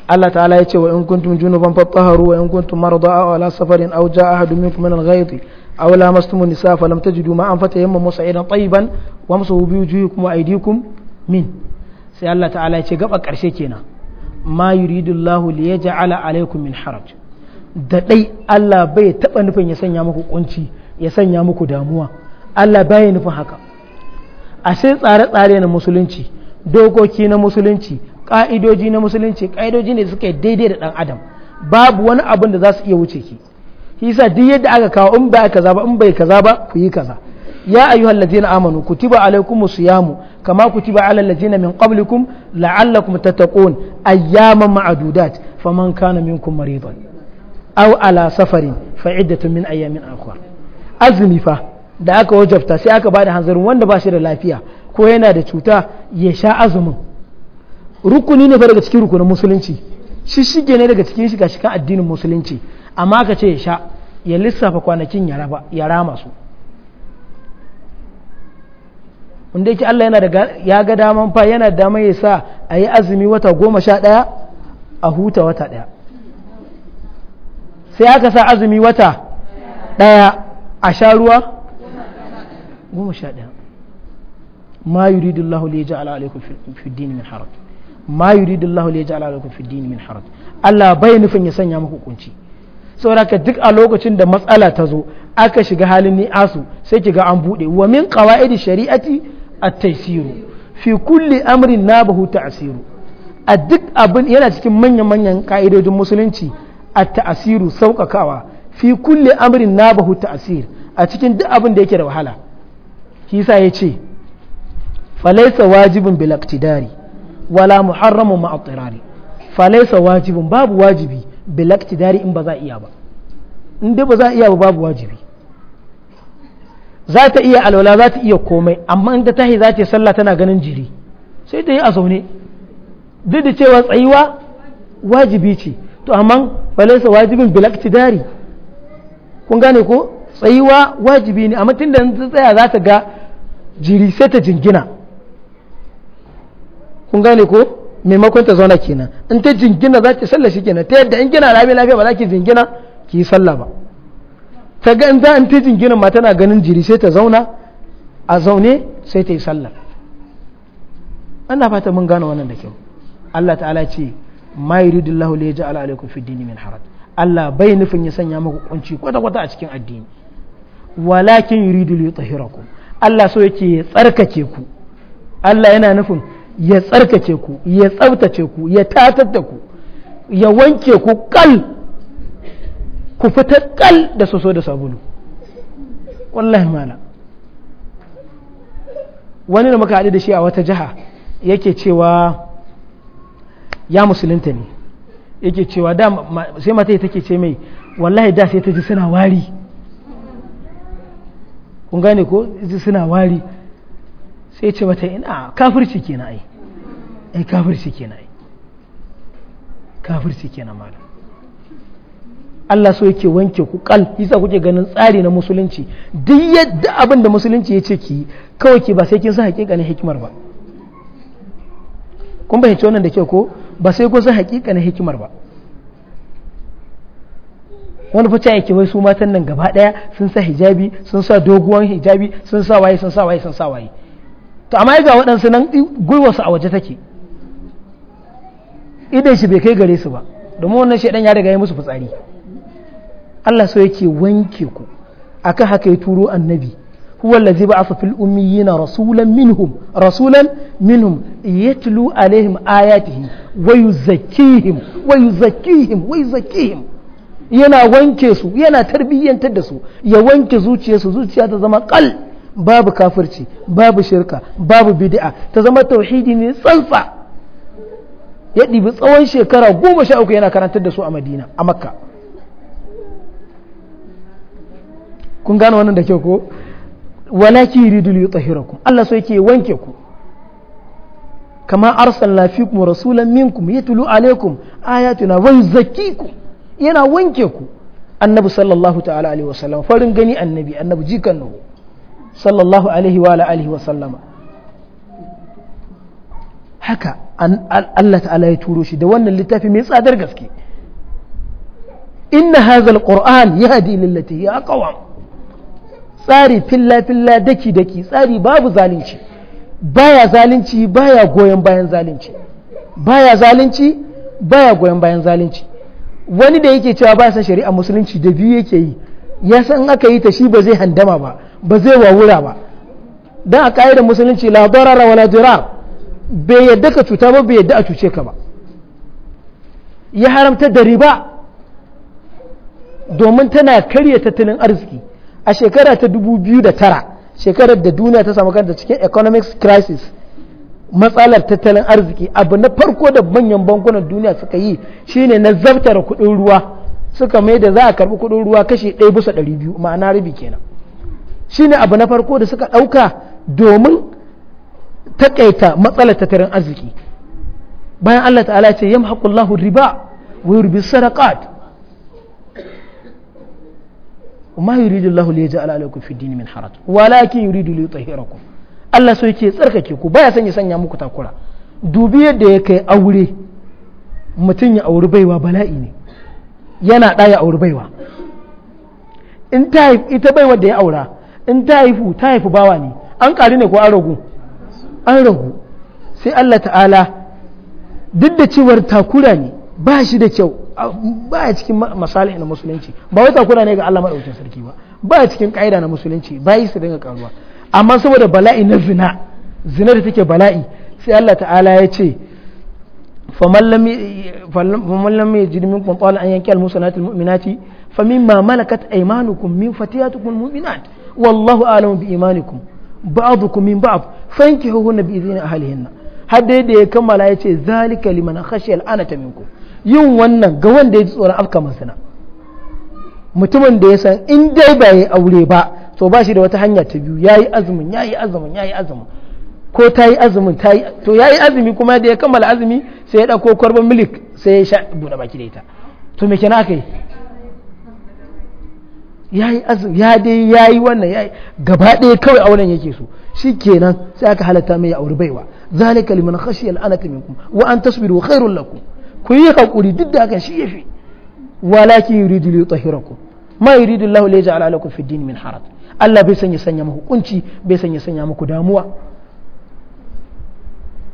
Allah ta'ala ya ce wa in kuntum junuban fattaharu wa in kuntum marada aw ala safarin aw jaa ahadun minkum min al-ghayt aw lamastum nisa falam tajidu ma'an fatayammamu sa'idan tayyiban wamsahu bi wujuhikum wa aydikum min sai Allah ta'ala ya ce gaba karshe kenan ma yuridullahu liyaj'ala alaykum min haraj da ɗai Allah bai taɓa nufin ya sanya muku kunci ya sanya muku damuwa Allah bai nufin haka ashe tsare-tsare na musulunci dokoki na musulunci ƙa'idoji na musulunci ƙa'idoji ne suka daidai da ɗan adam babu wani abin da za su iya wuce ki Hisa duk yadda aka kawo in bai kaza ba in bai kaza ba ku yi kaza ya ayyuhal ladzina amanu kutiba alaikum siyamu kama kutiba ala ladzina min qablikum la'allakum tattaqun ayyaman ma'dudat faman kana minkum maridan aw ala safarin fa iddatun min ayyamin akhar azumi fa da aka wajabta sai aka bada hanzarin wanda ba shi da lafiya ko yana da cuta ya sha azumin rukuni ne fa daga cikin rukunin musulunci shi shige ne daga cikin shiga shiga addinin musulunci amma ka ce ya sha ya lissafa kwanakin ya rama su wanda yake Allah yana da ya ga daman fa yana da dama ya sa a yi azumi wata goma sha ɗaya a huta wata ɗaya sai aka sa azumi wata ɗaya a sha ruwa goma sha ɗaya ma yuridu Allah li yaj'ala alaykum fi din min harat ma yuridu Allah li yaj'ala alaykum fi din min harat Allah bai nufin ya sanya muku kunci saboda duk a lokacin da matsala ta zo aka shiga halin ni'asu sai kiga an bude wa min qawaidi shari'ati at-taysiru fi kulli amrin nabahu ta'siru a duk abin yana cikin manyan manyan ka'idodin musulunci at-ta'siru sauƙaƙawa fi kulli amrin nabahu ta'sir a cikin duk abin da yake da wahala shi yasa yace falaysa wajibun bil iqtidari wala muharramun ma'a fa falaysa wajibun babu wajibi bil iqtidari in ba za iya ba in dai ba za iya ba babu wajibi za ta iya alwala za ta iya komai amma in ta tahi za ta sallah tana ganin jiri sai ta yi a zaune duk da cewa tsayuwa wajibi ce to amma falaisa wajibin bilakti dari kun gane ko tsayiwa wajibi ne amma tun da ta tsaya za ta ga jiri sai ta jingina kun gane ko maimakon ta zauna kenan in ta jingina za ki sallah shi kenan ta yadda in gina rami lafiya ba za ki jingina ki yi sallah ba ta ga in za in ta jingina ma tana ganin jiri sai ta zauna a zaune sai ta yi sallah ana fata mun gane wannan da kyau Allah ta'ala ce ma yuridullahu li yaj'ala alaykum dini min haraj Allah bai nufin ya sanya muku kunci kwata kwata a cikin addini walakin yuridu li yutahhirakum Allah so yake ya tsarkake ku Allah yana nufin ya tsarkake ku ya tsabtace ku ya tatar da ku ya wanke ku kal ku fita kal da soso da sabulu wallahi mala wani da muka haɗu da shi a wata jiha yake cewa ya musulunta ne yake cewa da sai mata ya take ce mai wallahi da sai ta ji suna wari kun gane ko ji suna wari sai ce mata ina kafirci kenan ai ai kafirci kenan ai kafirci na malam Allah so yake wanke ku kal yasa kuke ganin tsari na musulunci duk yadda abin da musulunci ya ce ki kawai ki ba sai kin san ne hikimar ba kun bayyance wannan da kyau ko ba sai gwaza hakika na hikimar ba wani fice yake wai su matan nan gaba daya sun sa hijabi sun sa doguwan hijabi sun sa waye sun sa waye sun sa waye to amma ga waɗansu nan su a waje take idan shi bai kai gare su ba domin wannan shaidan ya riga ya musu fitsari Allah so yake wanke ku akan haka ya turo annabi huwa allazi ba'atha fil ummiyina rasulan minhum rasulan minhum yatlu alaihim ayatihi wa yuzakkihim wa yuzakkihim wa yuzakkihim yana wanke su yana tarbiyyantar da su ya wanke zuciyarsu zuciya ta zama kal babu kafirci babu shirka babu bidi'a ta zama tauhidi ne tsantsa ya ɗibi tsawon shekara goma sha yana karantar da su a madina a makka kun gane wannan da kyau ko walakin yuridu li yutahhirakum Allah so yake wanke ku kama arsalna fikum rasulan minkum yatlu alaikum ayatuna wa ku yana wanke ku annabi sallallahu ta'ala alaihi wasallam farin gani annabi annabi jikan nuhu sallallahu alaihi wa alihi wasallama haka Allah ta'ala ya turo shi da wannan littafi mai tsadar gaske inna hadha alquran yahdi lil lati hiya aqwam tsari filla-filla daki-daki tsari babu zalunci baya zalunci baya goyon bayan zalunci baya zalunci baya goyon bayan zalunci wani da yake cewa ba san shari'a musulunci da biyu yake yi ya san in aka yi ta shi ba zai handama ba ba zai wawura ba dan a ka'idar musulunci la darara wala bai yadda ka cuta ba bai yadda a cuce ka ba ya haramta da riba domin tana karya tattalin arziki a shekara ta 2009 shekarar da duniya ta samu kanta cikin economic crisis matsalar tattalin arziki abu na farko da manyan bankunan duniya suka yi shine na zartar kudin ruwa suka mai da za a karbi kudin ruwa kashi 1 bisa 200 ma'ana rabi kenan shine abu na farko da suka dauka domin takaita matsalar tattalin arziki bayan Allah ta'ala ya ce yamhaqullahu riba wa yurbi sadaqat وما يريد الله ليجعل عليكم في الدين من حرج ولكن يريد ليطهركم Allah so yake tsarkake ku baya son ya sanya muku takura dubi yadda ya kai aure mutum ya auri baiwa bala'i ne yana ɗaya auri baiwa in ta ita baiwa da ya aura in ta haifu ta haifu bawa ne an ƙari ne ko an ragu an ragu sai Allah ta'ala duk da cewar takura ne ba shi da kyau baya cikin masalih na musulunci ba wai takura ne ga Allah madaukakin sarki ba baya cikin kaida na musulunci bayi su dinga karuwa amma saboda bala'i na zina zina da take bala'i sai Allah ta'ala ya ce faman lam yajid minkum qala an yankiha al-musanatu al-mu'minati famimma malakat aymanukum min fatiyatukum muminat wallahu a'lamu bi imanikum ba'dukum min ba'd fankihuhunna bi idhni ahlihinna har dai da ya kammala ya ce zalika liman khashiya al-anata minkum yin wannan ga wanda ya ji tsoron afka masana mutumin da ya san in dai ba ya aure ba to ba shi da wata hanya ta biyu ya yi azumin ya yi azumin ya yi azumin ko ta yi azumin ta yi to ya yi azumi kuma da ya kammala azumi sai ya ɗauko kwarban milik sai ya sha buɗe baki da ita to me kenan aka yi ya yi azumi ya dai ya yi wannan ya yi gaba ɗaya kawai auren yake so shi kenan sai aka halatta mai ya auri baiwa zalika liman khashiyal al'anata minkum wa an tasbiru khairul lakum ku yi hakuri duk da haka shi ya fi walakin yuridu li yutahhirakum ma yuridu Allahu la yaj'ala lakum fid din min haraj Allah bai sanya sanya muku kunci bai sanya sanya muku damuwa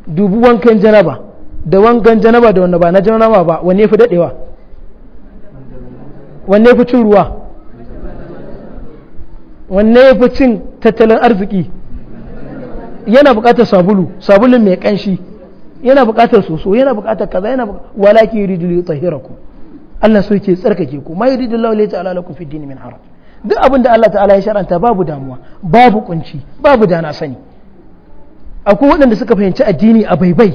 dubu wankan janaba da wankan janaba da wanda ba na janaba ba wanne fi dadewa wanne fi cin ruwa wanne fi cin tattalin arziki yana bukatar sabulu sabulun mai kanshi yana buƙatar soso yana buƙatar kaza yana walaki yuridu li tahirakum Allah so yake tsarkake ku ma yuridu Allah li ta'ala lakum fi din min haram duk abin Allah ta'ala ya shar'anta babu damuwa babu kunci babu dana sani akwai waɗanda suka fahimci addini a baibai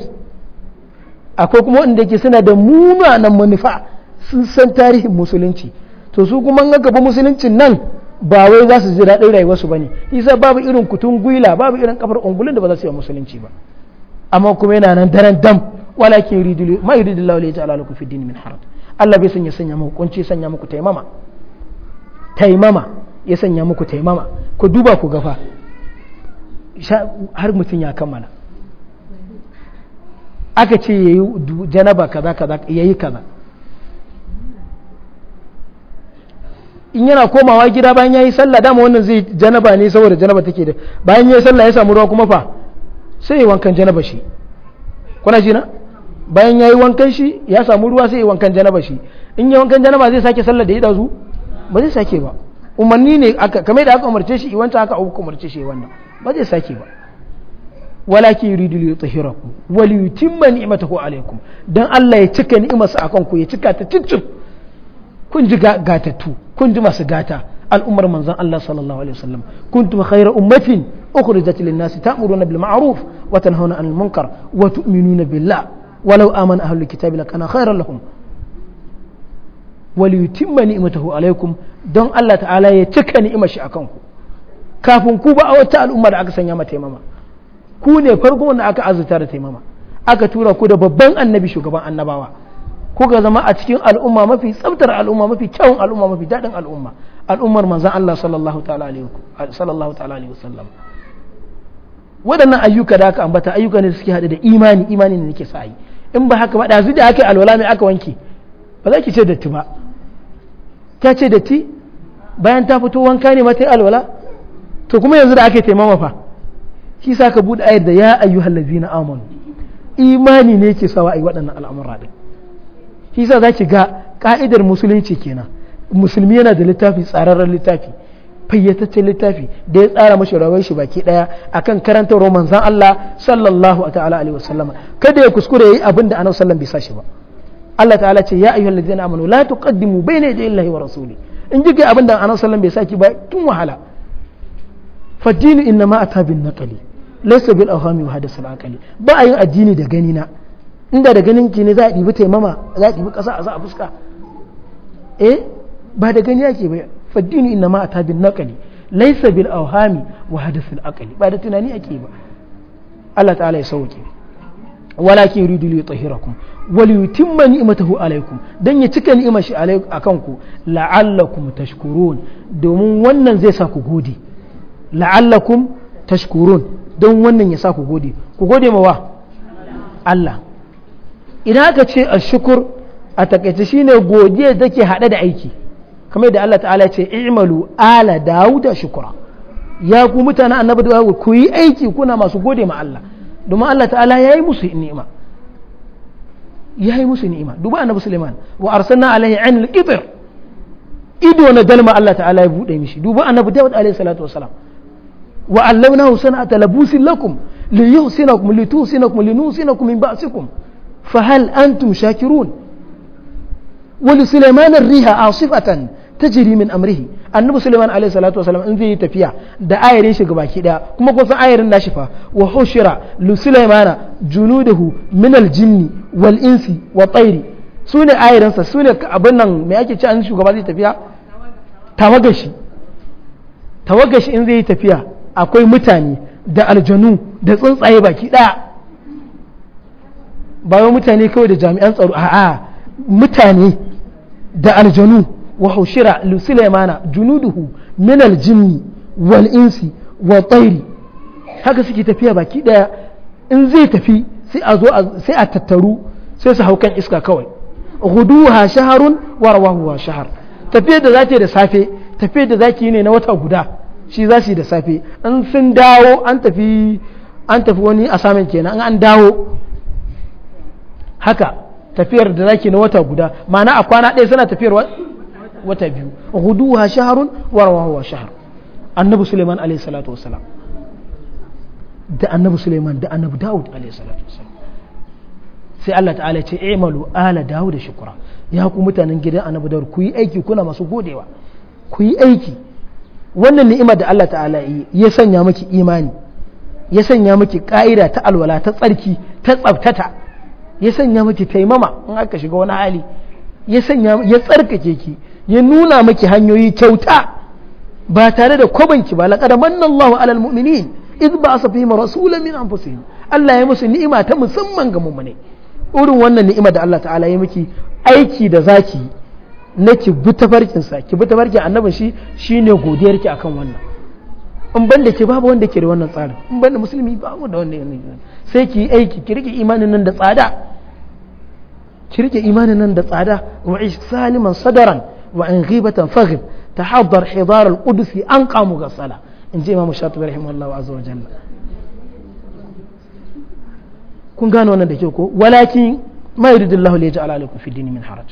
akwai kuma waɗanda ke suna da munanan manufa sun san tarihin musulunci to su kuma an gaba musuluncin nan ba wai za su ji daɗin rayuwarsu ba ne isa babu irin kutun gwila babu irin kafar ungulin da ba za su yi musulunci ba amma kuma yana nan daren dam wala ke ridulu ma yuridullahu la ta'ala lakum fid din min haraj Allah bai sanya sanya muku kunci sanya muku taimama taimama ya sanya muku taimama ku duba ku gafa har mutum ya kammala aka ce yayi janaba kaza kaza yayi kaza in yana komawa gida bayan yayi sallah dama wannan zai janaba ne saboda janaba take da bayan yayi sallah ya samu ruwa kuma fa sai yi wankan janaba shi kuna shi na bayan ya yi wankan shi ya samu ruwa sai yi wankan janaba shi in yi wankan janaba zai sake sallar da ya dazu ba zai sake ba umarni ne aka kamar da aka umarce shi wancan aka umarce shi wannan ba zai sake ba walakin yuridu li yutahhirakum wa li yutimma ni'matahu alaykum dan Allah ya cika ni'imarsa akan ku ya cika ta ciccin kun ji gatattu kun ji masu gata al'ummar manzon Allah sallallahu alaihi wasallam kuntum khayra ummatin أخرجت للناس تأمرون بالمعروف وتنهون عن المنكر وتؤمنون بالله ولو آمن أهل الكتاب لكان خيرا لهم وليتم نعمته عليكم دون الله تعالى يتك نعمة شعكمكم kafin ku ba a wata al'umma da aka sanya mata taimama ku ne farko wanda aka azata da taimama aka tura ku da babban annabi shugaban annabawa kuka zama a cikin al'umma mafi tsabtar al'umma mafi kyawun al'umma mafi daɗin al'umma al'ummar manzan Allah sallallahu waɗannan ayyuka da aka ambata ayyuka ne suke haɗe da imani imani ne nake sa yi in ba haka ba ɗazu da aka yi alwala mai aka wanke ba za ki ce datti ba ta ce datti bayan ta fito wanka ne mata yi alwala to kuma yanzu da aka yi taimama fa shi sa ka buɗe ayar da ya ayyuhal na amanu imani ne ke sawa a yi waɗannan al'amura ɗin shi sa za ki ga ƙa'idar musulunci kenan musulmi yana da littafi tsararren littafi fayyataccen littafi da ya tsara mashi rawar shi baki daya akan karanta roman zan Allah sallallahu ta'ala alaihi wasallama kada ya kuskure yi abin da annabi sallallahu bai sa shi ba Allah ta'ala ce ya ayyuhal ladzina amanu la tuqaddimu bayna yaday Allahi wa rasuli in ji kai abin da annabi sallallahu bai sa ki ba kin wahala fadinu inna ma ata bin naqli laysa bil awhami wa hadas al aqli ba a yin addini da gani na inda da ganin ki ne za a dibi taimama za a dibi kasa a sa a fuska eh ba da gani yake bai faddini inna ma ata bin naqli laysa bil awhami wa hadath al aqli ba da tunani ake ba Allah ta'ala ya sauke walakin yuridu li yutahhirakum wa li yutimma ni'matahu alaykum ya cika ni'imar shi akan ku la'allakum tashkurun domin wannan zai sa ku gode la'allakum tashkurun don wannan ya sa ku gode ku gode ma Allah idan aka ce a shukur a takaice shine godiya ke haɗe da aiki kamar da Allah ta'ala ce i'malu ala dawuda shukura ya ku mutanen annabi dawud ku yi aiki kuna masu gode ma Allah domin Allah ta'ala yayi musu ni'ima yayi musu ni'ima duba annabi Suleiman wa arsalna alaihi ain al-qitr ido na dalma Allah ta'ala ya bude mishi duba annabi Dawud alaihi salatu wasalam wa allamnahu sana'ata labusin lakum liyuhsinakum lituhsinakum linusinakum min ba'sikum fahal antum shakirun wa li sulaiman ar-riha tajri min amrihi annabi sulaiman alaihi salatu wasallam in zai yi tafiya da ayarin shi gabaki daya kuma ko san ayarin nashi fa wa hushira li sulaimana junuduhu min aljinni wal insi wa tayri sune ayarin sa sune abin nan me ake ci an shugaba zai tafiya tawagashi tawagashi in zai yi tafiya akwai mutane da aljanu da tsuntsaye baki daya bayan mutane kawai da jami'an tsaro a'a mutane da aljanu wa hushira li sulaimana junuduhu minal aljinni wal insi wa tsairi haka suke tafiya baki ɗaya in zai tafi sai a tattaru sai su hau kan iska kawai guduha shaharun wa rawahu shahar tafiyar da zata da safe tafiyar da zaki ne na wata guda shi za su yi da safe in sun dawo an tafi an tafi wani kenan an dawo haka tafiyar da zaki na wata guda ma'ana a kwana suna tafiyar wata biyu huduha shaharun wa shahar annabi suleiman alayhi salatu salam da annabi suleiman da annabi Dawud alayhi salatu salam sai Allah ta'ala ce i'malu ala da shukura ya ku mutanen gidan annabi dawud ku yi aiki kuna masu godewa ku yi aiki wannan ni'imar da Allah ta'ala yi ya sanya miki imani ya sanya miki ka'ida ta alwala ta tsarki ta tsabtata ya sanya miki taimama in aka shiga wani hali ya sanya ya tsarkake ki ya nuna maki hanyoyi kyauta ba tare da kwabanki ba laqad manna Allahu alal mu'minin idh ba'atha fihim rasulan min anfusihim Allah ya musu ni'ima ta musamman ga mu'mine irin wannan ni'ima da Allah ta'ala ya miki aiki da zaki na ki bi tafarkin sa ki bi tafarkin annabin shi shine godiyar ki akan wannan in ban da babu wanda ke da wannan tsarin in ban da musulmi babu da wannan sai ki aiki ki rike imanin nan da tsada ki rike imanin nan da tsada wa saliman man sadaran وإن غيبة فغب تحضر حضار القدس أنقى مغسلة إن جاء إمام الشاطبي رحمه الله عز وجل kun gano wannan da ke ko walakin ma yuridillahu li yaj'ala alaykum fi min haraj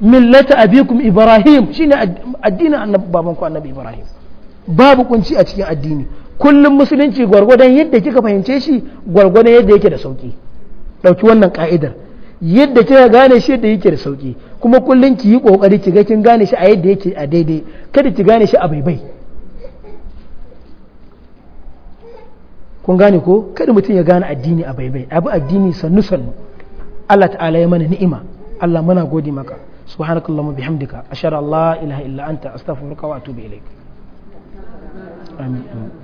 millata abikum ibrahim shine addinin annabi baban ku annabi ibrahim babu kunci a cikin addini kullum musulunci gwargwadon yadda kika fahimce shi gwargwadon yadda yake da sauki ɗauki wannan ka'idar yadda kika gane shi da yake da sauki kuma kullum ki yi kokari ki ga kin gane shi a yadda yake a daidai kada ki gane shi a baibai kun gane ko kada mutum ya gane addini a baibai abu addini sannu sannu Allah ta'ala ya mana ni'ima Allah muna gode maka subhanakallahumma bihamdika ashhadu an la ilaha illa anta astaghfiruka wa atubu ilaik amin